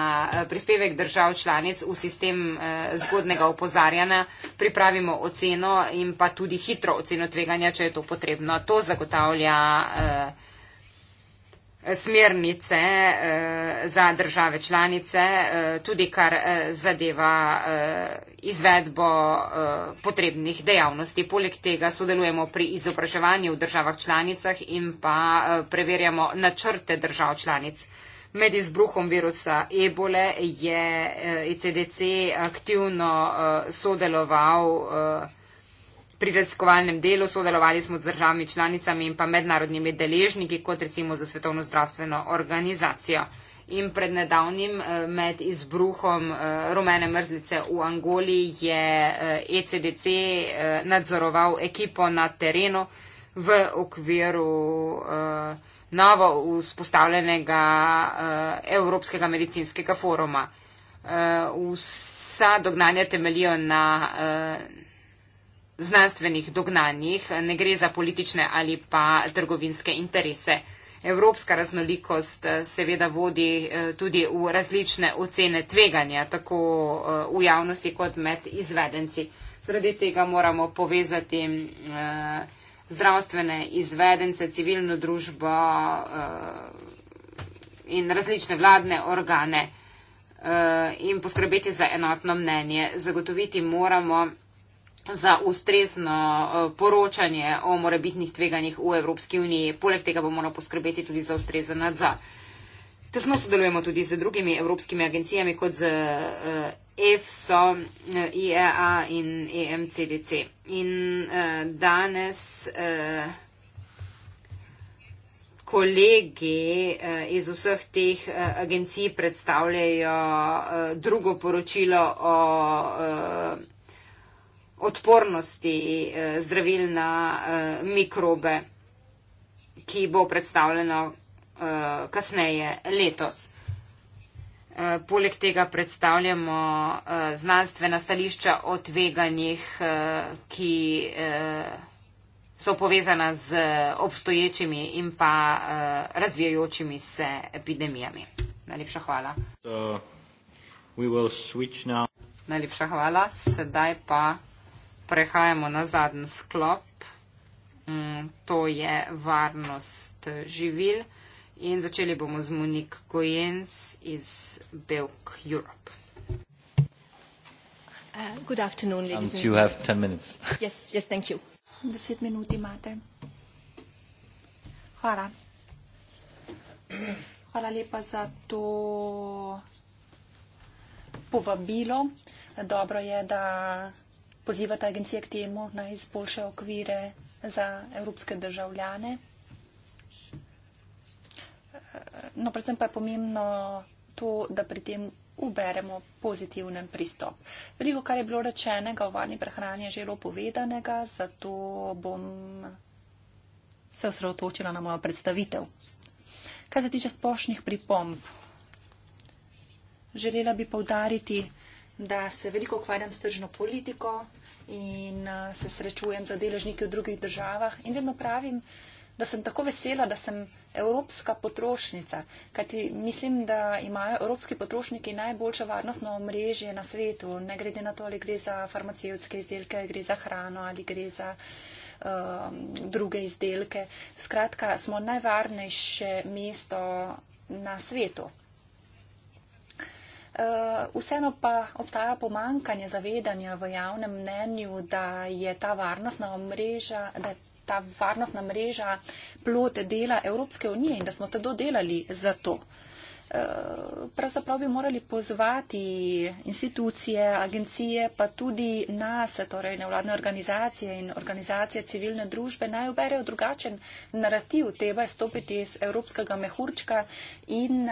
prispevek držav članic v sistem uh, zgodnega opozarjanja, pripravimo oceno in pa tudi hitro oceno tveganja, če je to potrebno. To zagotavlja. Uh, smernice eh, za države članice, eh, tudi kar eh, zadeva izvedbo potrebnih dejavnosti. Poleg tega sodelujemo pri izobraževanju v državah članicah in pa preverjamo načrte držav članic. Med izbruhom virusa ebole je ECDC e aktivno sodeloval pri raziskovalnem delu, sodelovali smo z državami članicami in pa mednarodnimi deležniki, kot recimo za Svetovno zdravstveno organizacijo. In pred nedavnim eh, med izbruhom eh, rumene mrznice v Angoliji je ECDC eh, e nadzoroval ekipo na terenu v okviru novo vzpostavljenega Evropskega medicinskega foruma. Vsa dognanja temelijo na znanstvenih dognanjih, ne gre za politične ali pa trgovinske interese. Evropska raznolikost eh, seveda vodi eh, tudi v različne ocene tveganja, tako eh, v javnosti kot med izvedenci. Zaradi tega moramo povezati zdravstvene izvedence, civilno družbo in različne vladne organe in poskrbeti za enotno mnenje. Zagotoviti moramo, za ustrezno eh, poročanje o morebitnih tveganjih v Evropski uniji. Poleg tega bomo morali poskrbeti tudi za ustrezen nadzor. Tesno sodelujemo tudi z drugimi evropskimi agencijami, kot z eh, EFSO, eh, IEA in EMCDC. In danes kolegi iz vseh teh agencij predstavljajo drugo poročilo o odpornosti eh, zdravil na eh, mikrobe, ki bo predstavljeno eh, kasneje letos. Poleg tega predstavljamo znanstvena stališča o tveganjih, ki so povezana z obstoječimi in pa razvijajočimi se epidemijami. Najlepša hvala. Uh, Najlepša hvala. Sedaj pa prehajamo na zadnji sklop, mm, to je varnost živil in začeli bomo z Monik Gojens iz Belk Europe. Uh, good afternoon, ladies and gentlemen. You have 10 minutes. yes, yes, thank you. Deset minut imate. Hvala. Hvala lepa za to povabilo. Dobro je, da pozivata agencije k temu, naj izboljše okvire za evropske državljane. No, predvsem pa je pomembno to, da pri tem uberemo pozitivnen pristop. Veliko, kar je bilo rečenega o varni prehrani, je že bilo povedanega, zato bom se osredotočila na mojo predstavitev. Kaj se tiče splošnih pripomb? Želela bi povdariti, da se veliko ukvarjam s tržno politiko in eh, se srečujem z deležniki v drugih državah in vedno pravim, da sem tako vesela, da sem evropska potrošnica, kajti mislim, da imajo evropski potrošniki najboljše varnostno omrežje na svetu, ne glede na to, ali gre za farmacijske izdelke, gre za hrano ali gre za um, druge izdelke. Skratka, smo najvarnejše mesto na svetu. Eh, vseeno pa obstaja pomankanje zavedanja v javnem mnenju, da je ta varnostna mreža, da je ta varnostna mreža plod dela Evropske unije in da smo to dodelali za to pravzaprav bi morali pozvati institucije, agencije, pa tudi nas, torej nevladne organizacije in organizacije civilne družbe, naj uberejo drugačen narativ. Treba je stopiti iz evropskega mehurčka in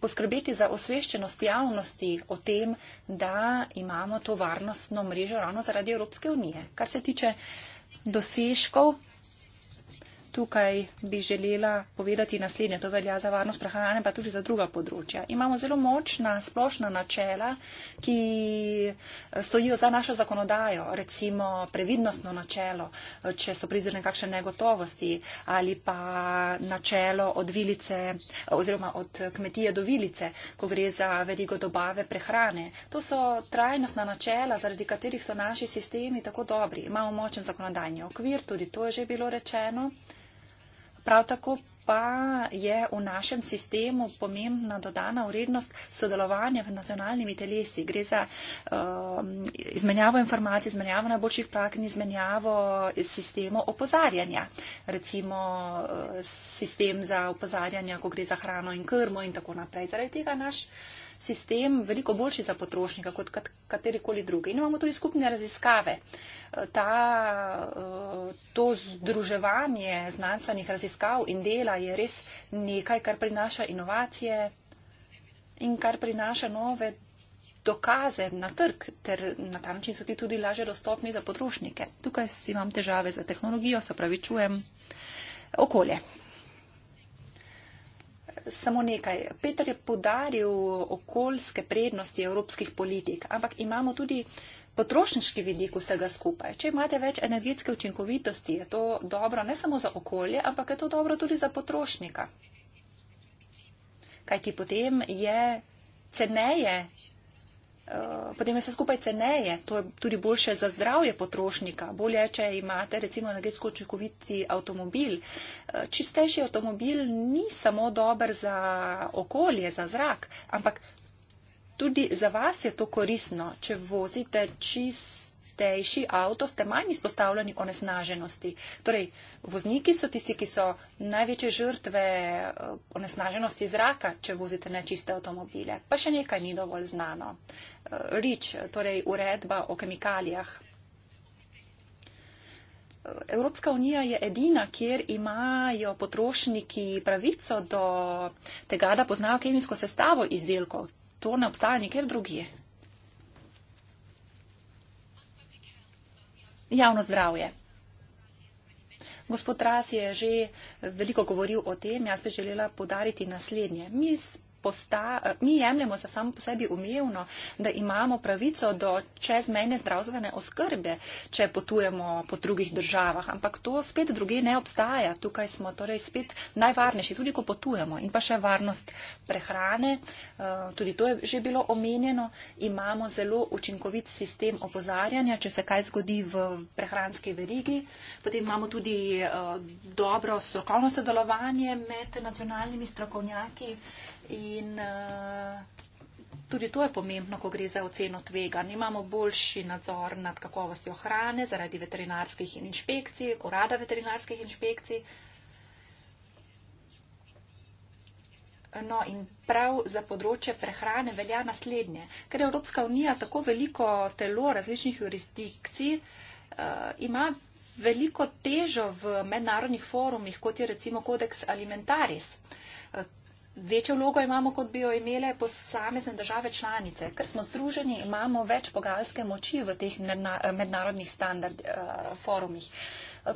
poskrbeti za osveščenost javnosti o tem, da imamo to varnostno mrežo ravno zaradi Evropske unije. Kar se tiče dosežkov, tukaj bi želela povedati naslednje, to velja za varnost prehrane, pa tudi za druga področja. Imamo zelo močna splošna načela, ki stojijo za našo zakonodajo, recimo previdnostno načelo, če so prizorne kakšne negotovosti ali pa načelo od vilice oziroma od kmetije do vilice, ko gre za verigo dobave prehrane. To so trajnostna načela, zaradi katerih so naši sistemi tako dobri. Imamo močen zakonodajni okvir, tudi to je že bilo rečeno. Prav tako pa je v našem sistemu pomembna dodana vrednost sodelovanja v nacionalnimi telesi. Gre za um, izmenjavo informacij, izmenjavo najboljših prak in izmenjavo sistemov opozarjanja. Recimo uh, sistem za opozarjanja, ko gre za hrano in krmo in tako naprej. Zaradi tega naš uh, sistem veliko boljši za potrošnika kot kat, katerikoli drugi. In imamo tudi skupne raziskave. Ta, eh, to združevanje znanstvenih raziskav in dela je res nekaj, kar prinaša inovacije in kar prinaša nove dokaze na trg, ter na ta način so ti tudi laže dostopni za potrošnike. Tukaj si imam težave za tehnologijo, se pravi čujem. Okolje samo nekaj. Peter je podaril okoljske prednosti evropskih politik, ampak imamo tudi potrošniški vidik vsega skupaj. Če imate več energetske učinkovitosti, je to dobro ne samo za okolje, ampak je to dobro tudi za potrošnika. Kaj ti potem je ceneje Eh, potem je vse skupaj ceneje, to je tudi boljše za zdravje potrošnika. Bolje, če imate recimo energetsko očekoviti avtomobil. Eh, čistejši avtomobil ni samo dober za okolje, za zrak, ampak tudi za vas je to korisno, če vozite čist najpogostejši avto, ste manj izpostavljeni onesnaženosti. Torej, vozniki so tisti, ki so največje žrtve eh, onesnaženosti zraka, če vozite nečiste avtomobile. Pa še nekaj ni dovolj znano. Eh, Rič, torej uredba o kemikalijah. Eh, Evropska unija je edina, kjer imajo potrošniki pravico do tega, da poznajo kemijsko sestavo izdelkov. To ne obstaja nikjer drugje. javno zdravje. Gospod Raz je že veliko govoril o tem, jaz bi želela podariti naslednje. Mi posta, mi jemljemo za samo po sebi umevno, da imamo pravico do čezmejne zdravstvene oskrbe, če potujemo po drugih državah. Ampak to spet druge ne obstaja. Tukaj smo torej spet najvarnejši, tudi ko potujemo. In pa še varnost prehrane, eh, tudi to je že bilo omenjeno. Imamo zelo učinkovit sistem opozarjanja, če se kaj zgodi v prehranski verigi. Potem imamo tudi eh, dobro strokovno sodelovanje med nacionalnimi strokovnjaki. In eh, tudi to je pomembno, ko gre za oceno tvega. Nimamo boljši nadzor nad kakovostjo hrane zaradi veterinarskih in inšpekcij, urada veterinarskih inšpekcij. No in prav za področje prehrane velja naslednje. Ker je Evropska unija tako veliko telo različnih jurisdikcij, eh, ima veliko težo v mednarodnih forumih, kot je recimo kodeks alimentaris, eh, večjo vlogo imamo, kot bi jo imele posamezne države članice. Ker smo združeni, imamo več pogalske moči v teh medna, mednarodnih standard uh, forumih.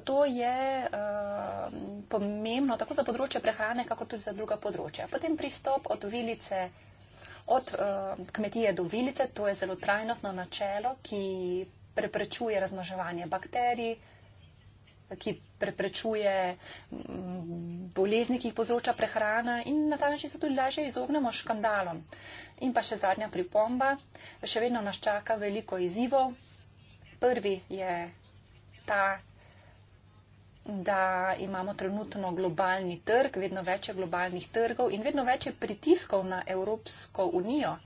To je uh, pomembno tako za področje prehrane, kako tudi za druga področja. Potem pristop od vilice. Od uh, kmetije do vilice, to je zelo trajnostno načelo, ki preprečuje razmaževanje bakterij, uh, ki preprečuje mm, bolezni, ki jih povzroča prehrana in na ta način se tudi lažje izognemo škandalom. In pa še zadnja pripomba, še vedno nas čaka veliko izzivov. Prvi je ta, da imamo trenutno globalni trg, vedno več je globalnih trgov in vedno več je pritiskov na Evropsko unijo,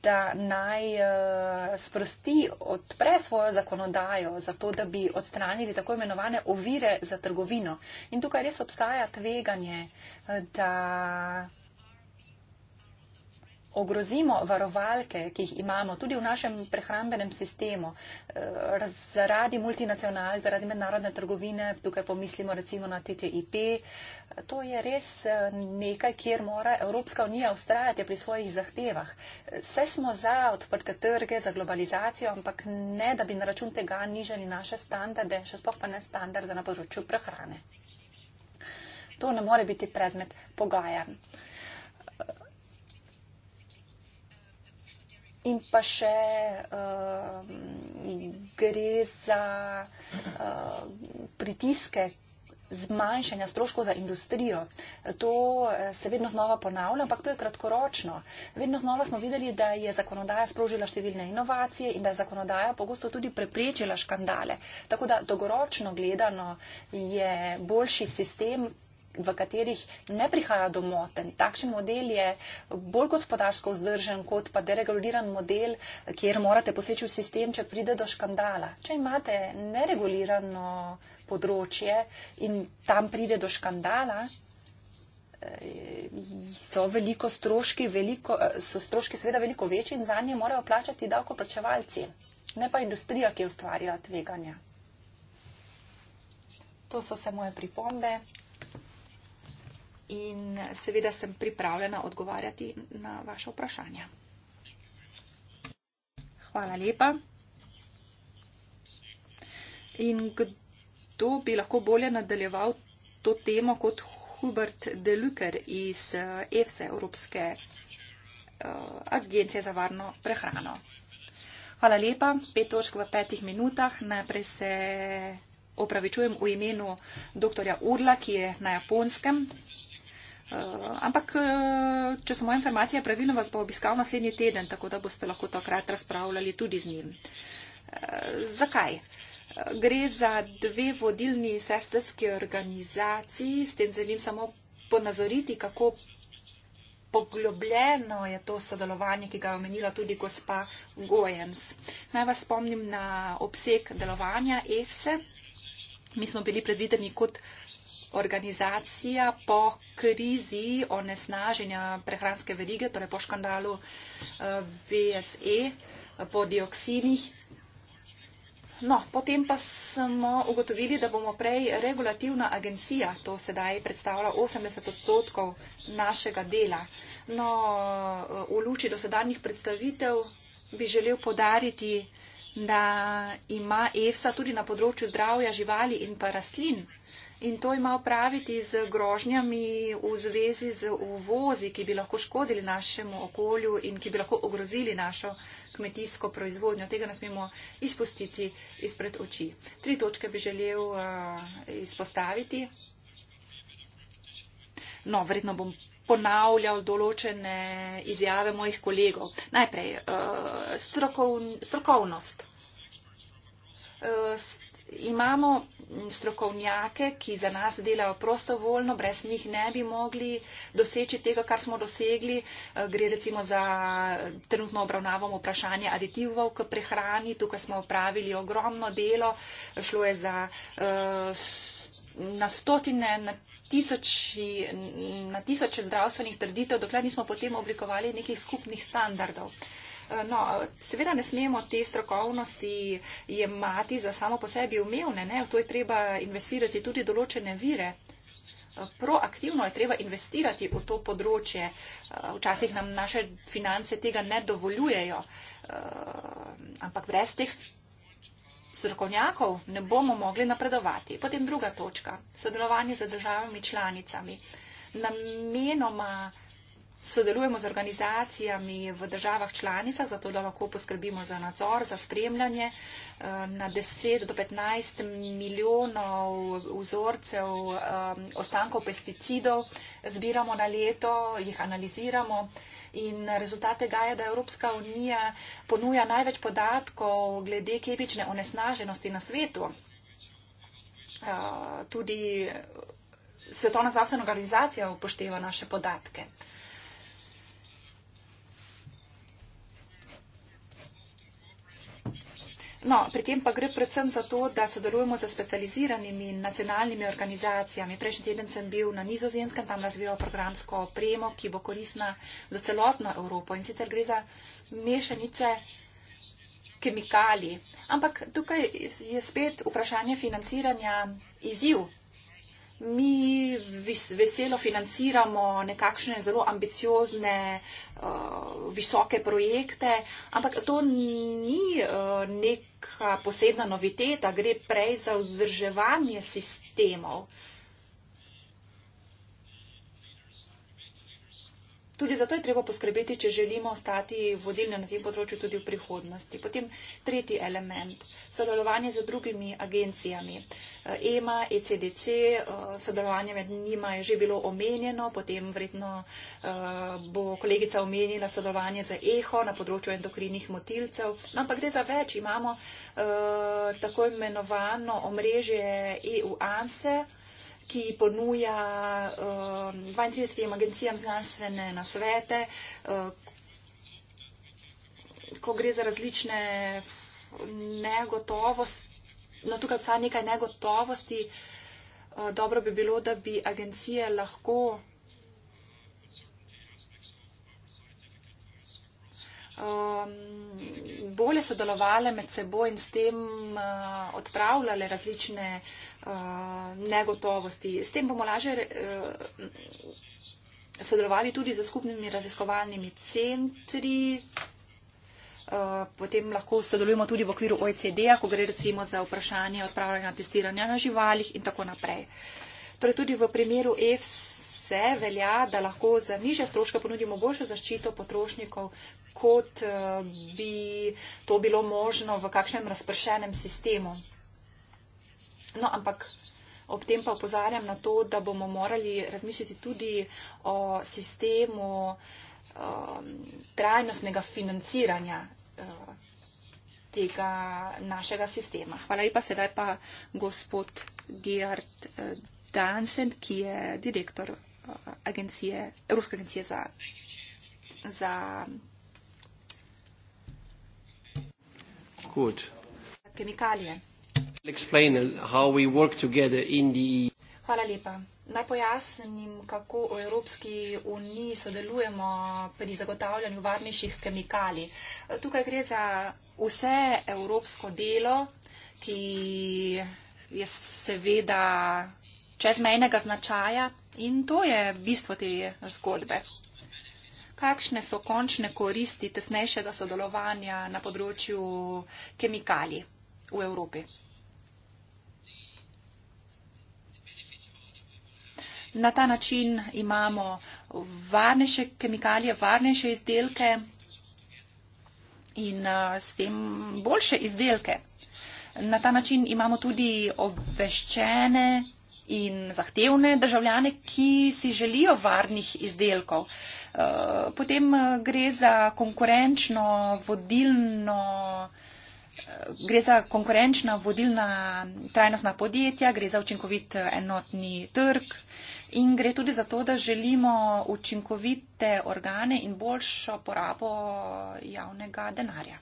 da naj eh, sprosti, odpre svojo zakonodajo, zato da bi odstranili tako imenovane ovire za trgovino. In tukaj res obstaja tveganje, eh, da ogrozimo varovalke, ki jih imamo tudi v našem prehrambenem sistemu, eh, zaradi multinacional, zaradi mednarodne trgovine, tukaj pomislimo recimo na TTIP, eh, to je res eh, nekaj, kjer mora Evropska unija ustrajati pri svojih zahtevah. Vse smo za odprte trge, za globalizacijo, ampak ne, da bi na račun tega nižali naše standarde, še spoh pa ne standarde na področju prehrane. To ne more biti predmet pogajanj. In pa še uh, gre za uh, pritiske zmanjšanja stroškov za industrijo. To eh, se vedno znova ponavlja, ampak to je kratkoročno. Vedno znova smo videli, da je zakonodaja sprožila številne inovacije in da je zakonodaja pogosto tudi preprečila škandale. Tako da dolgoročno gledano je boljši sistem, v katerih ne prihaja do moten. Takšen model je bolj gospodarsko vzdržen kot pa dereguliran model, kjer morate poseči v sistem, če pride do škandala. Če imate neregulirano področje in tam pride do škandala, so veliko stroški, veliko, so stroški seveda veliko večji in za nje morajo plačati davkoplačevalci, ne pa industrija, ki ustvarja tveganja. To so vse moje pripombe in seveda sem pripravljena odgovarjati na vaše vprašanje. Hvala lepa. In kdo bi lahko bolje nadaljeval to temo kot Hubert Deluker iz EFSE, eh, Evropske uh, agencije za varno prehrano? Hvala lepa. Pet točk v petih minutah. Najprej se opravičujem v imenu dr. Urla, ki je na japonskem. Eh, ampak, eh, če so moje informacije pravilno, vas bo obiskal naslednji teden, tako da boste lahko takrat razpravljali tudi z njim. Eh, zakaj? Gre za dve vodilni sestrski organizaciji, s tem želim samo ponazoriti, kako poglobljeno je to sodelovanje, ki ga je omenila tudi gospa Gojens. Naj vas spomnim na obseg delovanja EFSE. E. Mi smo bili predvideni kot organizacija po krizi onesnaženja prehranske verige, torej po škandalu BSE, eh, eh, po dioksinih. No, potem pa smo ugotovili, da bomo prej regulativna agencija, to sedaj predstavlja 80 odstotkov našega dela. No, eh, v luči dosedanjih predstavitev bi želel podariti, da ima EFSA tudi na področju zdravja živali in pa rastlin In to ima opraviti z grožnjami v zvezi z uvozi, ki bi lahko škodili našemu okolju in ki bi lahko ogrozili našo kmetijsko proizvodnjo. Tega ne smemo izpustiti izpred oči. Tri točke bi želel uh, izpostaviti. No, verjetno bom ponavljal določene izjave mojih kolegov. Najprej, uh, strokovn, strokovnost. Uh, imamo strokovnjake, ki za nas delajo prostovoljno, brez njih ne bi mogli doseči tega, kar smo dosegli. Eh, gre recimo za eh, trenutno obravnavamo vprašanje aditivov k prehrani. Tukaj smo opravili ogromno delo. Šlo je za eh, na stotine, na tisoči, na tisoče zdravstvenih trditev, dokler nismo potem oblikovali nekih skupnih standardov. No, seveda ne smemo te strokovnosti jemati za samo po sebi umevne. Ne? V to je treba investirati tudi določene vire. Proaktivno je treba investirati v to področje. Včasih nam naše finance tega ne dovoljujejo. Ampak brez teh strokovnjakov ne bomo mogli napredovati. Potem druga točka. Sodelovanje z državami članicami. Namenoma. Sodelujemo z organizacijami v državah članica, zato da lahko poskrbimo za nadzor, za spremljanje. Eh, na 10 do 15 milijonov vzorcev eh, ostankov pesticidov zbiramo na leto, jih analiziramo. In rezultat tega je, da Evropska unija ponuja največ podatkov glede kemične onesnaženosti na svetu. Eh, tudi Svetovna zdravstvena organizacija upošteva naše podatke. No, pri tem pa gre predvsem za to, da sodelujemo za specializiranimi nacionalnimi organizacijami. Prejšnji teden sem bil na nizozemskem, tam razvijajo programsko opremo, ki bo koristna za celotno Evropo in sicer gre za mešanice kemikalij. Ampak tukaj je spet vprašanje financiranja izjiv mi veselo financiramo nekakšne zelo ambiciozne, uh, visoke projekte, ampak to ni uh, neka posebna noviteta, gre prej za vzdrževanje sistemov. Tudi zato je treba poskrbeti, če želimo ostati vodilni na tem področju tudi v prihodnosti. Potem tretji element, sodelovanje z drugimi agencijami. EMA, eh, e ECDC, eh, sodelovanje med njima je že bilo omenjeno, potem vredno eh, bo kolegica omenila sodelovanje z EHO na področju endokrinih motilcev. No, ampak gre za več, imamo tako imenovano omrežje EU-ANSE ki ponuja uh, um, 32 agencijam znanstvene nasvete, uh, ko gre za različne negotovosti, no tukaj obstaja nekaj negotovosti, uh, dobro bi bilo, da bi agencije lahko um, bolje sodelovale med seboj in s tem uh, odpravljale različne uh, negotovosti. S tem bomo lažje uh, sodelovali tudi za skupnimi raziskovalnimi centri. Uh, potem lahko sodelujemo tudi v okviru OECD-a, ko gre recimo za vprašanje odpravljanja testiranja na živalih in tako naprej. Torej tudi v primeru EFSE velja, da lahko za nižje stroške ponudimo boljšo zaščito potrošnikov kot eh, bi to bilo možno v kakšnem razpršenem sistemu. No, ampak ob tem pa opozarjam na to, da bomo morali razmišljati tudi o sistemu ehm, trajnostnega financiranja eh, tega našega sistema. Hvala lepa sedaj pa gospod Gerard eh, Dansen, ki je direktor agencije, Ruske agencije za, za could. Explain how we work together in the e Hvala lepa. Naj pojasnim, kako v Evropski uniji sodelujemo pri zagotavljanju varnejših kemikalij. Tukaj gre za vse evropsko delo, ki je seveda čezmejnega značaja in to je bistvo te zgodbe kakšne so končne koristi tesnejšega sodelovanja na področju kemikalij v Evropi? Na ta način imamo varnejše kemikalije, varnejše izdelke in eh, s tem boljše izdelke. Na ta način imamo tudi obveščene izdelke, in zahtevne državljane, ki si želijo varnih izdelkov. Eh, potem eh, gre za konkurenčno vodilno. Eh, gre za konkurenčna, vodilna, trajnostna podjetja, gre za učinkovit enotni trg in gre tudi za to, da želimo učinkovite organe in boljšo porabo javnega denarja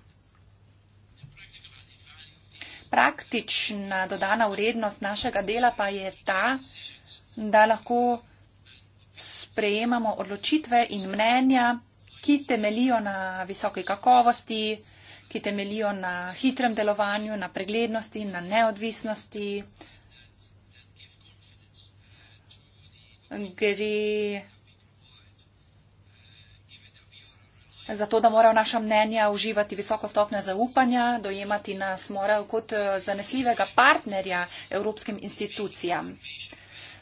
praktična dodana vrednost našega dela pa je ta, da lahko sprejemamo odločitve in mnenja, ki temelijo na visoki kakovosti, ki temelijo na hitrem delovanju, na preglednosti, na neodvisnosti. Gre zato da morajo naša mnenja uživati visoko stopnjo zaupanja, dojemati nas morajo kot eh, zanesljivega partnerja evropskim institucijam.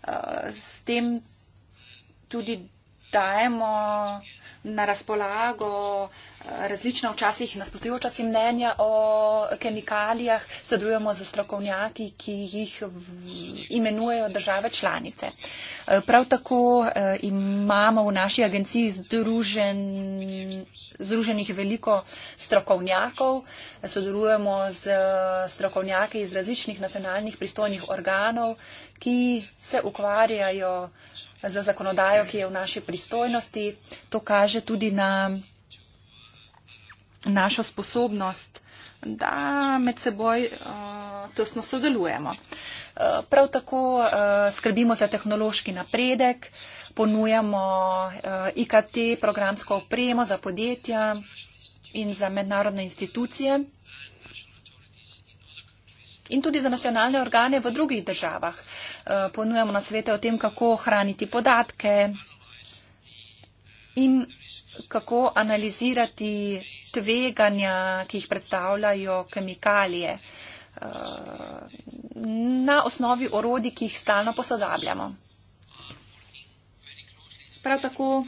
Eh, s tem tudi dajemo na razpolago eh, različna včasih nasprotujoča si mnenja o kemikalijah, sodelujemo z strokovnjaki, ki jih imenujejo države članice. Eh, prav tako eh, imamo v naši agenciji združen, združenih veliko strokovnjakov, sodelujemo z strokovnjaki iz različnih nacionalnih pristojnih organov, ki se ukvarjajo za zakonodajo, ki je v naši pristojnosti. To kaže tudi na našo sposobnost, da med seboj uh, tesno sodelujemo. Uh, prav tako uh, skrbimo za tehnološki napredek, ponujamo uh, IKT programsko opremo za podjetja in za mednarodne institucije in tudi za nacionalne organe v drugih državah. Eh, ponujamo na svete o tem, kako ohraniti podatke in kako analizirati tveganja, ki jih predstavljajo kemikalije eh, na osnovi orodi, ki jih stalno posodabljamo. Prav tako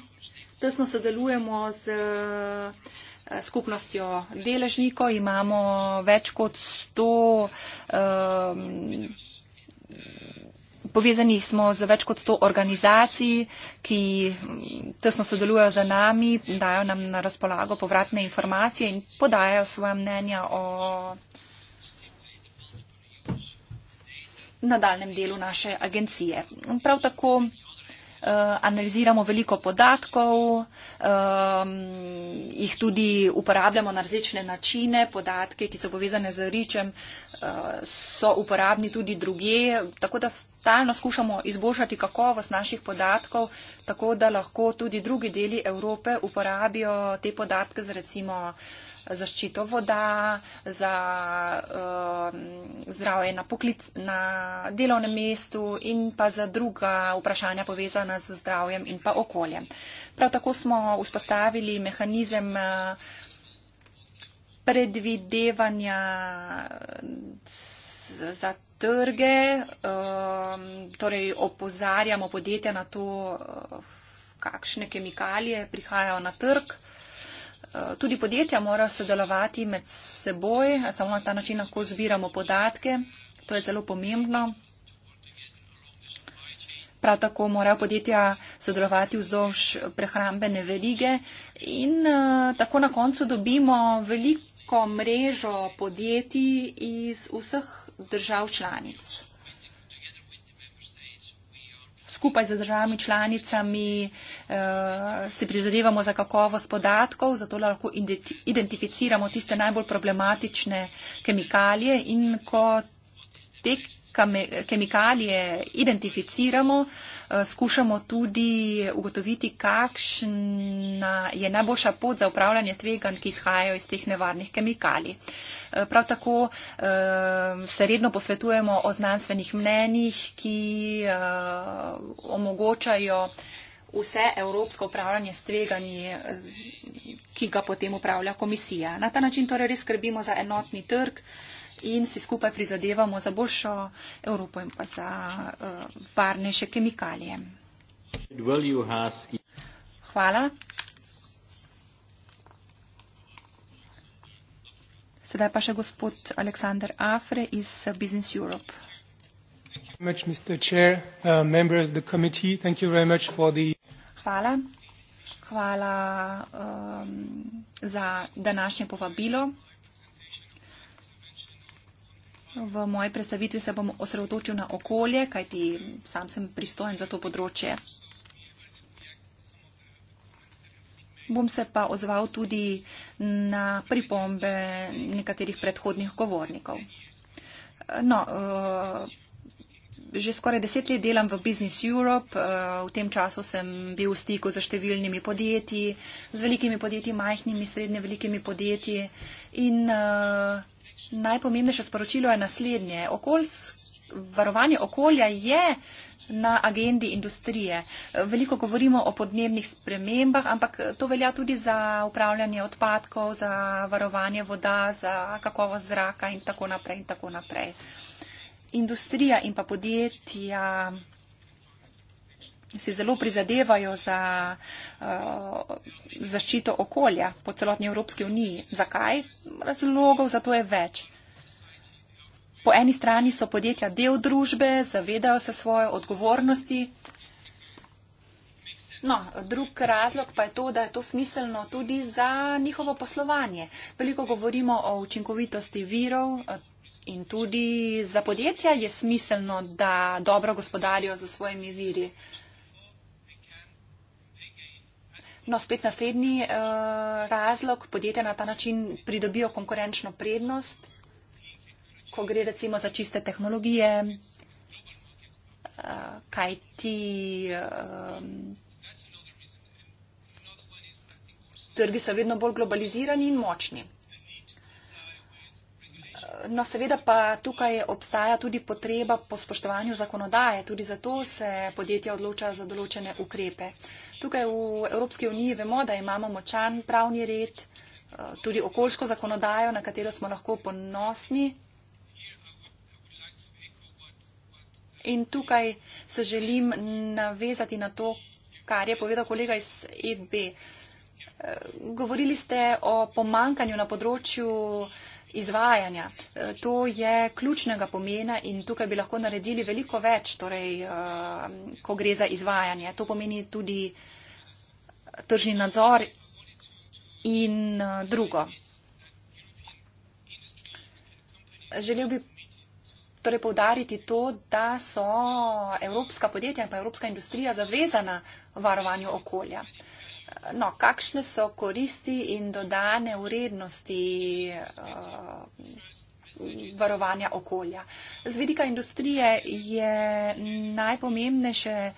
tesno sodelujemo z uh, skupnostjo deležnikov, imamo več kot 100. Um, Povezani smo z več kot to organizacij, ki mm, tesno sodelujo z nami, dajo nam na razpolago povratne informacije in podajo svoje mnenja o nadaljem delu naše agencije. Prav tako Eh, analiziramo veliko podatkov, ehm, jih tudi uporabljamo na različne načine, podatke, ki so povezane z ričem, eh, so uporabni tudi druge, tako da stalno skušamo izboljšati kakovost naših podatkov, tako da lahko tudi drugi deli Evrope uporabijo te podatke za recimo zaščito voda, za uh, zdravje na, poklic, na delovnem mestu in pa za druga vprašanja povezana z zdravjem in pa okoljem. Prav tako smo vzpostavili mehanizem uh, predvidevanja za trge, um, torej opozarjamo podjetja na to, uh, kakšne kemikalije prihajajo na trg, Eh, tudi podjetja morajo sodelovati med seboj, samo na ta način lahko zbiramo podatke, to je zelo pomembno. Prav tako morajo podjetja sodelovati vzdolž prehrambene verige in uh, tako na koncu dobimo veliko mrežo podjetij iz vseh držav članic skupaj z državami članicami eh, se prizadevamo za kakovost podatkov, zato lahko identificiramo tiste najbolj problematične kemikalije in ko te kemikalije identificiramo, eh, Eh, skušamo tudi ugotoviti, kakšna je najboljša pot za upravljanje tvegan, ki izhajajo iz teh nevarnih kemikalij. Eh, prav tako eh, se redno posvetujemo o znanstvenih mnenjih, ki omogočajo vse evropsko upravljanje s tveganji, ki ga potem upravlja komisija. Na ta način torej res skrbimo za enotni trg in si skupaj prizadevamo za boljšo Evropo in pa za uh, varnejše kemikalije. Hvala. Sedaj pa še gospod Aleksandr Afre iz eh, Business Europe. Uh, Hvala. Hvala um, za današnje povabilo. V moji predstavitvi se bom osredotočil na okolje, kajti sam sem pristojen za to področje. Bom se pa odzval tudi na pripombe nekaterih predhodnih govornikov. No, eh, že skoraj deset let delam v Business Europe, eh, v tem času sem bil v stiku z številnimi podjetji, z velikimi podjetji, majhnimi, srednje velikimi podjetji in eh, najpomembnejše sporočilo je naslednje. Okoljs, varovanje okolja je na agendi industrije. Veliko govorimo o podnebnih spremembah, ampak to velja tudi za upravljanje odpadkov, za varovanje voda, za kakovost zraka in tako naprej. In tako naprej. Industrija in pa podjetja si zelo prizadevajo za uh, zaščito okolja po celotni Evropski uniji. Zakaj? Razlogov za to je več. Po eni strani so podjetja del družbe, zavedajo se svoje odgovornosti. No, drug razlog pa je to, da je to smiselno tudi za njihovo poslovanje. Veliko govorimo o učinkovitosti virov eh, in tudi za podjetja je smiselno, da dobro gospodarijo za svojimi viri. No, spet naslednji uh, razlog, podjetja na ta način pridobijo konkurenčno prednost, ko gre recimo za čiste tehnologije, uh, eh, kaj ti uh, eh, trgi so vedno bolj globalizirani in močni. No, seveda pa tukaj obstaja tudi potreba po spoštovanju zakonodaje, tudi zato se podjetja odloča za določene ukrepe. Uh, Tukaj v Evropski uniji vemo, da imamo močan pravni red, eh, tudi okoljsko zakonodajo, na katero smo lahko ponosni. In tukaj se želim navezati na to, kar je povedal kolega iz EB. Eh, govorili ste o pomankanju na področju izvajanja. E, to je ključnega pomena in tukaj bi lahko naredili veliko več, torej, e, ko gre za izvajanje. To pomeni tudi tržni nadzor in e, drugo. Želel bi torej povdariti to, da so evropska podjetja in pa evropska industrija zavezana varovanju okolja. Uh, no, kakšne so koristi in dodane vrednosti uh, varovanja okolja. Z vidika industrije je najpomembnejše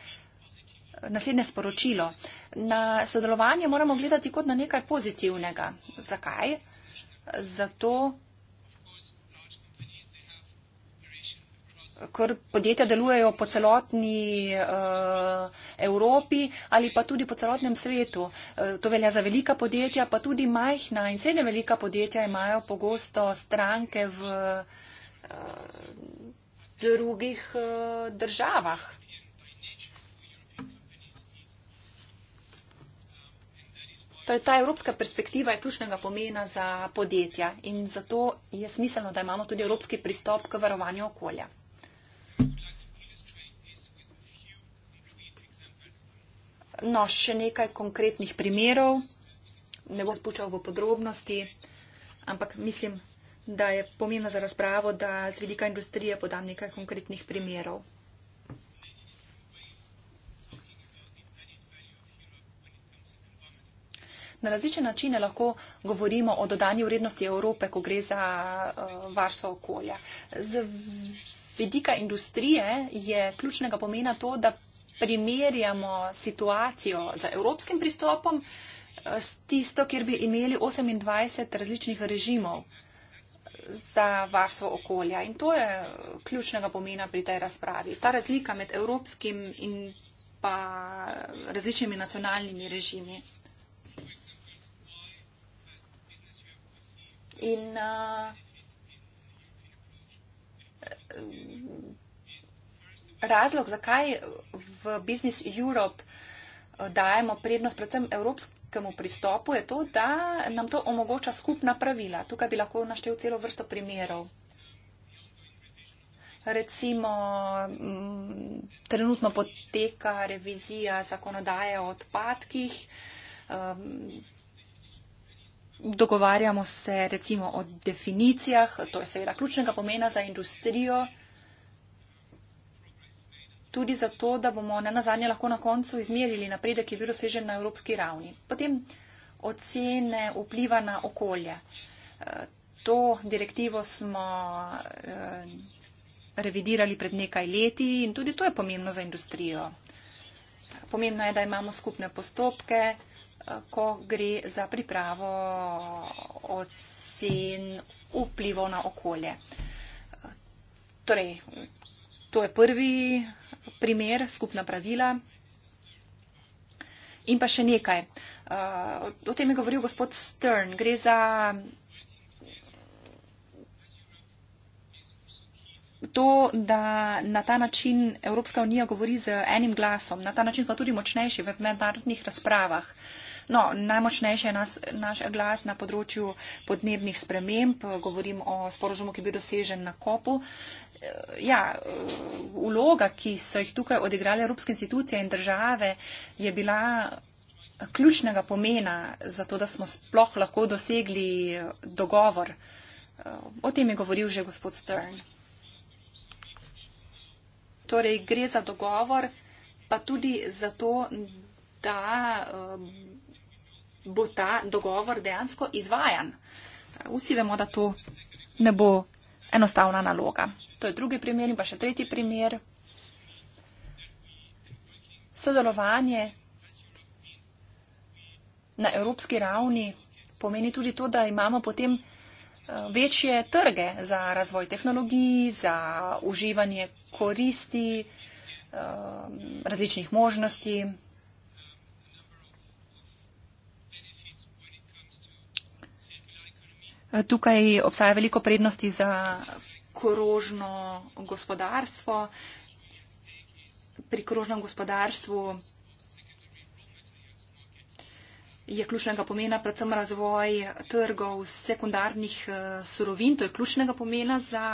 naslednje sporočilo. Na sodelovanje moramo gledati kot na nekaj pozitivnega. Zakaj? Zato, ker podjetja delujejo po celotni eh, Evropi ali pa tudi po celotnem svetu. Eh, to velja za velika podjetja, pa tudi majhna in srednja velika podjetja imajo pogosto stranke v eh, drugih državah. Torej, ta evropska perspektiva je ključnega pomena za podjetja in zato je smiselno, da imamo tudi evropski pristop k varovanju okolja. No, še nekaj konkretnih primerov. Ne bom spuščal v podrobnosti, ampak mislim, da je pomembno za razpravo, da z velika industrije podam nekaj konkretnih primerov. Na različne načine lahko govorimo o dodanji vrednosti Evrope, ko gre za uh, varstvo okolja. Z vidika industrije je ključnega pomena to, da primerjamo situacijo z evropskim pristopom eh, s tisto, kjer bi imeli 28 različnih režimov za varstvo okolja. In to je ključnega pomena pri tej razpravi. Ta razlika med evropskim in pa različnimi nacionalnimi režimi. In uh, razlog, zakaj v Business Europe eh, dajemo prednost predvsem evropskemu pristopu, je to, da nam to omogoča skupna pravila. Tukaj bi lahko naštel celo vrsto primerov. Recimo, mm, trenutno poteka revizija zakonodaje o odpadkih. Dogovarjamo se recimo o definicijah, to je seveda ključnega pomena za industrijo tudi zato, da bomo na nazadnje lahko na koncu izmerili napredek, ki je bil dosežen na evropski ravni. Potem ocene vpliva na okolje. Eh, to direktivo smo eh, revidirali pred nekaj leti in tudi to je pomembno za industrijo. Pomembno je, da imamo skupne postopke, eh, ko gre za pripravo ocen vplivov na okolje. Torej, To je prvi primer, skupna pravila. In pa še nekaj. Uh, o tem je govoril gospod Stern. Gre za to, da na ta način Evropska unija govori z enim glasom. Na ta način smo tudi močnejši v mednarodnih razpravah. No, najmočnejši je nas, naš glas na področju podnebnih sprememb. Govorim o sporožumu, ki bi dosežen na kopu ja, vloga, ki so jih tukaj odigrali evropske institucije in države, je bila ključnega pomena za to, da smo sploh lahko dosegli eh, dogovor. Eh, o tem je govoril že gospod Stern. Torej, gre za dogovor, pa tudi za to, da eh, bo ta dogovor dejansko izvajan. Vsi vemo, da to ne bo enostavna naloga. To je drugi primer in pa še tretji primer. Sodelovanje na evropski ravni pomeni tudi to, da imamo potem eh, večje trge za razvoj tehnologij, za uživanje koristi, eh, različnih možnosti. Tukaj obstaja veliko prednosti za krožno gospodarstvo. Pri krožnem gospodarstvu je ključnega pomena predvsem razvoj trgov sekundarnih eh, surovin. To je ključnega pomena za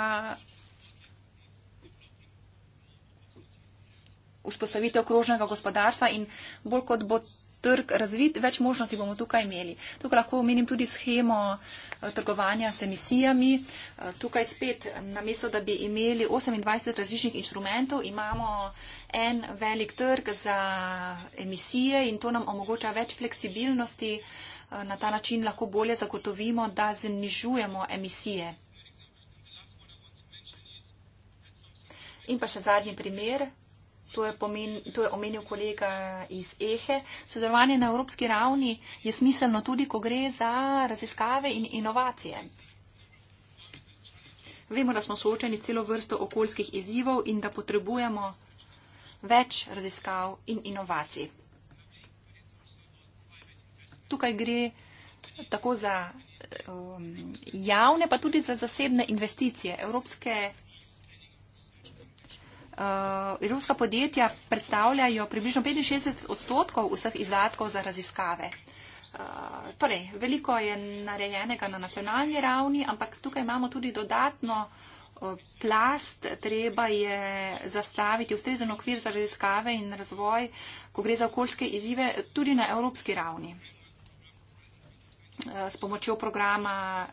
vzpostavitev krožnega gospodarstva in bolj kot bo trg razvit, več možnosti bomo tukaj imeli. Tukaj lahko omenim tudi schemo eh, trgovanja s emisijami. Eh, tukaj spet, namesto da bi imeli 28 različnih inštrumentov, imamo en velik trg za emisije in to nam omogoča več fleksibilnosti. Eh, na ta način lahko bolje zagotovimo, da znižujemo emisije. In pa še zadnji primer, to je, pomen, to je omenil kolega iz Ehe. Sodelovanje na evropski ravni je smiselno tudi, ko gre za raziskave in inovacije. Vemo, da smo soočeni s celo vrsto okoljskih izzivov in da potrebujemo več raziskav in inovacij. Tukaj gre tako za um, javne, pa tudi za zasebne investicije. Evropske uh, eh, ruska podjetja predstavljajo približno 65 odstotkov vseh izdatkov za raziskave. Uh, torej, veliko je narejenega na nacionalni ravni, ampak tukaj imamo tudi dodatno uh, plast, treba je zastaviti ustrezen okvir za raziskave in razvoj, ko gre za okoljske izzive, tudi na evropski ravni s pomočjo programa,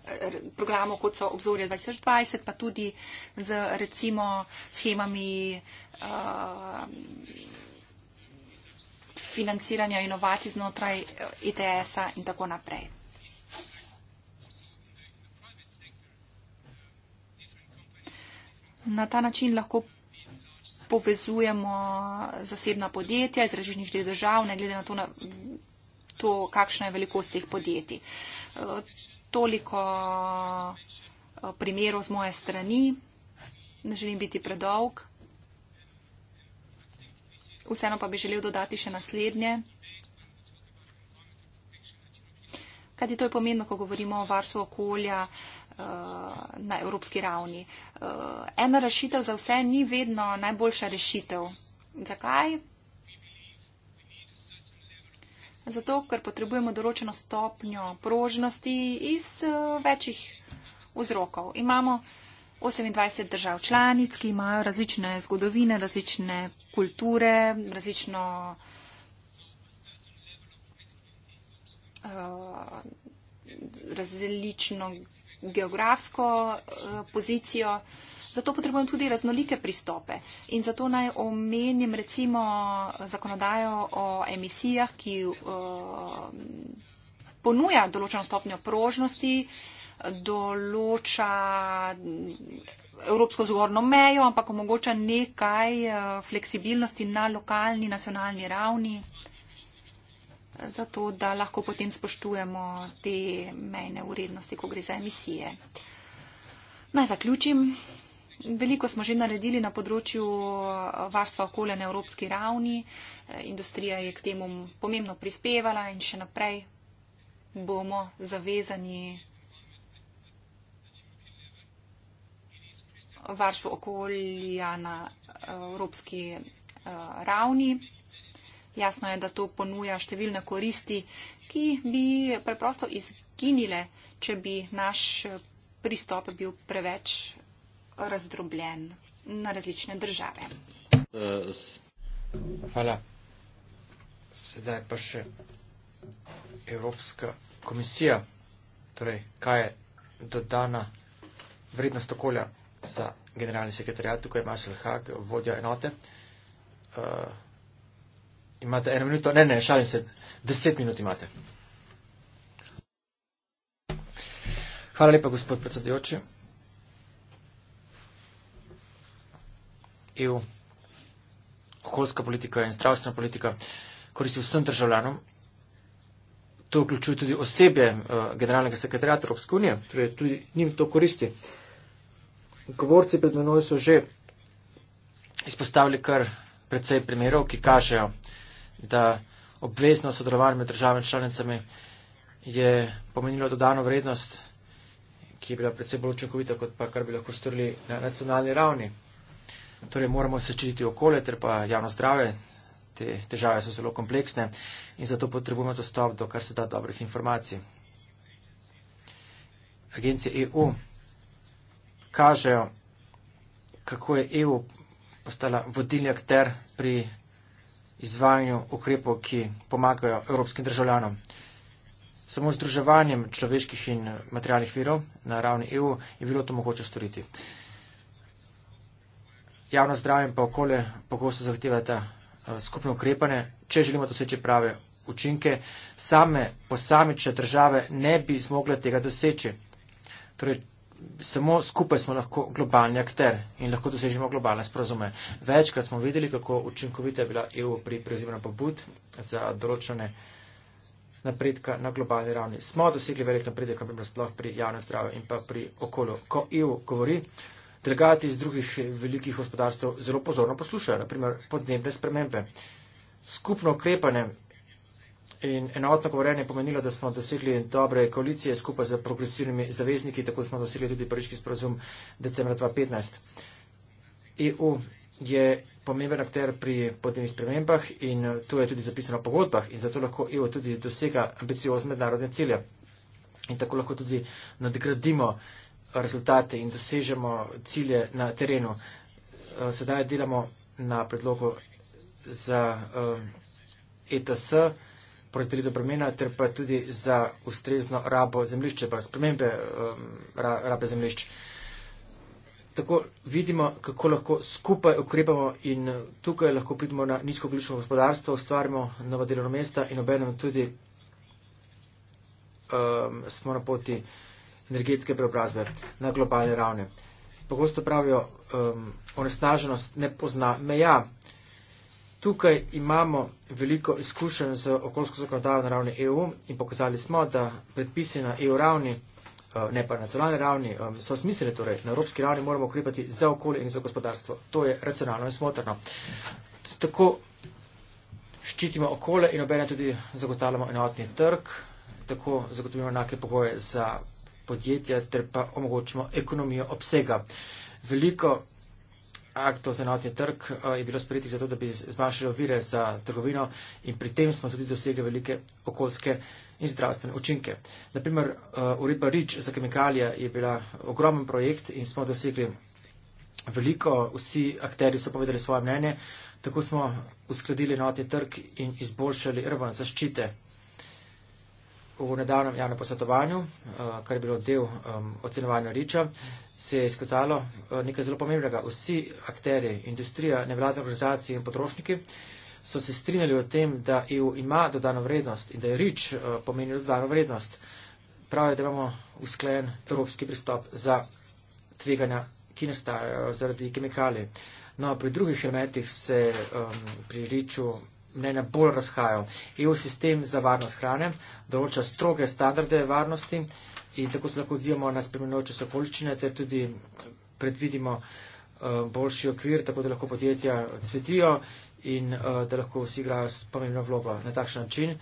programov, kot so obzorje 2020, pa tudi z recimo schemami uh, eh, financiranja inovacij znotraj ITS-a eh, e in tako naprej. Na ta način lahko povezujemo zasebna podjetja iz različnih držav, ne glede na to, na, to, kakšna je velikost teh podjetij. Eh, toliko eh, primerov z moje strani. Ne želim biti predolg. Vseeno pa bi želel dodati še naslednje. Kajti to je pomembno, ko govorimo o varstvu okolja eh, na evropski ravni. Ena rešitev za vse ni vedno najboljša rešitev. Zakaj? zato ker potrebujemo določeno stopnjo prožnosti iz eh, večjih vzrokov. Imamo 28 držav članic, ki imajo različne zgodovine, različne kulture, različno eh, različno geografsko eh, pozicijo. Zato potrebujem tudi raznolike pristope in zato naj omenim recimo zakonodajo o emisijah, ki eh, ponuja določeno stopnjo prožnosti, določa evropsko zgorno mejo, ampak omogoča nekaj eh, fleksibilnosti na lokalni, nacionalni ravni, zato da lahko potem spoštujemo te mejne urednosti, ko gre za emisije. Naj zaključim. Veliko smo že naredili na področju eh, varstva okolja na evropski ravni. Eh, industrija je k temu pomembno prispevala in še naprej bomo zavezani varstvo okolja na eh, evropski ravni. Jasno je, da to ponuja številne koristi, ki bi preprosto izginile, če bi naš pristop bil preveč razdrobljen na različne države. Hvala. Sedaj pa še Evropska komisija. Torej, kaj je dodana vrednost okolja za generalni sekretarjat, tukaj je Marshall Haag, vodja enote. Uh, imate eno minuto, ne, ne, šalim se, deset minut imate. Hvala lepa, gospod predsedujoči. EU, okoljska politika in zdravstvena politika koristi vsem državljanom. To vključuje tudi osebje eh, generalnega sekretarja Evropske unije, torej tudi njim to koristi. Govorci pred menoj so že izpostavili kar predvsej primerov, ki kažejo, da obvezno sodelovanje med državami članicami je pomenilo dodano vrednost, ki je bila predvsej bolj učinkovita, kot pa kar bi lahko storili na nacionalni ravni. Torej, moramo se čititi okolje ter pa javno zdrave. Te težave so zelo kompleksne in zato potrebujemo dostop do kar se da dobrih informacij. Agencije EU kažejo, kako je EU postala vodilni akter pri izvajanju ukrepov, ki pomagajo evropskim državljanom. Samo združevanjem človeških in materialnih virov na ravni EU je bilo to mogoče storiti javno zdravje in pa okolje pogosto zahtevata eh, skupno ukrepanje, če želimo doseči prave učinke, same posamične države ne bi zmogle tega doseči. Torej, samo skupaj smo lahko globalni akter in lahko dosežemo globalne sporozume. Večkrat smo videli, kako učinkovita je bila EU pri prevzimanju pobud za določene napredka na globalni ravni. Smo dosegli velik napredek, na primer, sploh pri javnem zdravju in pa pri okolju. Ko EU govori, delegati iz drugih velikih gospodarstv zelo pozorno poslušajo, naprimer podnebne spremembe. Skupno ukrepanje in enotno govorenje je pomenilo, da smo dosegli dobre koalicije skupaj z progresivnimi zavezniki, tako smo dosegli tudi pariški sporozum decembra 2015. EU je pomemben akter pri podnebnih spremembah in to je tudi zapisano v pogodbah in zato lahko EU tudi dosega ambiciozne mednarodne cilje. In tako lahko tudi nadgradimo uh, rezultate in dosežemo cilje na terenu. Eh, sedaj delamo na predlogu za ETS, eh, e porazdelitev bremena ter pa tudi za ustrezno rabo zemljišče, pa spremembe eh, rabe zemljišč. Tako vidimo, kako lahko skupaj ukrepamo in tukaj lahko pridemo na nizkoglično gospodarstvo, ustvarimo nova delovna mesta in obenem tudi um, smo na poti uh, energetske preobrazbe na globalne ravne. Pogosto pravijo, um, onesnaženost ne pozna meja. Tukaj imamo veliko izkušenj z okoljsko zakonodajo na ravni EU in pokazali smo, da predpisi na EU ravni, uh, ne pa na nacionalni ravni, um, so smiselni. Torej, na evropski ravni moramo ukrepati za okolje in za gospodarstvo. To je racionalno in smotrno. Tako ščitimo okolje in obene tudi zagotavljamo enotni trg, tako zagotovimo enake pogoje za podjetja ter pa omogočimo ekonomijo obsega. Veliko aktov za enotni trg eh, je bilo sprejetih zato, da bi zmanjšali ovire za trgovino in pri tem smo tudi dosegli velike okoljske in zdravstvene učinke. Naprimer, eh, uredba REACH za kemikalije je bila ogromen projekt in smo dosegli veliko, vsi akteri so povedali svoje mnenje, tako smo uskladili enotni trg in izboljšali raven zaščite V nedavnem javnem posvetovanju, eh, kar je bilo del ocenovanja Riča, se je izkazalo eh, nekaj zelo pomembnega. Vsi akteri, industrija, nevladne organizacije in potrošniki so se strinjali o tem, da EU ima dodano vrednost in da je Rič eh, pomenil dodano vrednost. Prav je, da imamo usklajen evropski pristop za tveganja, ki nastajajo zaradi kemikalije. No, pri drugih elementih se pri Riču mnenja bolj razhajajo. EU sistem za varnost hrane določa stroge standarde varnosti in tako se lahko odzivamo na spremenujoče se okoličine ter tudi predvidimo eh, boljši okvir, tako da lahko podjetja cvetijo in eh, da lahko vsi igrajo pomembno vlogo na takšen način.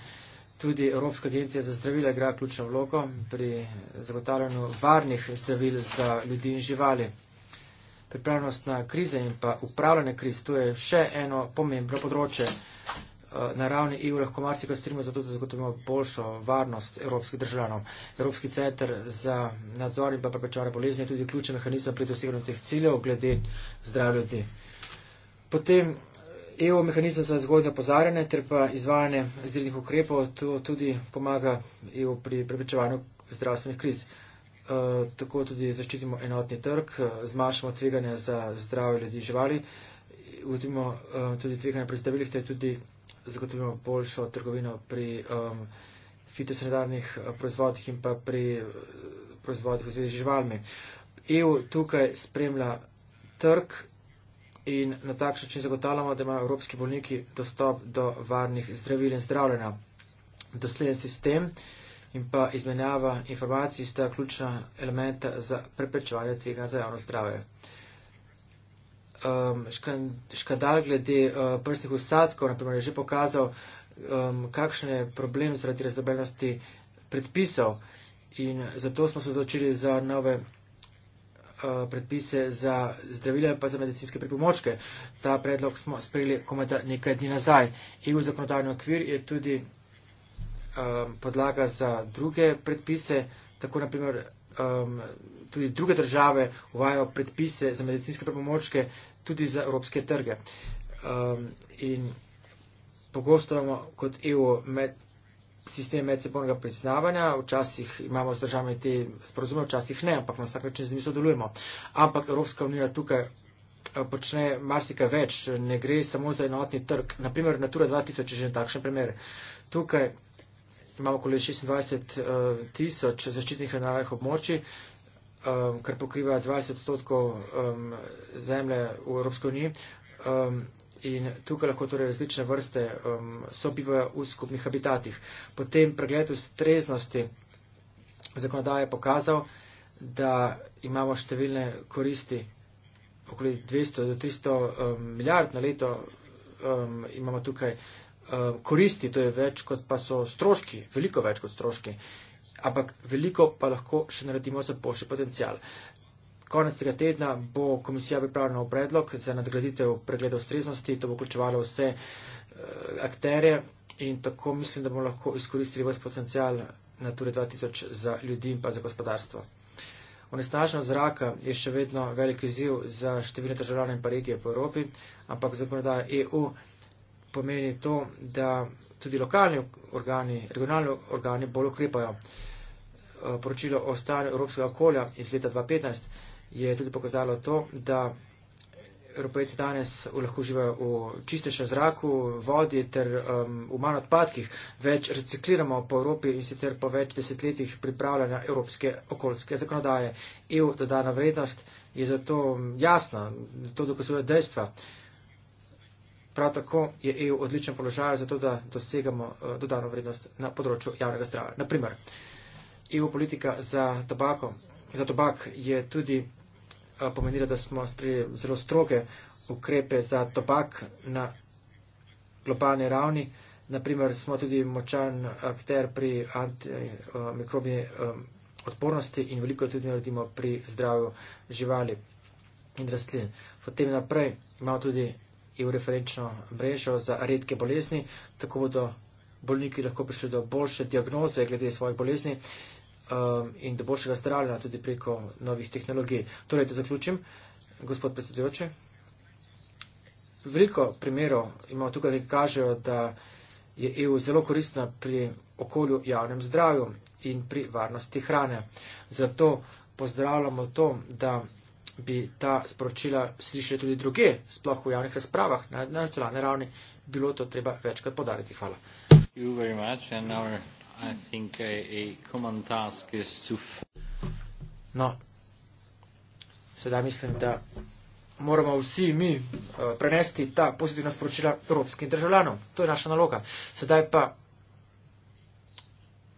Tudi Evropska agencija za zdravila igra ključno vlogo pri zagotavljanju varnih zdravil za ljudi in živali. Pripravljenost na krize in pa upravljanje kriz, to je še eno pomembno področje. Eh, na ravni EU lahko marsikaj strimo za to, da zagotovimo boljšo varnost evropskih državljanov. Evropski centr za nadzor in pa preprečevanje bolezni je tudi ključen mehanizem pri doseganju teh ciljev glede zdravja ljudi. Potem EU eh, e mehanizem za zgodne opozarjanje ter pa izvajanje izrednih ukrepov, to tudi pomaga EU pri preprečevanju zdravstvenih kriz. E, tako tudi zaščitimo enotni trg, zmanjšamo tveganje za zdravje ljudi in živali. Vodimo tudi tveganje predstavljivih, te tudi zagotovimo boljšo trgovino pri um, fitosanitarnih eh, proizvodih in pa pri eh, proizvodih v zvezi z živalmi. EU tukaj spremlja trg in na takšen način zagotavljamo, da imajo evropski bolniki dostop do varnih zdravil in zdravljena. Dosleden sistem in pa izmenjava informacij sta ključna elementa za preprečevanje tvega za javno zdravje um, škandal glede uh, prstnih usadkov, naprimer, je že pokazal, um, kakšen je problem zaradi razdobljenosti predpisov. In zato smo se odločili za nove uh, predpise za zdravila in pa za medicinske pripomočke. Ta predlog smo sprejeli komajda nekaj dni nazaj. EU zakonodajni okvir je tudi um, podlaga za druge predpise, tako naprimer um, tudi druge države uvajajo predpise za medicinske pripomočke, tudi za evropske trge. Um, in pogosto imamo kot EU med, sistem medsebojnega priznavanja, včasih imamo z državami te sporozume, včasih ne, ampak na vsak način z njimi sodelujemo. Ampak Evropska unija tukaj eh, počne marsikaj več, ne gre samo za enotni trg. Naprimer, Natura 2000 je že takšen primer. Tukaj imamo okoli 26 eh, tisoč zaščitnih in naravnih območij um, kar pokriva 20 odstotkov um, zemlje v Evropski uniji. Um, In tukaj lahko torej različne vrste um, sobivajo v skupnih habitatih. Potem pregled ustreznosti zakonodaje je pokazal, da imamo številne koristi, okoli 200 do 300 um, milijard na leto um, imamo tukaj um, koristi, to je več kot pa so stroški, veliko več kot stroški ampak veliko pa lahko še naredimo za boljši potencial. Konec tega tedna bo komisija pripravljena v predlog za nadgraditev pregleda ustreznosti, to bo vključevalo vse eh, akterje in tako mislim, da bomo lahko izkoristili vse potencial Nature 2000 za ljudi in pa za gospodarstvo. Onesnažno zraka je še vedno velik izziv za številne državljane in pa regije po Evropi, ampak zakonodaja EU pomeni to, da tudi lokalni organi, regionalni organi bolj ukrepajo. Eh, poročilo o stanju evropskega okolja iz leta 2015 je tudi pokazalo to, da evropejci danes lahko živajo v čistejšem zraku, vodi ter um, v manj odpadkih, več recikliramo po Evropi in sicer po več desetletjih pripravljanja evropske okoljske zakonodaje. EU dodana vrednost je zato jasna, to dokazuje dejstva. Prav tako je EU odličen položaj za to, da dosegamo eh, dodano vrednost na področju javnega zdravja. Naprimer, EU politika za, tobako, za tobak je tudi eh, pomenila, da smo sprejeli zelo stroge ukrepe za tobak na globalni ravni. Naprimer, smo tudi močan akter pri antimikrobni eh, odpornosti in veliko tudi naredimo pri zdravju živali in rastlin. Potem naprej imamo tudi EU referenčno mrežo za redke bolezni, tako bodo bolniki lahko prišli do boljše diagnoze glede svojih bolezni. Uh, um, in da bo še razdravljena tudi preko novih tehnologij. Torej, da zaključim, gospod predsedujoči. Veliko primerov imamo tukaj, ki kažejo, da je EU zelo koristna pri okolju javnem zdravju in pri varnosti hrane. Zato pozdravljamo to, da bi ta sporočila slišali tudi druge, sploh v javnih razpravah na nacionalni ravni. Bilo to treba večkrat podariti. Hvala. No, sedaj mislim, da moramo vsi mi eh, prenesti ta pozitivna sporočila evropskim državljanom. To je naša naloga. Sedaj pa,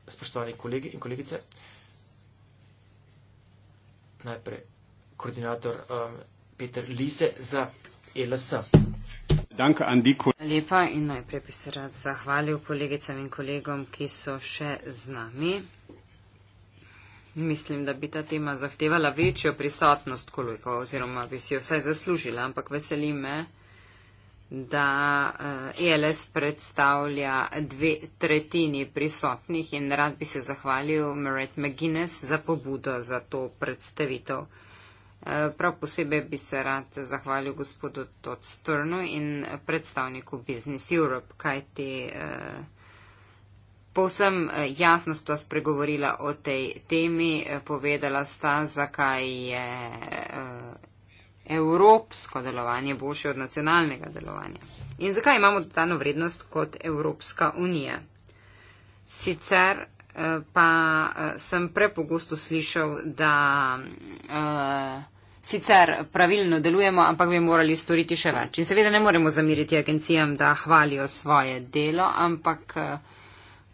spoštovani kolegi in kolegice, najprej koordinator um, Peter Lise za e LSM. Danke an die Lepa in najprej bi se rad zahvalil kolegicam in kolegom, ki so še z nami. Mislim, da bi ta tema zahtevala večjo prisotnost koliko oziroma bi si jo vsaj zaslužila, ampak veseli me, da ELS eh, e predstavlja dve tretjini prisotnih in rad bi se zahvalil Meret McGuinness za pobudo za to predstavitev. Prav posebej bi se rad zahvalil gospodu Todd Sternu in predstavniku Business Europe, kajti eh, povsem eh, jasno sta spregovorila o tej temi, eh, povedala sta, zakaj je evropsko delovanje boljše od nacionalnega delovanja in zakaj imamo dodano vrednost kot Evropska unija. Sicer pa sem prepogosto slišal, da uh, sicer pravilno delujemo, ampak bi morali storiti še več. In seveda ne moremo zamiriti agencijam, da hvalijo svoje delo, ampak eh,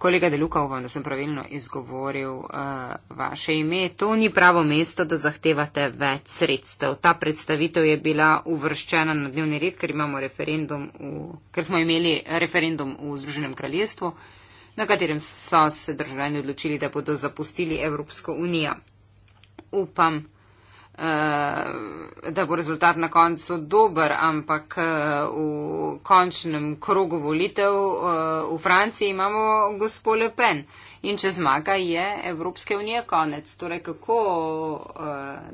kolega Deluka, upam, da sem pravilno izgovoril uh, vaše ime, to ni pravo mesto, da zahtevate več sredstev. Ta predstavitev je bila uvrščena na dnevni red, ker, v, ker smo imeli referendum v Združenem kraljestvu, na katerem so se državljani odločili, da bodo zapustili Evropsko unijo. Upam, Eh, da bo rezultat na koncu dober, ampak eh, v končnem krogu volitev eh, v Franciji imamo gospod Le Pen in če zmaga je Evropske unije konec. Torej, kako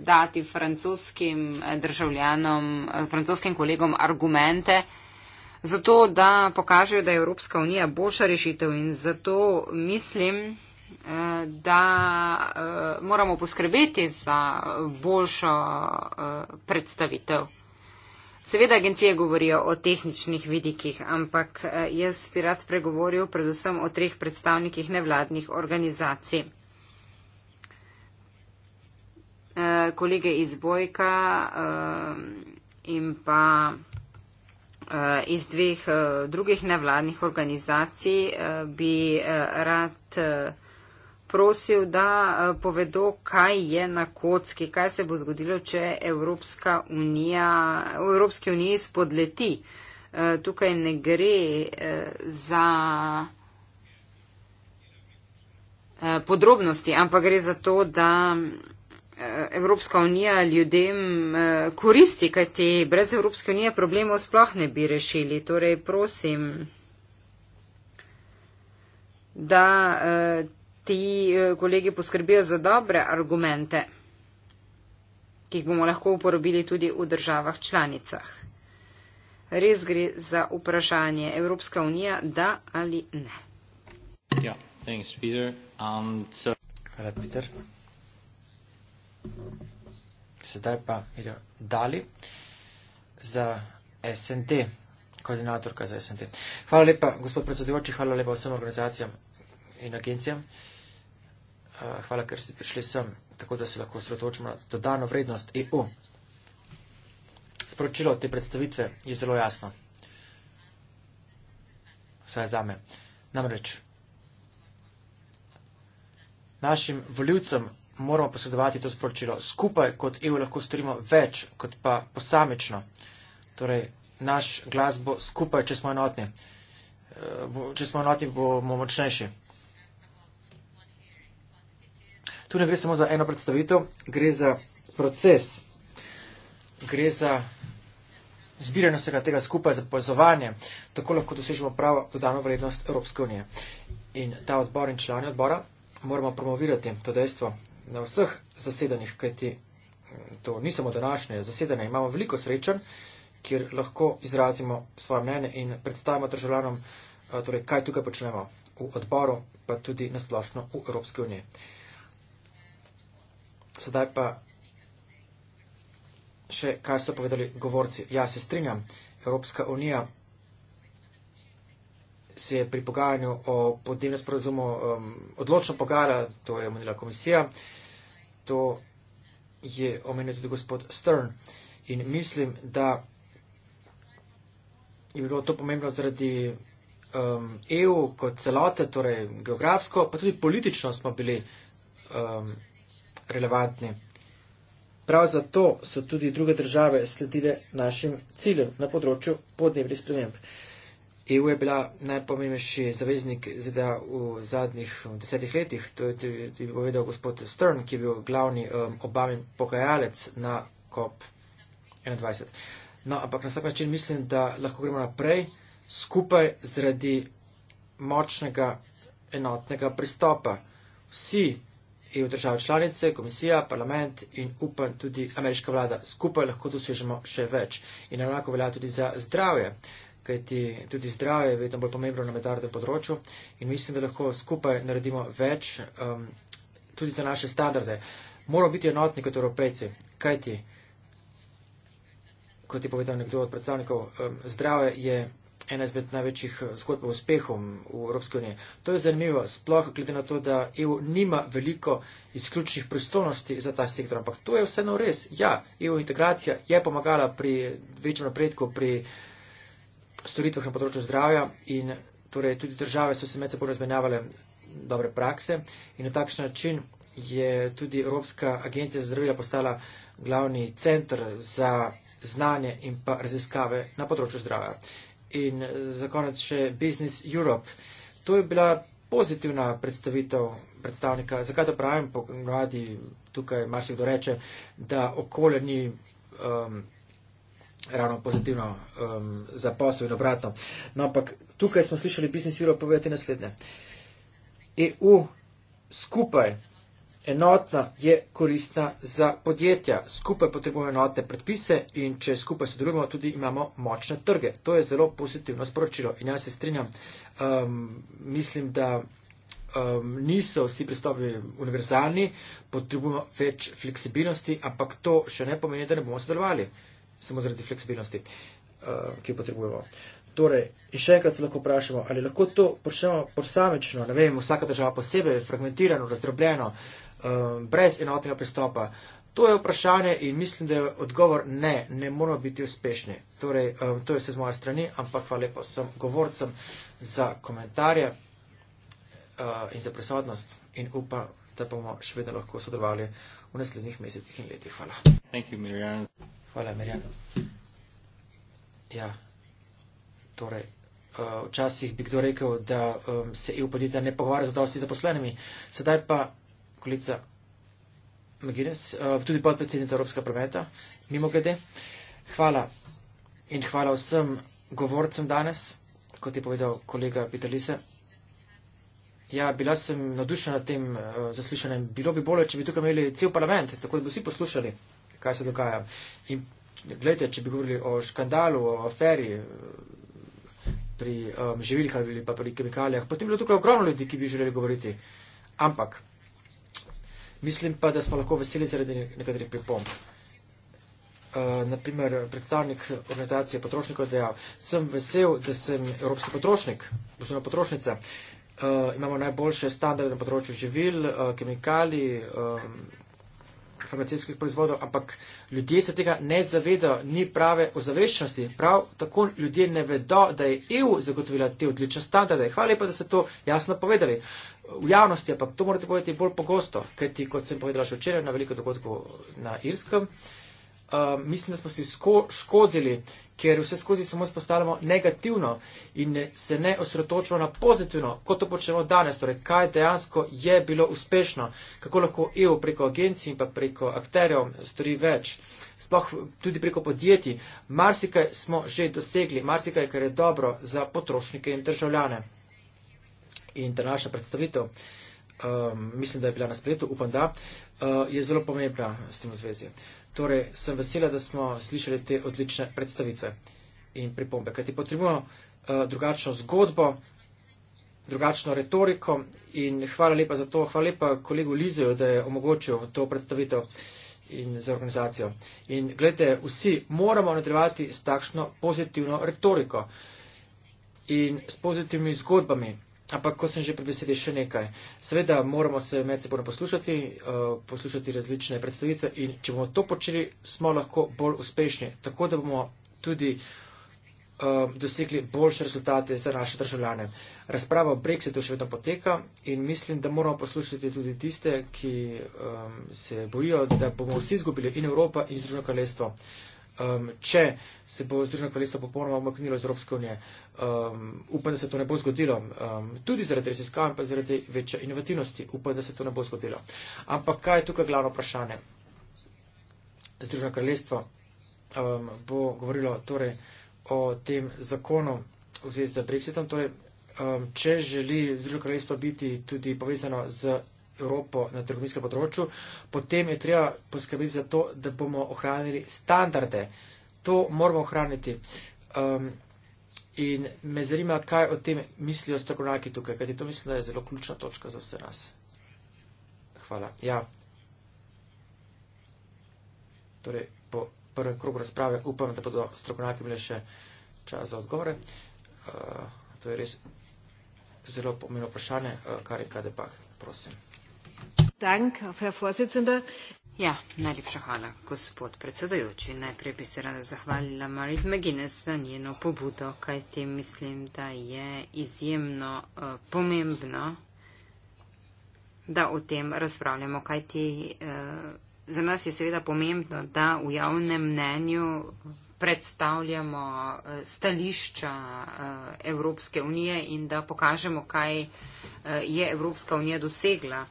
dati francoskim državljanom, francoskim kolegom argumente, zato da pokažejo, da je Evropska unija boljša rešitev in zato mislim, da eh, moramo poskrbeti za boljšo eh, predstavitev. Seveda agencije govorijo o tehničnih vidikih, ampak eh, jaz bi rad spregovoril predvsem o treh predstavnikih nevladnih organizacij. Kolege iz Bojka in pa iz dveh drugih nevladnih organizacij bi rad spregovoril prosil, da eh, povedo, kaj je na kocki, kaj se bo zgodilo, če Evropska unija, Evropski uniji spodleti. Eh, tukaj ne gre eh, za podrobnosti, ampak gre za to, da Evropska unija ljudem koristi, kajti brez Evropske unije problemov sploh ne bi rešili. Torej, prosim, da ti eh, kolegi poskrbijo za dobre argumente, ki jih bomo lahko uporabili tudi v državah članicah. Res gre za vprašanje Evropska unija, da ali ne. Ja, thanks, Peter. Um, so... Hvala, Peter. Sedaj pa Miro Dali za SND, koordinatorka za SND. Hvala lepa, gospod predsedujoči, hvala lepa vsem organizacijam in agencijam. Eh, hvala, ker ste prišli sem, tako da se lahko sredotočimo na dodano vrednost EU. Sporočilo te predstavitve je zelo jasno. Vsaj za me. Namreč, našim voljivcem moramo posredovati to sporočilo. Skupaj kot EU lahko storimo več, kot pa posamečno. Torej, naš glas bo skupaj, če smo enotni. Eh, če smo enotni, bomo močnejši tu ne gre samo za eno predstavitev, gre za proces, gre za zbiranje vsega tega skupaj, za povezovanje. Tako lahko dosežemo pravo dodano vrednost Evropske unije. In ta odbor in člani odbora moramo promovirati to dejstvo na vseh zasedanjih, kajti mm, to ni samo današnje zasedanje, imamo veliko srečen, kjer lahko izrazimo svoje mnenje in predstavimo državljanom, eh, torej, kaj tukaj počnemo v odboru, pa tudi nasplošno v Evropske unije. Sedaj pa še, kaj so povedali govorci. Ja, se strinjam, Evropska unija se je pri pogajanju o podnebnem sporozumu um, odločno pogajala, to je omenila komisija, to je omenil tudi gospod Stern. In mislim, da je bilo to pomembno zaradi um, EU kot celote, torej geografsko, pa tudi politično smo bili. Um, relevantni. Prav zato so tudi druge države sledile našim ciljem na področju podnebnih sprememb. EU je bila najpomembnejši zaveznik ZDA v zadnjih desetih letih, to je tudi povedal gospod Stern, ki je bil glavni um, obamin pogajalec na COP21. No, ampak na vsak način mislim, da lahko gremo naprej skupaj zaradi močnega enotnega pristopa. Vsi EU države članice, komisija, parlament in upam tudi ameriška vlada. Skupaj lahko dosežemo še več. In enako velja tudi za zdravje, kajti tudi zdravje je vedno bolj pomembno na mednarodnem področju in mislim, da lahko skupaj naredimo več um, tudi za naše standarde. Moramo biti enotni kot evropejci, kajti, kot je povedal nekdo od predstavnikov, um, zdravje je ena izmed največjih eh, zgodb o uspehu v Evropske unije. To je zanimivo, sploh glede na to, da EU nima veliko izključnih pristojnosti za ta sektor, ampak to je vseeno res. Ja, EU integracija je pomagala pri večjem napredku, pri storitvah na področju zdravja in torej tudi države so se med seboj razmenjavale dobre prakse in na takšen način je tudi Evropska agencija za zdravila postala glavni center za znanje in pa raziskave na področju zdravja in eh, za konec še Business Europe. To je bila pozitivna predstavitev predstavnika. Zakaj to pravim? Pogledi tukaj marsikdo reče, da okolje ni um, ravno pozitivno um, za posel in obratno. No, ampak tukaj smo slišali Business Europe povedati naslednje. EU skupaj enotna je koristna za podjetja. Skupaj potrebujemo enotne predpise in če skupaj sodelujemo, tudi imamo močne trge. To je zelo pozitivno sporočilo in jaz se strinjam. Um, mislim, da um, niso vsi pristopi univerzalni, potrebujemo več fleksibilnosti, ampak to še ne pomeni, da ne bomo sodelovali samo zaradi fleksibilnosti, uh, ki jo potrebujemo. Torej, in še enkrat se lahko vprašamo, ali lahko to počnemo posamično, ne vem, vsaka država posebej, fragmentirano, razdrobljeno. Uh, Um, brez enotnega pristopa. To je vprašanje in mislim, da je odgovor ne, ne moramo biti uspešni. Torej, um, to je vse z moje strani, ampak hvala lepo vsem govorcem za komentarje uh, in za prisotnost in upam, da bomo še vedno lahko sodelovali v naslednjih mesecih in letih. Hvala. You, Marianne. Hvala, Mirjana. Ja, torej, uh, včasih bi kdo rekel, da um, se EU podjetja ne pogovarja z dosti zaposlenimi, sedaj pa kolica Magines, eh, tudi podpredsednica Evropskega parlamenta, mimo glede. Hvala in hvala vsem govorcem danes, kot je povedal kolega Vitalise. Ja, bila sem nadušena na tem uh, zaslišanjem. Bilo bi bolje, če bi tukaj imeli cel parlament, tako da bi vsi poslušali, kaj se dogaja. In gledajte, če bi govorili o škandalu, o aferi eh, pri um, živilih ali pa pri kemikalijah, potem bi bilo tukaj ogromno ljudi, ki bi želeli govoriti. Ampak. Mislim pa, da smo lahko veseli zaradi nekaterih pripomb. Uh, eh, naprimer, predstavnik organizacije potrošnikov je dejal, sem vesel, da sem evropski potrošnik, oziroma potrošnica. Uh, imamo najboljše standarde na področju živil, uh, kemikalij, um, farmacijskih proizvodov, ampak ljudje se tega ne zavedajo, ni prave ozaveščenosti. Prav tako ljudje ne vedo, da je EU zagotovila te odlične standarde. Hvala lepa, da ste to jasno povedali. Uh, v javnosti, ampak to morate povedati bolj pogosto, kajti kot sem povedala še včeraj na veliko dogodku na Irskem, uh, mislim, da smo si sko škodili, ker vse skozi samo spostavljamo negativno in ne, se ne osredotočimo na pozitivno, kot to počnemo danes, torej kaj dejansko je bilo uspešno, kako lahko EU preko agencij in pa preko akterjev stori več. Sploh tudi preko podjetij. Marsikaj smo že dosegli, marsikaj, kar je dobro za potrošnike in državljane in današnja predstavitev, um, mislim, da je bila na spletu, upam, da uh, je zelo pomembna s tem v zvezi. Torej, sem vesela, da smo slišali te odlične predstavitve in pripombe, kajti potrebujemo uh, drugačno zgodbo, drugačno retoriko in hvala lepa za to, hvala lepa kolegu Lizeju, da je omogočil to predstavitev in za organizacijo. In gledajte, vsi moramo nadaljevati s takšno pozitivno retoriko in s pozitivnimi zgodbami. Ampak, ko sem že pri besedi, še nekaj. Seveda moramo se med seboj poslušati, eh, poslušati različne predstavitve in če bomo to počeli, smo lahko bolj uspešni, tako da bomo tudi eh, dosegli boljše rezultate za naše državljane. Razprava o Brexitu še vedno poteka in mislim, da moramo poslušati tudi tiste, ki eh, se bojijo, da bomo vsi izgubili in Evropa in Združeno kraljestvo um, če se bo Združeno kraljestvo popolnoma omaknilo iz Evropske unije. Um, upam, da se to ne bo zgodilo. Um, tudi zaradi raziskav in pa zaradi večje inovativnosti. Upam, da se to ne bo zgodilo. Ampak kaj je tukaj glavno vprašanje? Združeno kraljestvo um, bo govorilo torej, o tem zakonu v zvezi z Brexitom. Torej, um, če želi Združeno kraljestvo biti tudi povezano z Evropo na trgovinskem področju, potem je treba poskrbeti za to, da bomo ohranili standarde. To moramo ohraniti. Um, in me zanima, kaj o tem mislijo strokovnjaki tukaj, kajti to mislim, da je zelo ključna točka za vse nas. Hvala. Ja. Torej, po prvem krogu razprave upam, da bodo strokovnjaki imeli še čas za odgovore. Uh, to je res zelo pomembno vprašanje, uh, kar je KDP, prosim. Herr Präsident. Ja, najlepša hvala, gospod predsedujoči. Najprej bi se rada zahvalila Marit McGuinness za njeno pobudo, kaj ti mislim, da je izjemno uh, pomembno, da o tem razpravljamo, kaj ti uh, eh, za nas je seveda pomembno, da v javnem mnenju predstavljamo uh, stališča uh, Evropske unije in da pokažemo, kaj uh, je Evropska unija dosegla.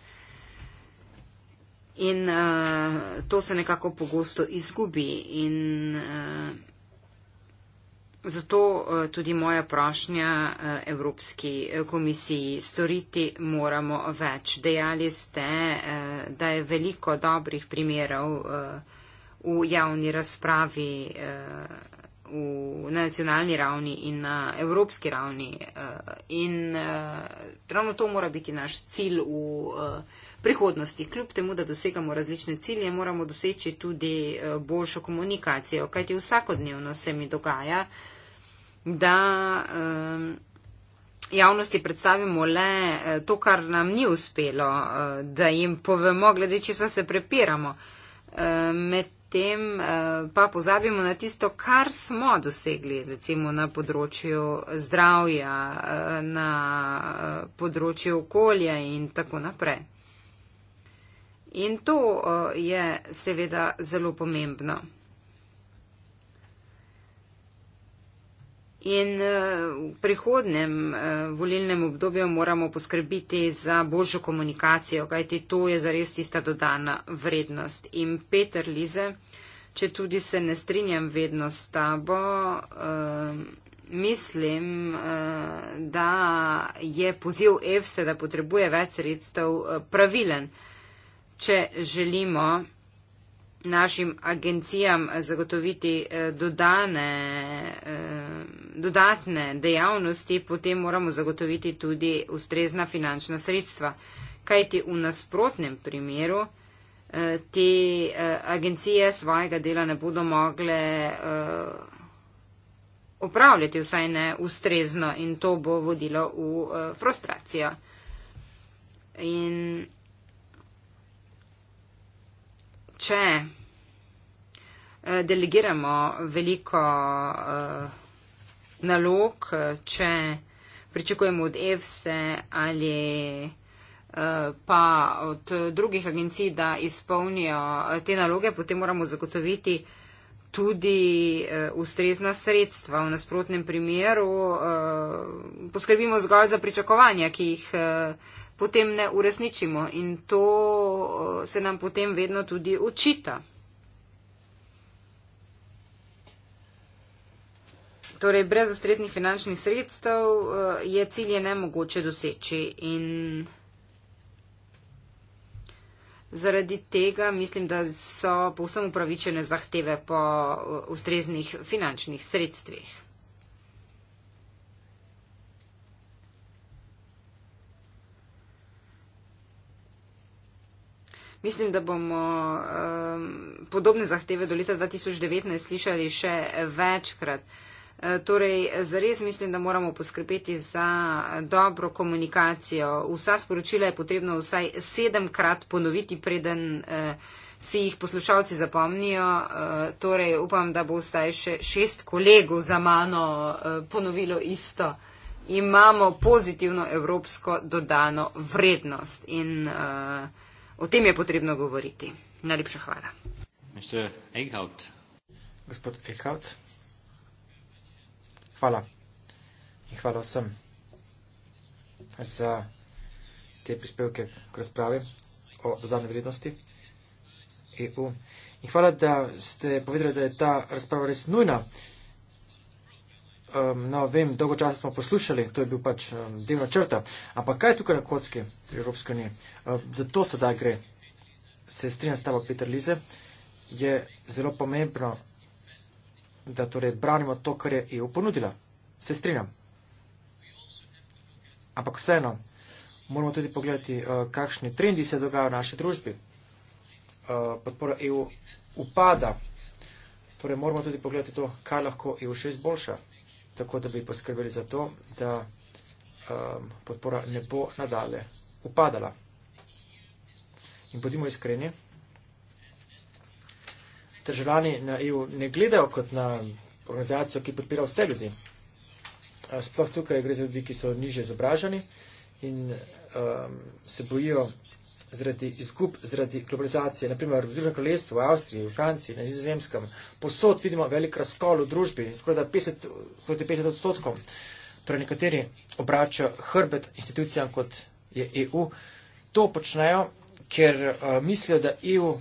In uh, to se nekako pogosto izgubi. In uh, zato uh, tudi moja prošnja uh, Evropski komisiji storiti moramo več. Dejali ste, uh, da je veliko dobrih primerov uh, v javni razpravi. Uh, v nacionalni ravni in na evropski ravni. In ravno to mora biti naš cilj v prihodnosti. Kljub temu, da dosegamo različne cilje, moramo doseči tudi eh, boljšo komunikacijo, kajti vsakodnevno se mi dogaja, da ehm, javnosti predstavimo le eh, to, kar nam ni uspelo, eh, da jim povemo, glede če se prepiramo. Ehm, medtem pa pozabimo na tisto, kar smo dosegli, recimo na področju zdravja, na področju okolja in tako naprej. In to eh, je seveda zelo pomembno. In eh, v prihodnem eh, volilnem obdobju moramo poskrbiti za boljšo komunikacijo, kajti to je zares tista dodana vrednost. In Peter Lize, če tudi se ne strinjam vedno s tabo, mislim, da je poziv EFSE, da potrebuje več sredstev pravilen če želimo našim agencijam zagotoviti eh, dodane, eh, dodatne dejavnosti, potem moramo zagotoviti tudi ustrezna finančna sredstva. Kajti v nasprotnem primeru eh, te agencije svojega dela ne bodo mogle upravljati, vsaj ne ustrezno in to bo vodilo v frustracijo. In če eh, delegiramo veliko eh, nalog, če pričakujemo od EFSE ali eh, pa od drugih agencij, da izpolnijo te naloge, potem moramo zagotoviti tudi ustrezna sredstva. V nasprotnem primeru poskrbimo zgolj za pričakovanja, ki jih potem ne uresničimo in to eh, se nam potem vedno tudi očita. Torej, brez ustreznih finančnih sredstev eh, je cilje nemogoče doseči in zaradi tega mislim, da so povsem upravičene zahteve po eh, ustreznih finančnih sredstvih. Mislim, da bomo um, podobne zahteve do leta 2019 slišali še večkrat. E, torej, zares mislim, da moramo poskrbeti za dobro komunikacijo. Vsa sporočila je potrebno vsaj sedemkrat ponoviti, preden eh, si jih poslušalci zapomnijo. Eh, torej, upam, da bo vsaj še šest kolegov za mano eh, ponovilo isto. Imamo pozitivno evropsko dodano vrednost. In, eh, O tem je potrebno govoriti. Najlepša hvala. Eichhout. Gospod Eichhout, hvala in hvala vsem za te prispevke k razpravi o dodane vrednosti EU. In hvala, da ste povedali, da je ta razprava res nujna um, no, vem, dolgo časa smo poslušali, to je bil pač um, delno črta. Ampak kaj je tukaj na kocki pri Evropski uniji? Um, zato sedaj gre, se strinjam s tabo Peter Lize, je zelo pomembno, da torej branimo to, kar je EU ponudila. Se strinjam. Ampak vseeno, moramo tudi pogledati, uh, kakšni trendi se dogajajo v naši družbi. Uh, podpora EU upada. Torej moramo tudi pogledati to, kaj lahko EU še izboljša tako da bi poskrbeli za to, da um, podpora ne bo nadalje upadala. In bodimo iskreni. Državljani na EU ne gledajo kot na organizacijo, ki podpira vse ljudi. Sploh tukaj gre za ljudi, ki so niže izobraženi in um, se bojijo zaradi izgub, zaradi globalizacije, naprimer v Združenem kraljestvu, v Avstriji, v Franciji, na Nizozemskem, posod vidimo velik razkol v družbi, skoraj da 50, 50 odstotkov. Torej nekateri obračajo hrbet institucijam, kot je EU. To počnejo, ker eh, mislijo, da EU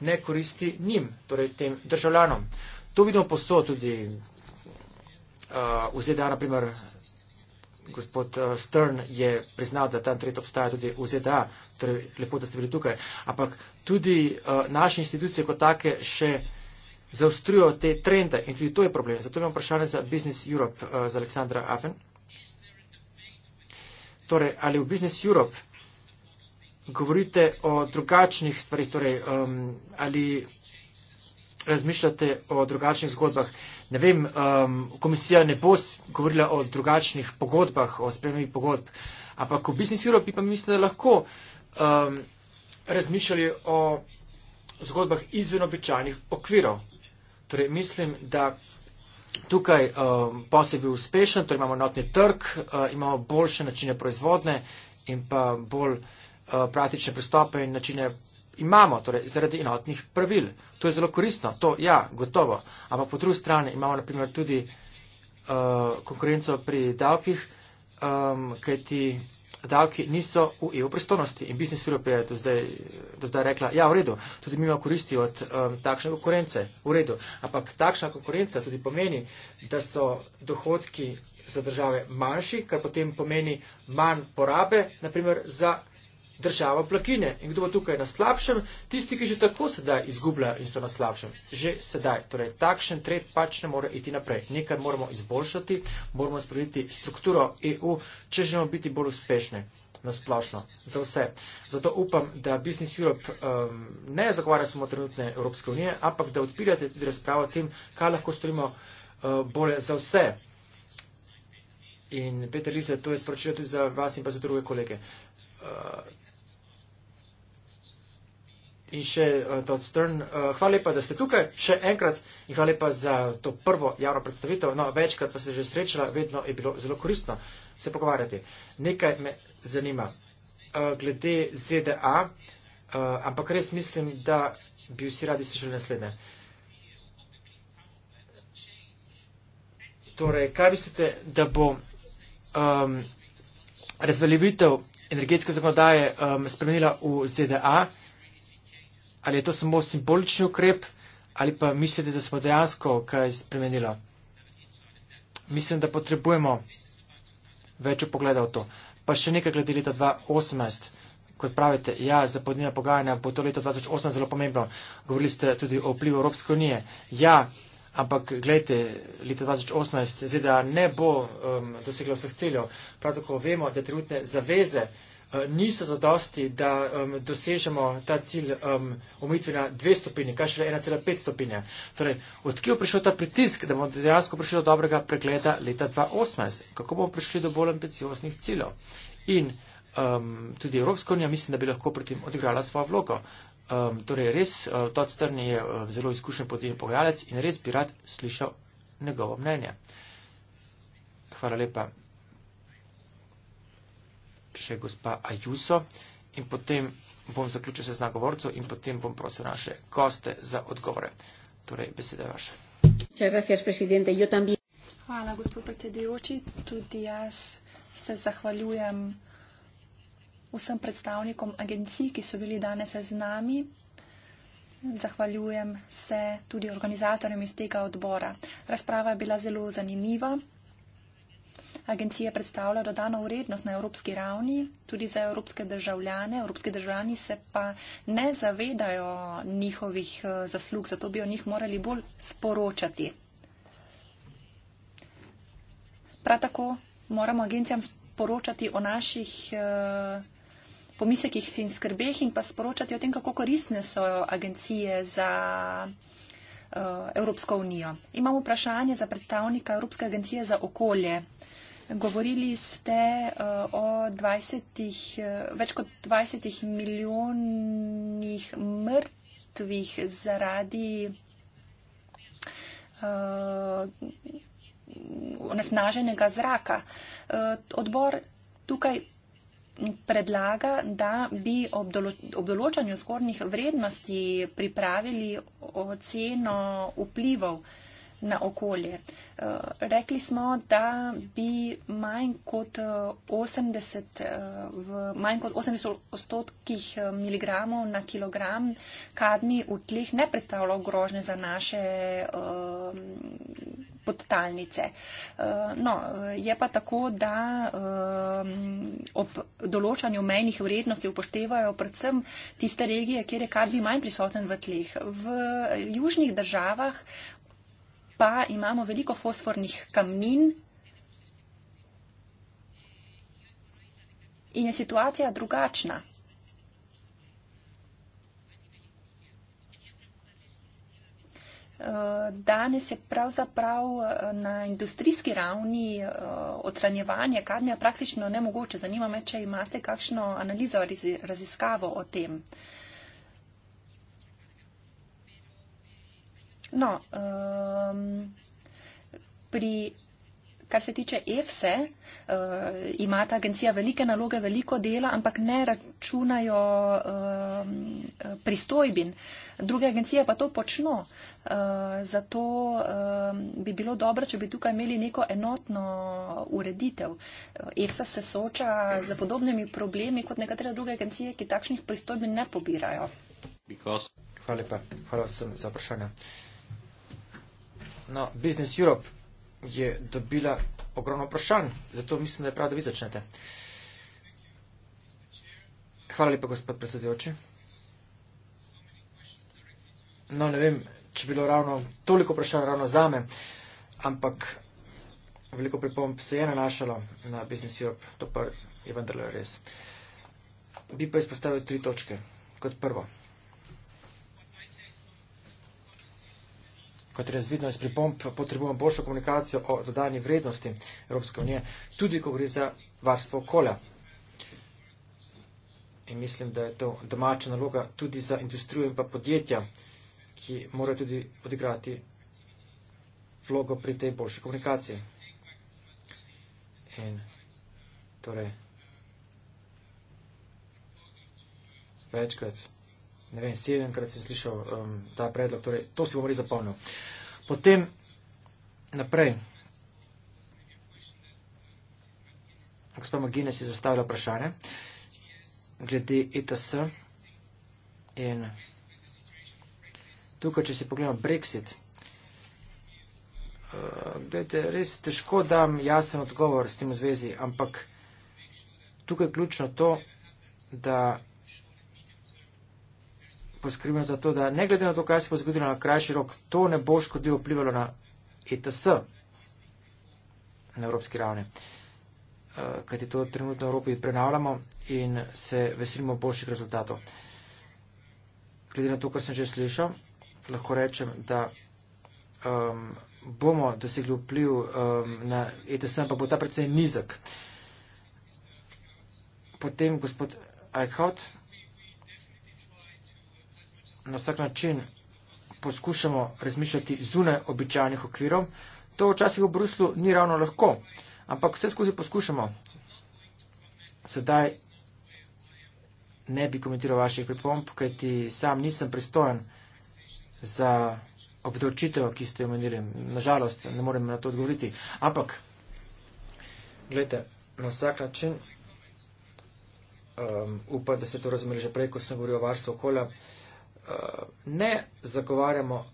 ne koristi njim, torej tem državljanom. To vidimo posod tudi uh, v ZDA, naprimer gospod eh, Stern je priznal, da ta tret obstaja tudi v ZDA, torej lepo, da ste bili tukaj. Ampak tudi uh, naše institucije kot take še zaustrujo te trende in tudi to je problem. Zato imam vprašanje za Business Europe, uh, za Aleksandra Afen. Torej, ali v Business Europe govorite o drugačnih stvarih, torej, um, ali razmišljate o drugačnih zgodbah. Ne vem, um, komisija ne bo govorila o drugačnih pogodbah, o spremljivih pogodb, ampak v Business Europe pa mislim, da lahko um, razmišljali o zgodbah izven običajnih okvirov. Torej, mislim, da tukaj um, posel je bil uspešen, torej imamo notni trg, uh, imamo boljše načine proizvodne in pa bolj uh, praktične pristope in načine imamo, torej zaradi enotnih pravil. To je zelo koristno, to ja, gotovo. Ampak po drugi strani imamo naprimer tudi uh, konkurenco pri davkih, um, kajti davki niso v EU pristojnosti in Business Europe je do zdaj, do zdaj rekla, ja, v redu, tudi mi imamo koristi od um, takšne konkurence, v redu. Ampak takšna konkurenca tudi pomeni, da so dohodki za države manjši, kar potem pomeni manj porabe, naprimer za država plakine. In kdo bo tukaj na slabšem? Tisti, ki že tako sedaj izgubljajo in so na slabšem. Že sedaj. Torej, takšen tret pač ne more iti naprej. Nekaj moramo izboljšati, moramo spremeniti strukturo EU, če želimo biti bolj uspešni na splošno, za vse. Zato upam, da Business Europe um, ne zagovarja samo trenutne Evropske unije, ampak da odpirate tudi razpravo o tem, kaj lahko storimo uh, bolje za vse. In Peter Lise, to je sporočilo tudi za vas in pa za druge kolege. Uh, In še uh, Todd Stern, uh, hvala lepa, da ste tukaj še enkrat in hvala lepa za to prvo javno predstavitev. No, večkrat sva se že srečala, vedno je bilo zelo koristno se pogovarjati. Nekaj me zanima uh, glede ZDA, uh, ampak res mislim, da bi vsi radi slišali naslednje. Torej, kaj mislite, da bo um, razveljavitev energetske zakonodaje um, spremenila v ZDA? ali je to samo simbolični ukrep, ali pa mislite, da smo dejansko kaj spremenili. Mislim, da potrebujemo več pogleda v to. Pa še nekaj glede leta 2018. Kot pravite, ja, za podnebne pogajanja bo to leto 2008 zelo pomembno. Govorili ste tudi o vplivu Evropske unije. Ja, ampak gledajte, leto 2018 ZDA ne bo um, doseglo vseh ciljev. Prav tako vemo, da trenutne zaveze uh, Eh, niso zadosti, da um, dosežemo ta cilj um, omejitve na dve stopinje, kaj še 1,5 stopinje. Torej, odkje je prišel ta pritisk, da bomo dejansko prišli do dobrega pregleda leta 2018? Kako bomo prišli do bolj ambicioznih ciljev? In um, tudi Evropska unija mislim, da bi lahko pri tem odigrala svojo vlogo. Um, torej, res, uh, Todd Strn je uh, zelo izkušen podjetni pogajalec in res bi rad slišal njegovo mnenje. Hvala lepa še gospa Ajuso in potem bom zaključil se z nagovorcov in potem bom prosil naše goste za odgovore. Torej, besede vaše. Hvala, gospod predsedujoči. Tudi jaz se zahvaljujem vsem predstavnikom agencij, ki so bili danes z nami. Zahvaljujem se tudi organizatorjem iz tega odbora. Razprava je bila zelo zanimiva agencije predstavlja dodano vrednost na evropski ravni, tudi za evropske državljane. Evropski državljani se pa ne zavedajo njihovih eh, zaslug, zato bi o njih morali bolj sporočati. Prav tako moramo agencijam sporočati o naših eh, pomislekih in skrbeh in pa sporočati o tem, kako koristne so agencije za eh, Evropsko unijo. Imamo vprašanje za predstavnika Evropske agencije za okolje. Govorili ste uh, o 20, uh, eh, več kot 20 milijonih mrtvih zaradi uh, onesnaženega zraka. Uh, odbor tukaj predlaga, da bi ob, dolo ob določanju zgornjih vrednosti pripravili oceno vplivov uh, na okolje. Eh, rekli smo, da bi manj kot 80, eh, eh, v manj kot 80 odstotkih miligramov na kilogram kadmi v tleh ne predstavljalo grožne za naše podtalnice. No, je pa tako, da ob določanju mejnih vrednosti upoštevajo predvsem tiste regije, kjer je kadmi manj prisoten v tleh. V južnih državah pa imamo veliko fosfornih kamnin in je situacija drugačna. Danes je pravzaprav eh, na industrijski ravni eh, otranjevanje kadmija praktično nemogoče. Zanima me, če imate kakšno analizo, raziskavo o tem. No, um, pri, kar se tiče EFSE, uh, ima ta agencija velike naloge, veliko dela, ampak ne računajo um, pristojbin. Druge agencije pa to počno. Uh, zato um, bi bilo dobro, če bi tukaj imeli neko enotno ureditev. EFSA se sooča z podobnimi problemi kot nekatere druge agencije, ki takšnih pristojbin ne pobirajo. Because... Hvala lepa. Hvala vsem za vprašanje no, Business Europe je dobila ogromno vprašanj, zato mislim, da je prav, da vi začnete. Hvala lepa, gospod predsedujoči. No, ne vem, če bilo ravno toliko vprašanj ravno zame, ampak veliko pripomb se je nanašalo na Business Europe, to pa je vendarle res. Bi pa izpostavil tri točke. Kot prvo, kot je razvidno iz pripomp, potrebujemo boljšo komunikacijo o dodani vrednosti Evropske unije, tudi ko gre za varstvo okolja. In mislim, da je to domača naloga tudi za industrijo in pa podjetja, ki morajo tudi odigrati vlogo pri tej boljši komunikaciji. In torej, večkrat ne vem, sedemkrat sem slišal um, ta predlog, torej to si bom res zapomnil. Potem naprej. Gospod Magine si zastavlja vprašanje glede ETS in tukaj, če si pogledamo Brexit, uh, glede, res težko dam jasen odgovor s tem v zvezi, ampak tukaj je ključno to, da poskrbim za to, da ne glede na to, kaj se bo zgodilo na krajši rok, to ne bo škodilo vplivalo na ETS na evropski ravni. Eh, kaj ti to trenutno v Evropi prenavljamo in se veselimo boljših rezultatov. Glede na to, kar sem že slišal, lahko rečem, da um, bomo dosegli vpliv um, na ETS, ampak bo ta predvsej nizek. Potem gospod Eichhardt na vsak način poskušamo razmišljati zunaj običajnih okvirov. To včasih v Bruslu ni ravno lahko, ampak vse skozi poskušamo. Sedaj ne bi komentiral vaših pripomb, kajti sam nisem pristojen za obdavčitev, ki ste jo menili. Nažalost, ne morem na to odgovoriti. Ampak, gledajte, na vsak način um, upam, da ste to razumeli že prej, ko sem govoril o varstvu okolja. Uh, Eh, ne zagovarjamo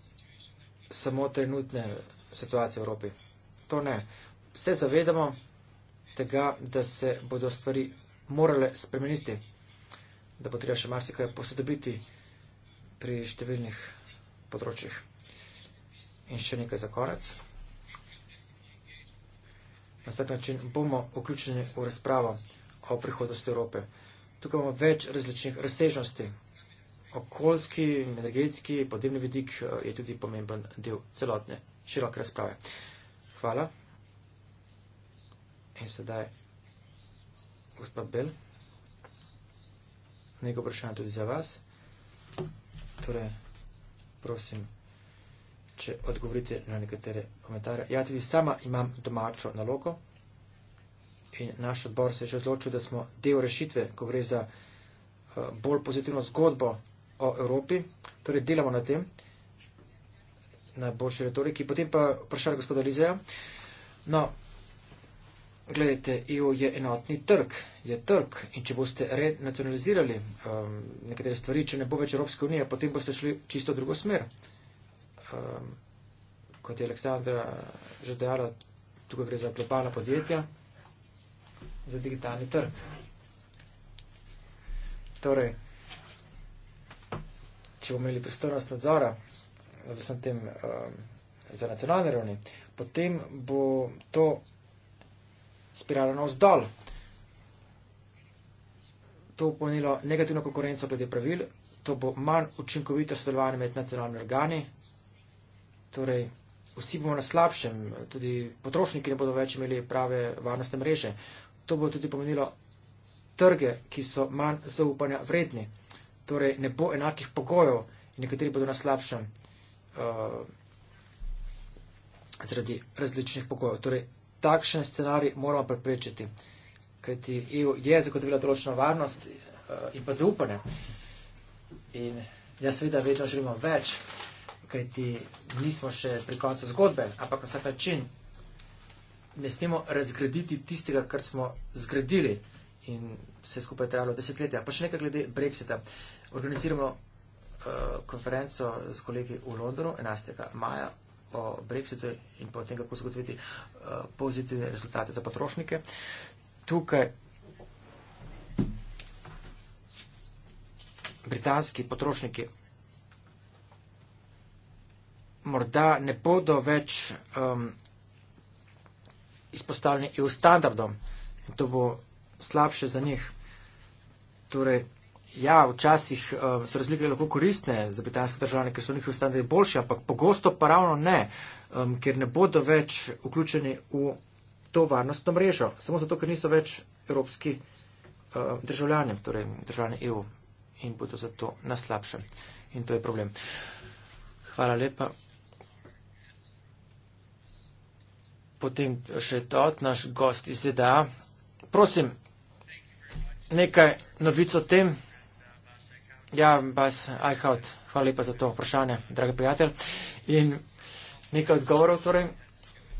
samo trenutne situacije v Evropi. To ne. Se zavedamo tega, da se bodo stvari morale spremeniti, da bo treba še marsikaj posodobiti pri številnih področjih. In še nekaj za konec. Na vsak način bomo vključeni v razpravo o prihodnosti Evrope. Tukaj imamo več različnih razsežnosti, okoljski, energetski, podnebni vidik eh, je tudi pomemben del celotne široke razprave. Hvala. In sedaj, gospod Bel, nekaj vprašanja tudi za vas. Torej, prosim, če odgovorite na nekatere komentarje. Ja, tudi sama imam domačo nalogo in naš odbor se je že odločil, da smo del rešitve, ko gre za eh, bolj pozitivno zgodbo o Evropi, torej delamo na tem, na boljši retoriki. Potem pa vprašanje gospoda Lizeja. No, gledajte, EU je enotni trg, je trg in če boste renacionalizirali um, nekatere stvari, če ne bo več Evropske unije, potem boste šli čisto drugo smer. Um, kot je Aleksandra že dejala, tukaj gre za globalna podjetja, za digitalni trg. Torej, če bomo imeli pristojnost nadzora nad vsem tem um, za nacionalne ravni, potem bo to spiralo navzdol. To bo pomenilo negativno konkurenco glede pravil, to bo manj učinkovito sodelovanje med nacionalnimi organi. Torej, vsi bomo na slabšem, tudi potrošniki ne bodo več imeli prave varnostne mreže. To bo tudi pomenilo trge, ki so manj zaupanja vredni torej ne bo enakih pogojev in nekateri bodo na slabšem uh, zaradi različnih pogojev. Torej, takšen scenarij moramo preprečiti, kajti EU je zagotovila določeno varnost uh, in pa zaupanje. In jaz seveda vedno želimo več, kajti nismo še pri koncu zgodbe, ampak na vsak način ne smemo razgraditi tistega, kar smo zgradili in vse skupaj trajalo desetletja. Pa še nekaj glede Brexita. Organiziramo uh, konferenco s kolegi v Londonu 11. maja o Brexitu in potem kako zagotoviti uh, pozitivne rezultate za potrošnike. Tukaj britanski potrošniki morda ne bodo več um, izpostavljeni EU standardom. In to bo slabše za njih. Torej, ja, včasih uh, so razlike lahko koristne za britanske državljane, ker so njihovi standardi boljši, ampak pogosto pa ravno ne, um, ker ne bodo več vključeni v to varnostno mrežo, samo zato, ker niso več evropski uh, državljani, torej državljani EU in bodo zato na slabšem. In to je problem. Hvala lepa. Potem še to, naš gost iz ZDA. Prosim nekaj novic o tem. Ja, Bas Eichhout, hvala lepa za to vprašanje, dragi prijatelj. In nekaj odgovorov, torej,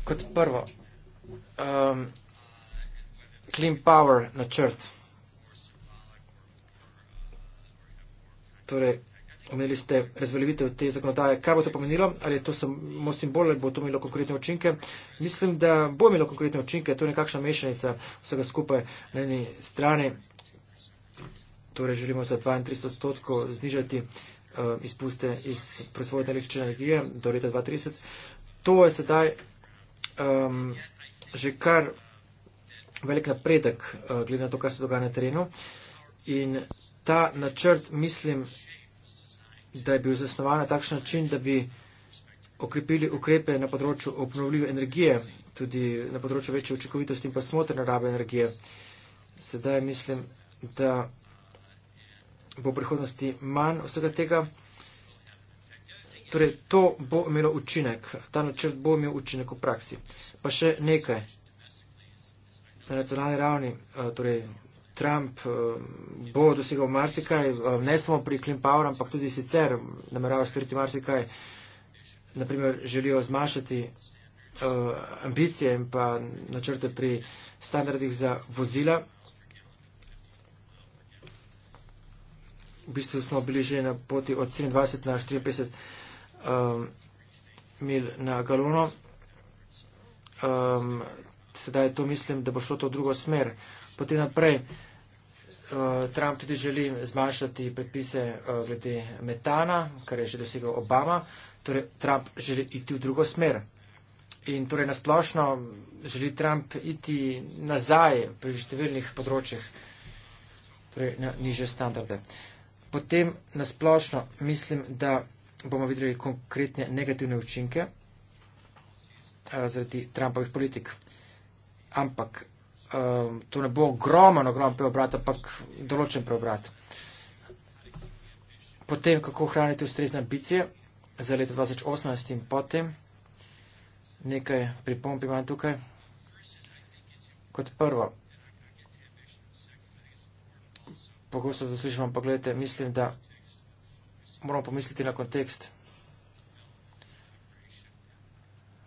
kot prvo, um, Clean Power načrt. Torej, omenili ste razveljavitev te zakonodaje. Kaj bo to pomenilo? Ali je to samo simbol ali bo to imelo konkretne učinke? Mislim, da bo imelo konkretne učinke. To je nekakšna mešanica vsega skupaj na eni strani torej želimo za 32 odstotkov znižati uh, izpuste iz proizvodne električne energije do leta 2030. To je sedaj um, že kar velik napredek, uh, glede na to, kar se dogaja na terenu. In ta načrt, mislim, da je bil zasnovan na takšen način, da bi okrepili ukrepe na področju obnovljive energije, tudi na področju večje učinkovitosti in pa smotrne rabe energije. Sedaj mislim, da bo v prihodnosti manj vsega tega. Torej, to bo imelo učinek, ta načrt bo imel učinek v praksi. Pa še nekaj. Na nacionalni ravni, eh, torej, Trump eh, bo dosegal marsikaj, eh, ne samo pri Clint Power, ampak tudi sicer namerajo skriti marsikaj. Naprimer, želijo zmašati ambicije in pa načrte pri standardih za vozila. v bistvu smo bili že na poti od 27 na 54 um, mil na galono. Um, sedaj to mislim, da bo šlo to v drugo smer. Potem naprej, uh, Trump tudi želi zmanjšati predpise uh, glede metana, kar je že dosegel Obama. Torej, Trump želi iti v drugo smer. In torej nasplošno želi Trump iti nazaj pri številnih področjih, torej na niže standarde. Uh, potem nasplošno mislim, da bomo videli konkretne negativne učinke eh, zaradi Trumpovih politik. Ampak ehm, to ne bo ogromen, ogromen preobrat, ampak določen preobrat. Potem, kako hraniti ustrezne ambicije za leto 2018 in potem, nekaj pripomb imam tukaj. Kot prvo, pogosto doslišimo, ampak gledajte, mislim, da moramo pomisliti na kontekst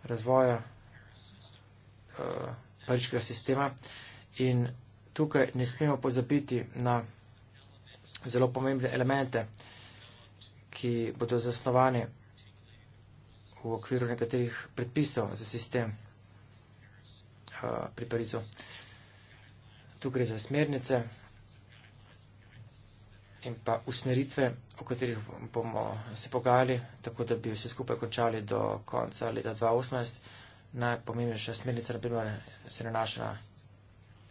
razvoja uh, pariškega sistema in tukaj ne smemo pozabiti na zelo pomembne elemente, ki bodo zasnovani v okviru nekaterih predpisov za sistem uh, pri Parizu. Tukaj gre za smernice, in pa usmeritve, o katerih bomo se pogajali, tako da bi vse skupaj končali do konca leta 2018. Najpomembnejša smernica, na primer, se nanaša na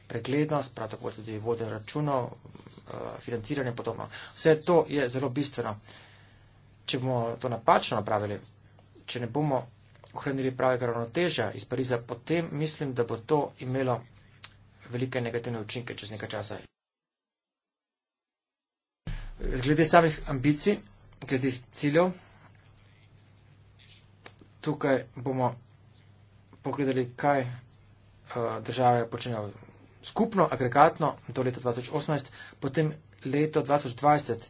preglednost, prav tako tudi vodenje računov, eh, financiranje in podobno. Vse to je zelo bistveno. Če bomo to napačno napravili, če ne bomo ohranili pravega ravnotežja iz Pariza, potem mislim, da bo to imelo velike negativne učinke čez nekaj časa glede samih ambicij, glede ciljev, tukaj bomo pogledali, kaj eh, države počnejo skupno, agregatno do leta 2018, potem leto 2020.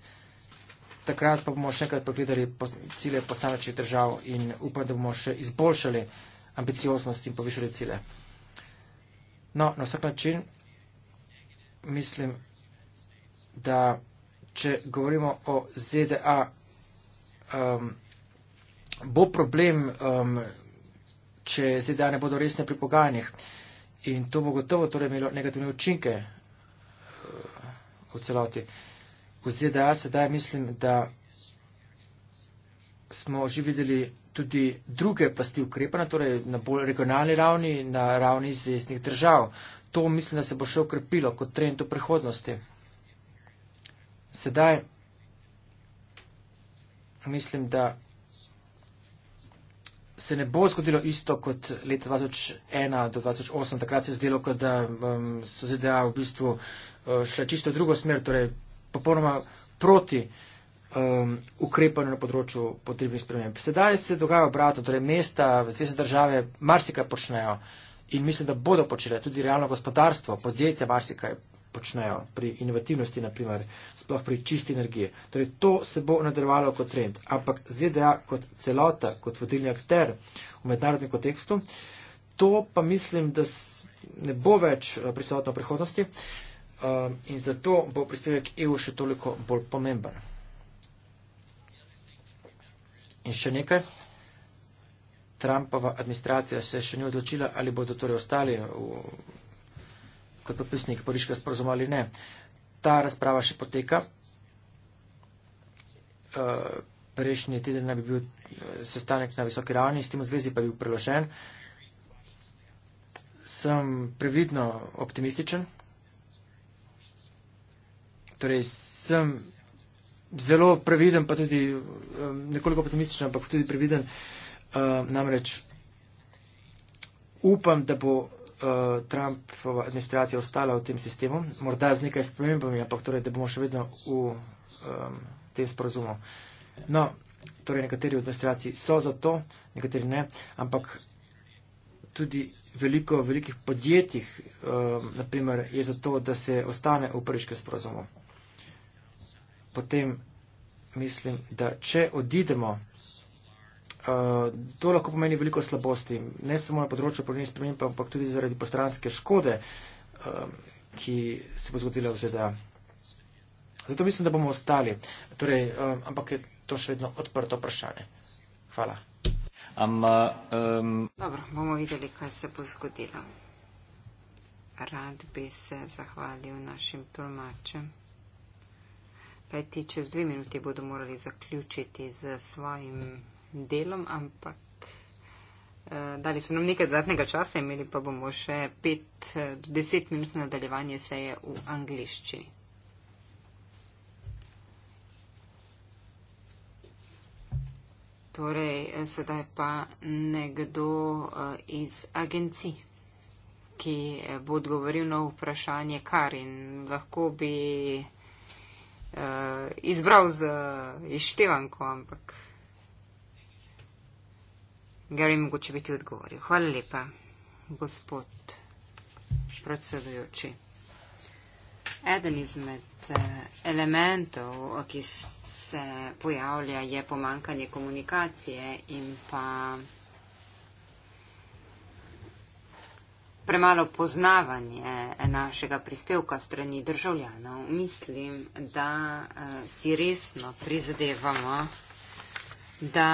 Takrat pa bomo še enkrat pogledali cilje posamečnih držav in upam, da bomo še izboljšali ambicioznost in povišali cilje. No, na vsak način mislim, da če govorimo o ZDA, um, bo problem, um, če ZDA ne bodo resne pri pogajanjih. In to bo gotovo torej imelo negativne učinke uh, v celoti. V ZDA sedaj mislim, da smo že videli tudi druge pasti ukrepanja, torej na bolj regionalni ravni, na ravni zvezdnih držav. To mislim, da se bo še ukrepilo kot trend v prihodnosti. Sedaj mislim, da se ne bo zgodilo isto kot leta 2001 do 2008. Takrat se je zdelo, kot da um, so ZDA v bistvu uh, šle čisto v drugo smer, torej popolnoma proti um, ukrepanju na področju potrebnih sprememb. Sedaj se dogaja obratno, torej mesta, zvezde države marsikaj počnejo in mislim, da bodo počele tudi realno gospodarstvo, podjetja marsikaj počnejo pri inovativnosti, naprimer, sploh pri čisti energiji. Torej, to se bo nadaljevalo kot trend, ampak ZDA kot celota, kot vodilni akter v mednarodnem kontekstu, to pa mislim, da ne bo več eh, prisotno v prihodnosti eh, in zato bo prispevek EU še toliko bolj pomemben. In še nekaj. Trumpova administracija se še ni odločila, ali bodo torej ostali v kot podpisnik Pariška sporozuma ali ne. Ta razprava še poteka. Uh, prejšnji teden naj bi bil eh, sestanek na visoki ravni, s tem v zvezi pa je bil preložen. Sem previdno optimističen. Torej, sem zelo previden, pa tudi um, nekoliko optimističen, ampak tudi previden. Uh, namreč upam, da bo uh, Trumpova administracija ostala v tem sistemu, morda z nekaj spremembami, ampak torej, da bomo še vedno v um, tem sporozumu. No, torej nekateri v administraciji so za to, nekateri ne, ampak tudi veliko velikih podjetjih, um, naprimer, je za to, da se ostane v pariškem sporozumu. Potem mislim, da če odidemo Eh, to lahko pomeni veliko slabosti, ne samo na področju podnebnih sprememb, ampak tudi zaradi postranske škode, eh, ki se bo zgodila v ZDA. Zato mislim, da bomo ostali. Torej, eh, ampak je to še vedno odprto vprašanje. Hvala. Am, um... Dobro, bomo videli, kaj se bo zgodilo. Rad bi se zahvalil našim tolmačem. Kaj ti čez dve minuti bodo morali zaključiti z svojim delom, ampak uh, dali so nam nekaj dodatnega časa, imeli pa bomo še pet do eh, deset minut nadaljevanje seje v angliščini. Torej, eh, sedaj pa nekdo iz agencij, ki bo odgovoril na vprašanje Karin. Lahko bi uh, izbral z uh, izštevanko, ampak. Gary, mogoče bi ti odgovoril. Hvala lepa, gospod predsedujoči. Eden izmed eh, elementov, ki se pojavlja, je pomankanje komunikacije in pa premalo poznavanje eh, našega prispevka strani državljanov. Mislim, da eh, si resno prizadevamo, da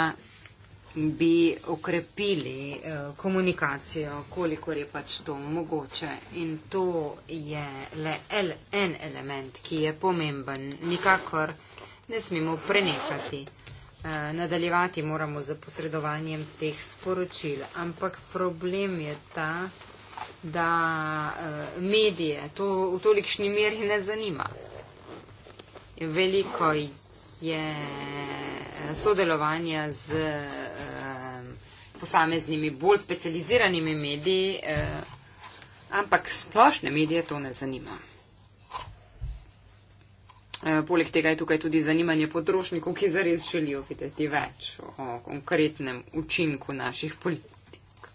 bi okrepili eh, komunikacijo, kolikor je pač to mogoče. In to je le en element, ki je pomemben. Nikakor ne smemo prenehati. Eh, nadaljevati moramo z posredovanjem teh sporočil. Ampak problem je ta, da eh, medije to v tolikšni meri ne zanima. Veliko je eh, sodelovanje z eh, posameznimi bolj specializiranimi mediji, eh, ampak splošne medije to ne zanima. Poleg tega je tukaj tudi zanimanje potrošnikov, ki zares želijo videti več o konkretnem učinku naših politik.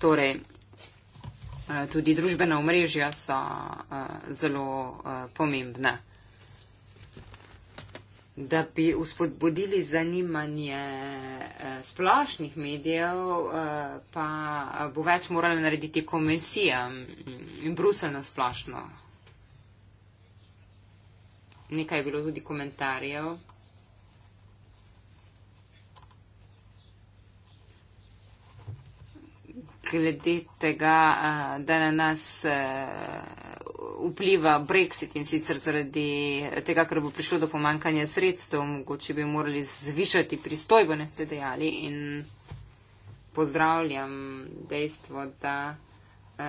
Torej, tudi družbena omrežja so zelo pomembna da bi uspodbudili zanimanje eh, splošnih medijev, eh, pa bo več morala narediti komisija mm, in Brusel na splošno. Nekaj je bilo tudi komentarjev. Glede tega, eh, da na nas vpliva Brexit in sicer zaradi tega, ker bo prišlo do pomankanja sredstev, mogoče bi morali zvišati pristojbene, ste dejali. In pozdravljam dejstvo, da uh,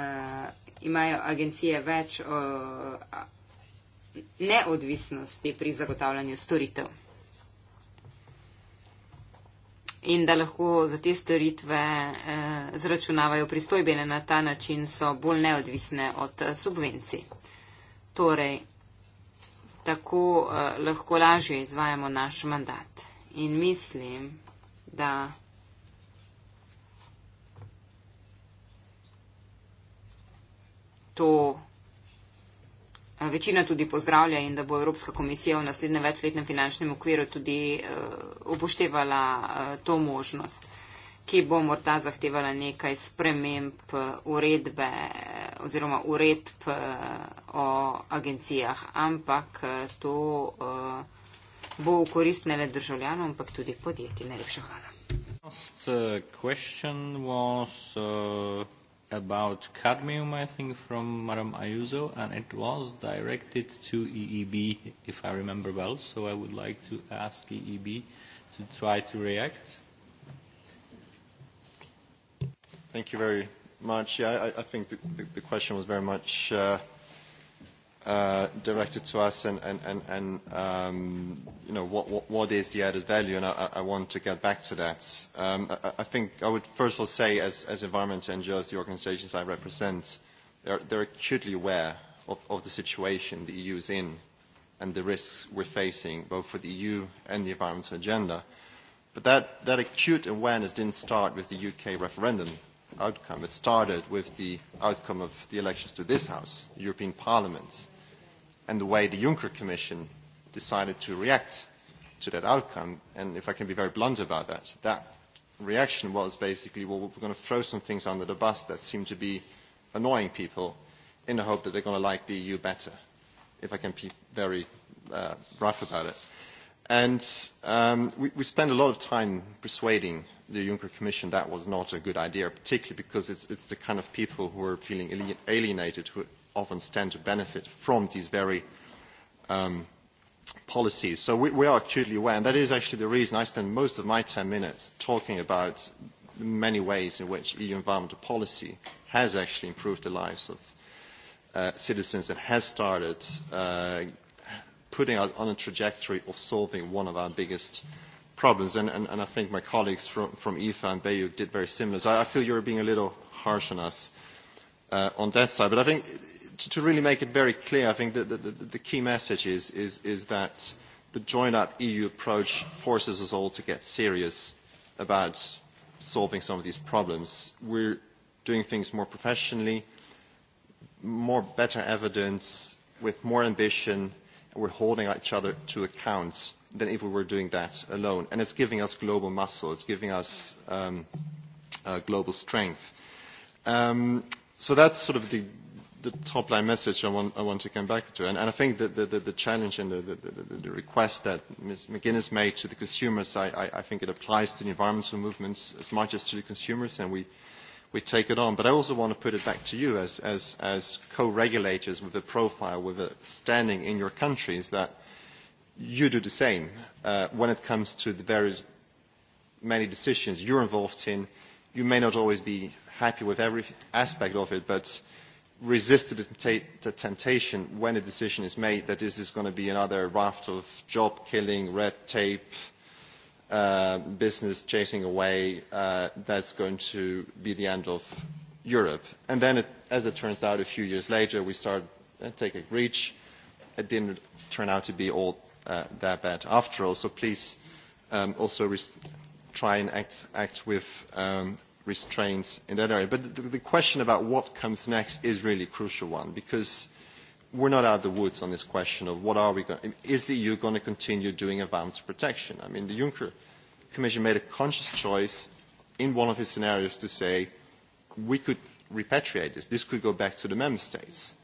imajo agencije več uh, neodvisnosti pri zagotavljanju storitev. In da lahko za te storitve eh, zračunavajo pristojbene na ta način, so bolj neodvisne od eh, subvencij. Torej, tako uh, lahko lažje izvajamo naš mandat. In mislim, da. To eh, večina tudi pozdravlja in da bo Evropska komisija v naslednjem večletnem finančnem okviru tudi eh, upoštevala to možnost ki bo morda zahtevala nekaj sprememb eh, uredbe oziroma uredb eh, o agencijah, ampak eh, to bo v korist ne le državljanom, ampak tudi podjetij. Najlepša hvala. About cadmium, I think, from Madam Ayuso, and it was directed to EEB, if I remember well. So I would like to ask EEB to try to react. Thank you very much. Yeah, I think the question was very much uh, uh, directed to us and, um, you know, what is the added value, and I want to get back to that. Um, I think I would first of all say, as environmental NGOs, the organizations I represent, they're acutely aware of the situation the EU is in and the risks we're facing, both for the EU and the environmental agenda. But that acute awareness didn't start with the U.K. referendum outcome. It started with the outcome of the elections to this House, European Parliament, and the way the Juncker Commission decided to react to that outcome. And if I can be very blunt about that, that reaction was basically, well, we're going to throw some things under the bus that seem to be annoying people in the hope that they're going to like the EU better, if I can be very uh, rough about it. And um, we, we spend a lot of time persuading the Juncker Commission that was not a good idea, particularly because it's, it's the kind of people who are feeling alienated who often stand to benefit from these very um, policies. So we, we are acutely aware, and that is actually the reason I spend most of my 10 minutes talking about many ways in which EU environmental policy has actually improved the lives of uh, citizens and has started uh, putting us on a trajectory of solving one of our biggest mm-hmm problems. And, and, and I think my colleagues from, from IFA e and Bayou did very similar. So I, I feel you're being a little harsh on us uh, on that side. But I think to, to really make it very clear, I think the, the, the, the key message is, is, is that the joined up EU approach forces us all to get serious about solving some of these problems. We're doing things more professionally, more better evidence, with more ambition, and we're holding each other to account than if we were doing that alone. It's giving us global muscle. It's giving us um, uh, global strength. Um, that's sort of the top-line message I want to come back to. I think the challenge and the request that Ms. McGuinness made to the consumers, I think it applies to the environmental movements as much as to the consumers, and we take it on. I also want to put it back to you as co-regulators with a profile, with a standing in your countries, that you do the same uh, when it comes to the very many decisions you're involved in. You may not always be happy with every aspect of it, but resist the temptation when a decision is made that this is going to be another raft of job killing, red tape, uh, business chasing away, uh, that's going to be the end of Europe. And then, it, as it turns out, a few years later, we started to uh, take a breach. It didn't turn out to be all uh, that bad after all. So please um, also try and act, act with um, restraints in that area. But the, the question about what comes next is really a crucial one because we're not out of the woods on this question of what are we going is the EU going to continue doing advanced protection? I mean, the Juncker Commission made a conscious choice in one of his scenarios to say we could repatriate this. This could go back to the member states. Uh,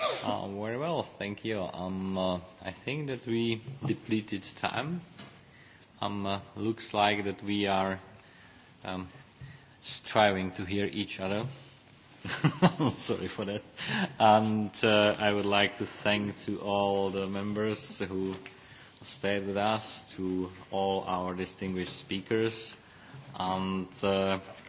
Uh, very well, thank you. Um, uh, I think that we depleted time. Um, uh, looks like that we are um, striving to hear each other. Sorry for that. And uh, I would like to thank to all the members who stayed with us, to all our distinguished speakers, and. Uh,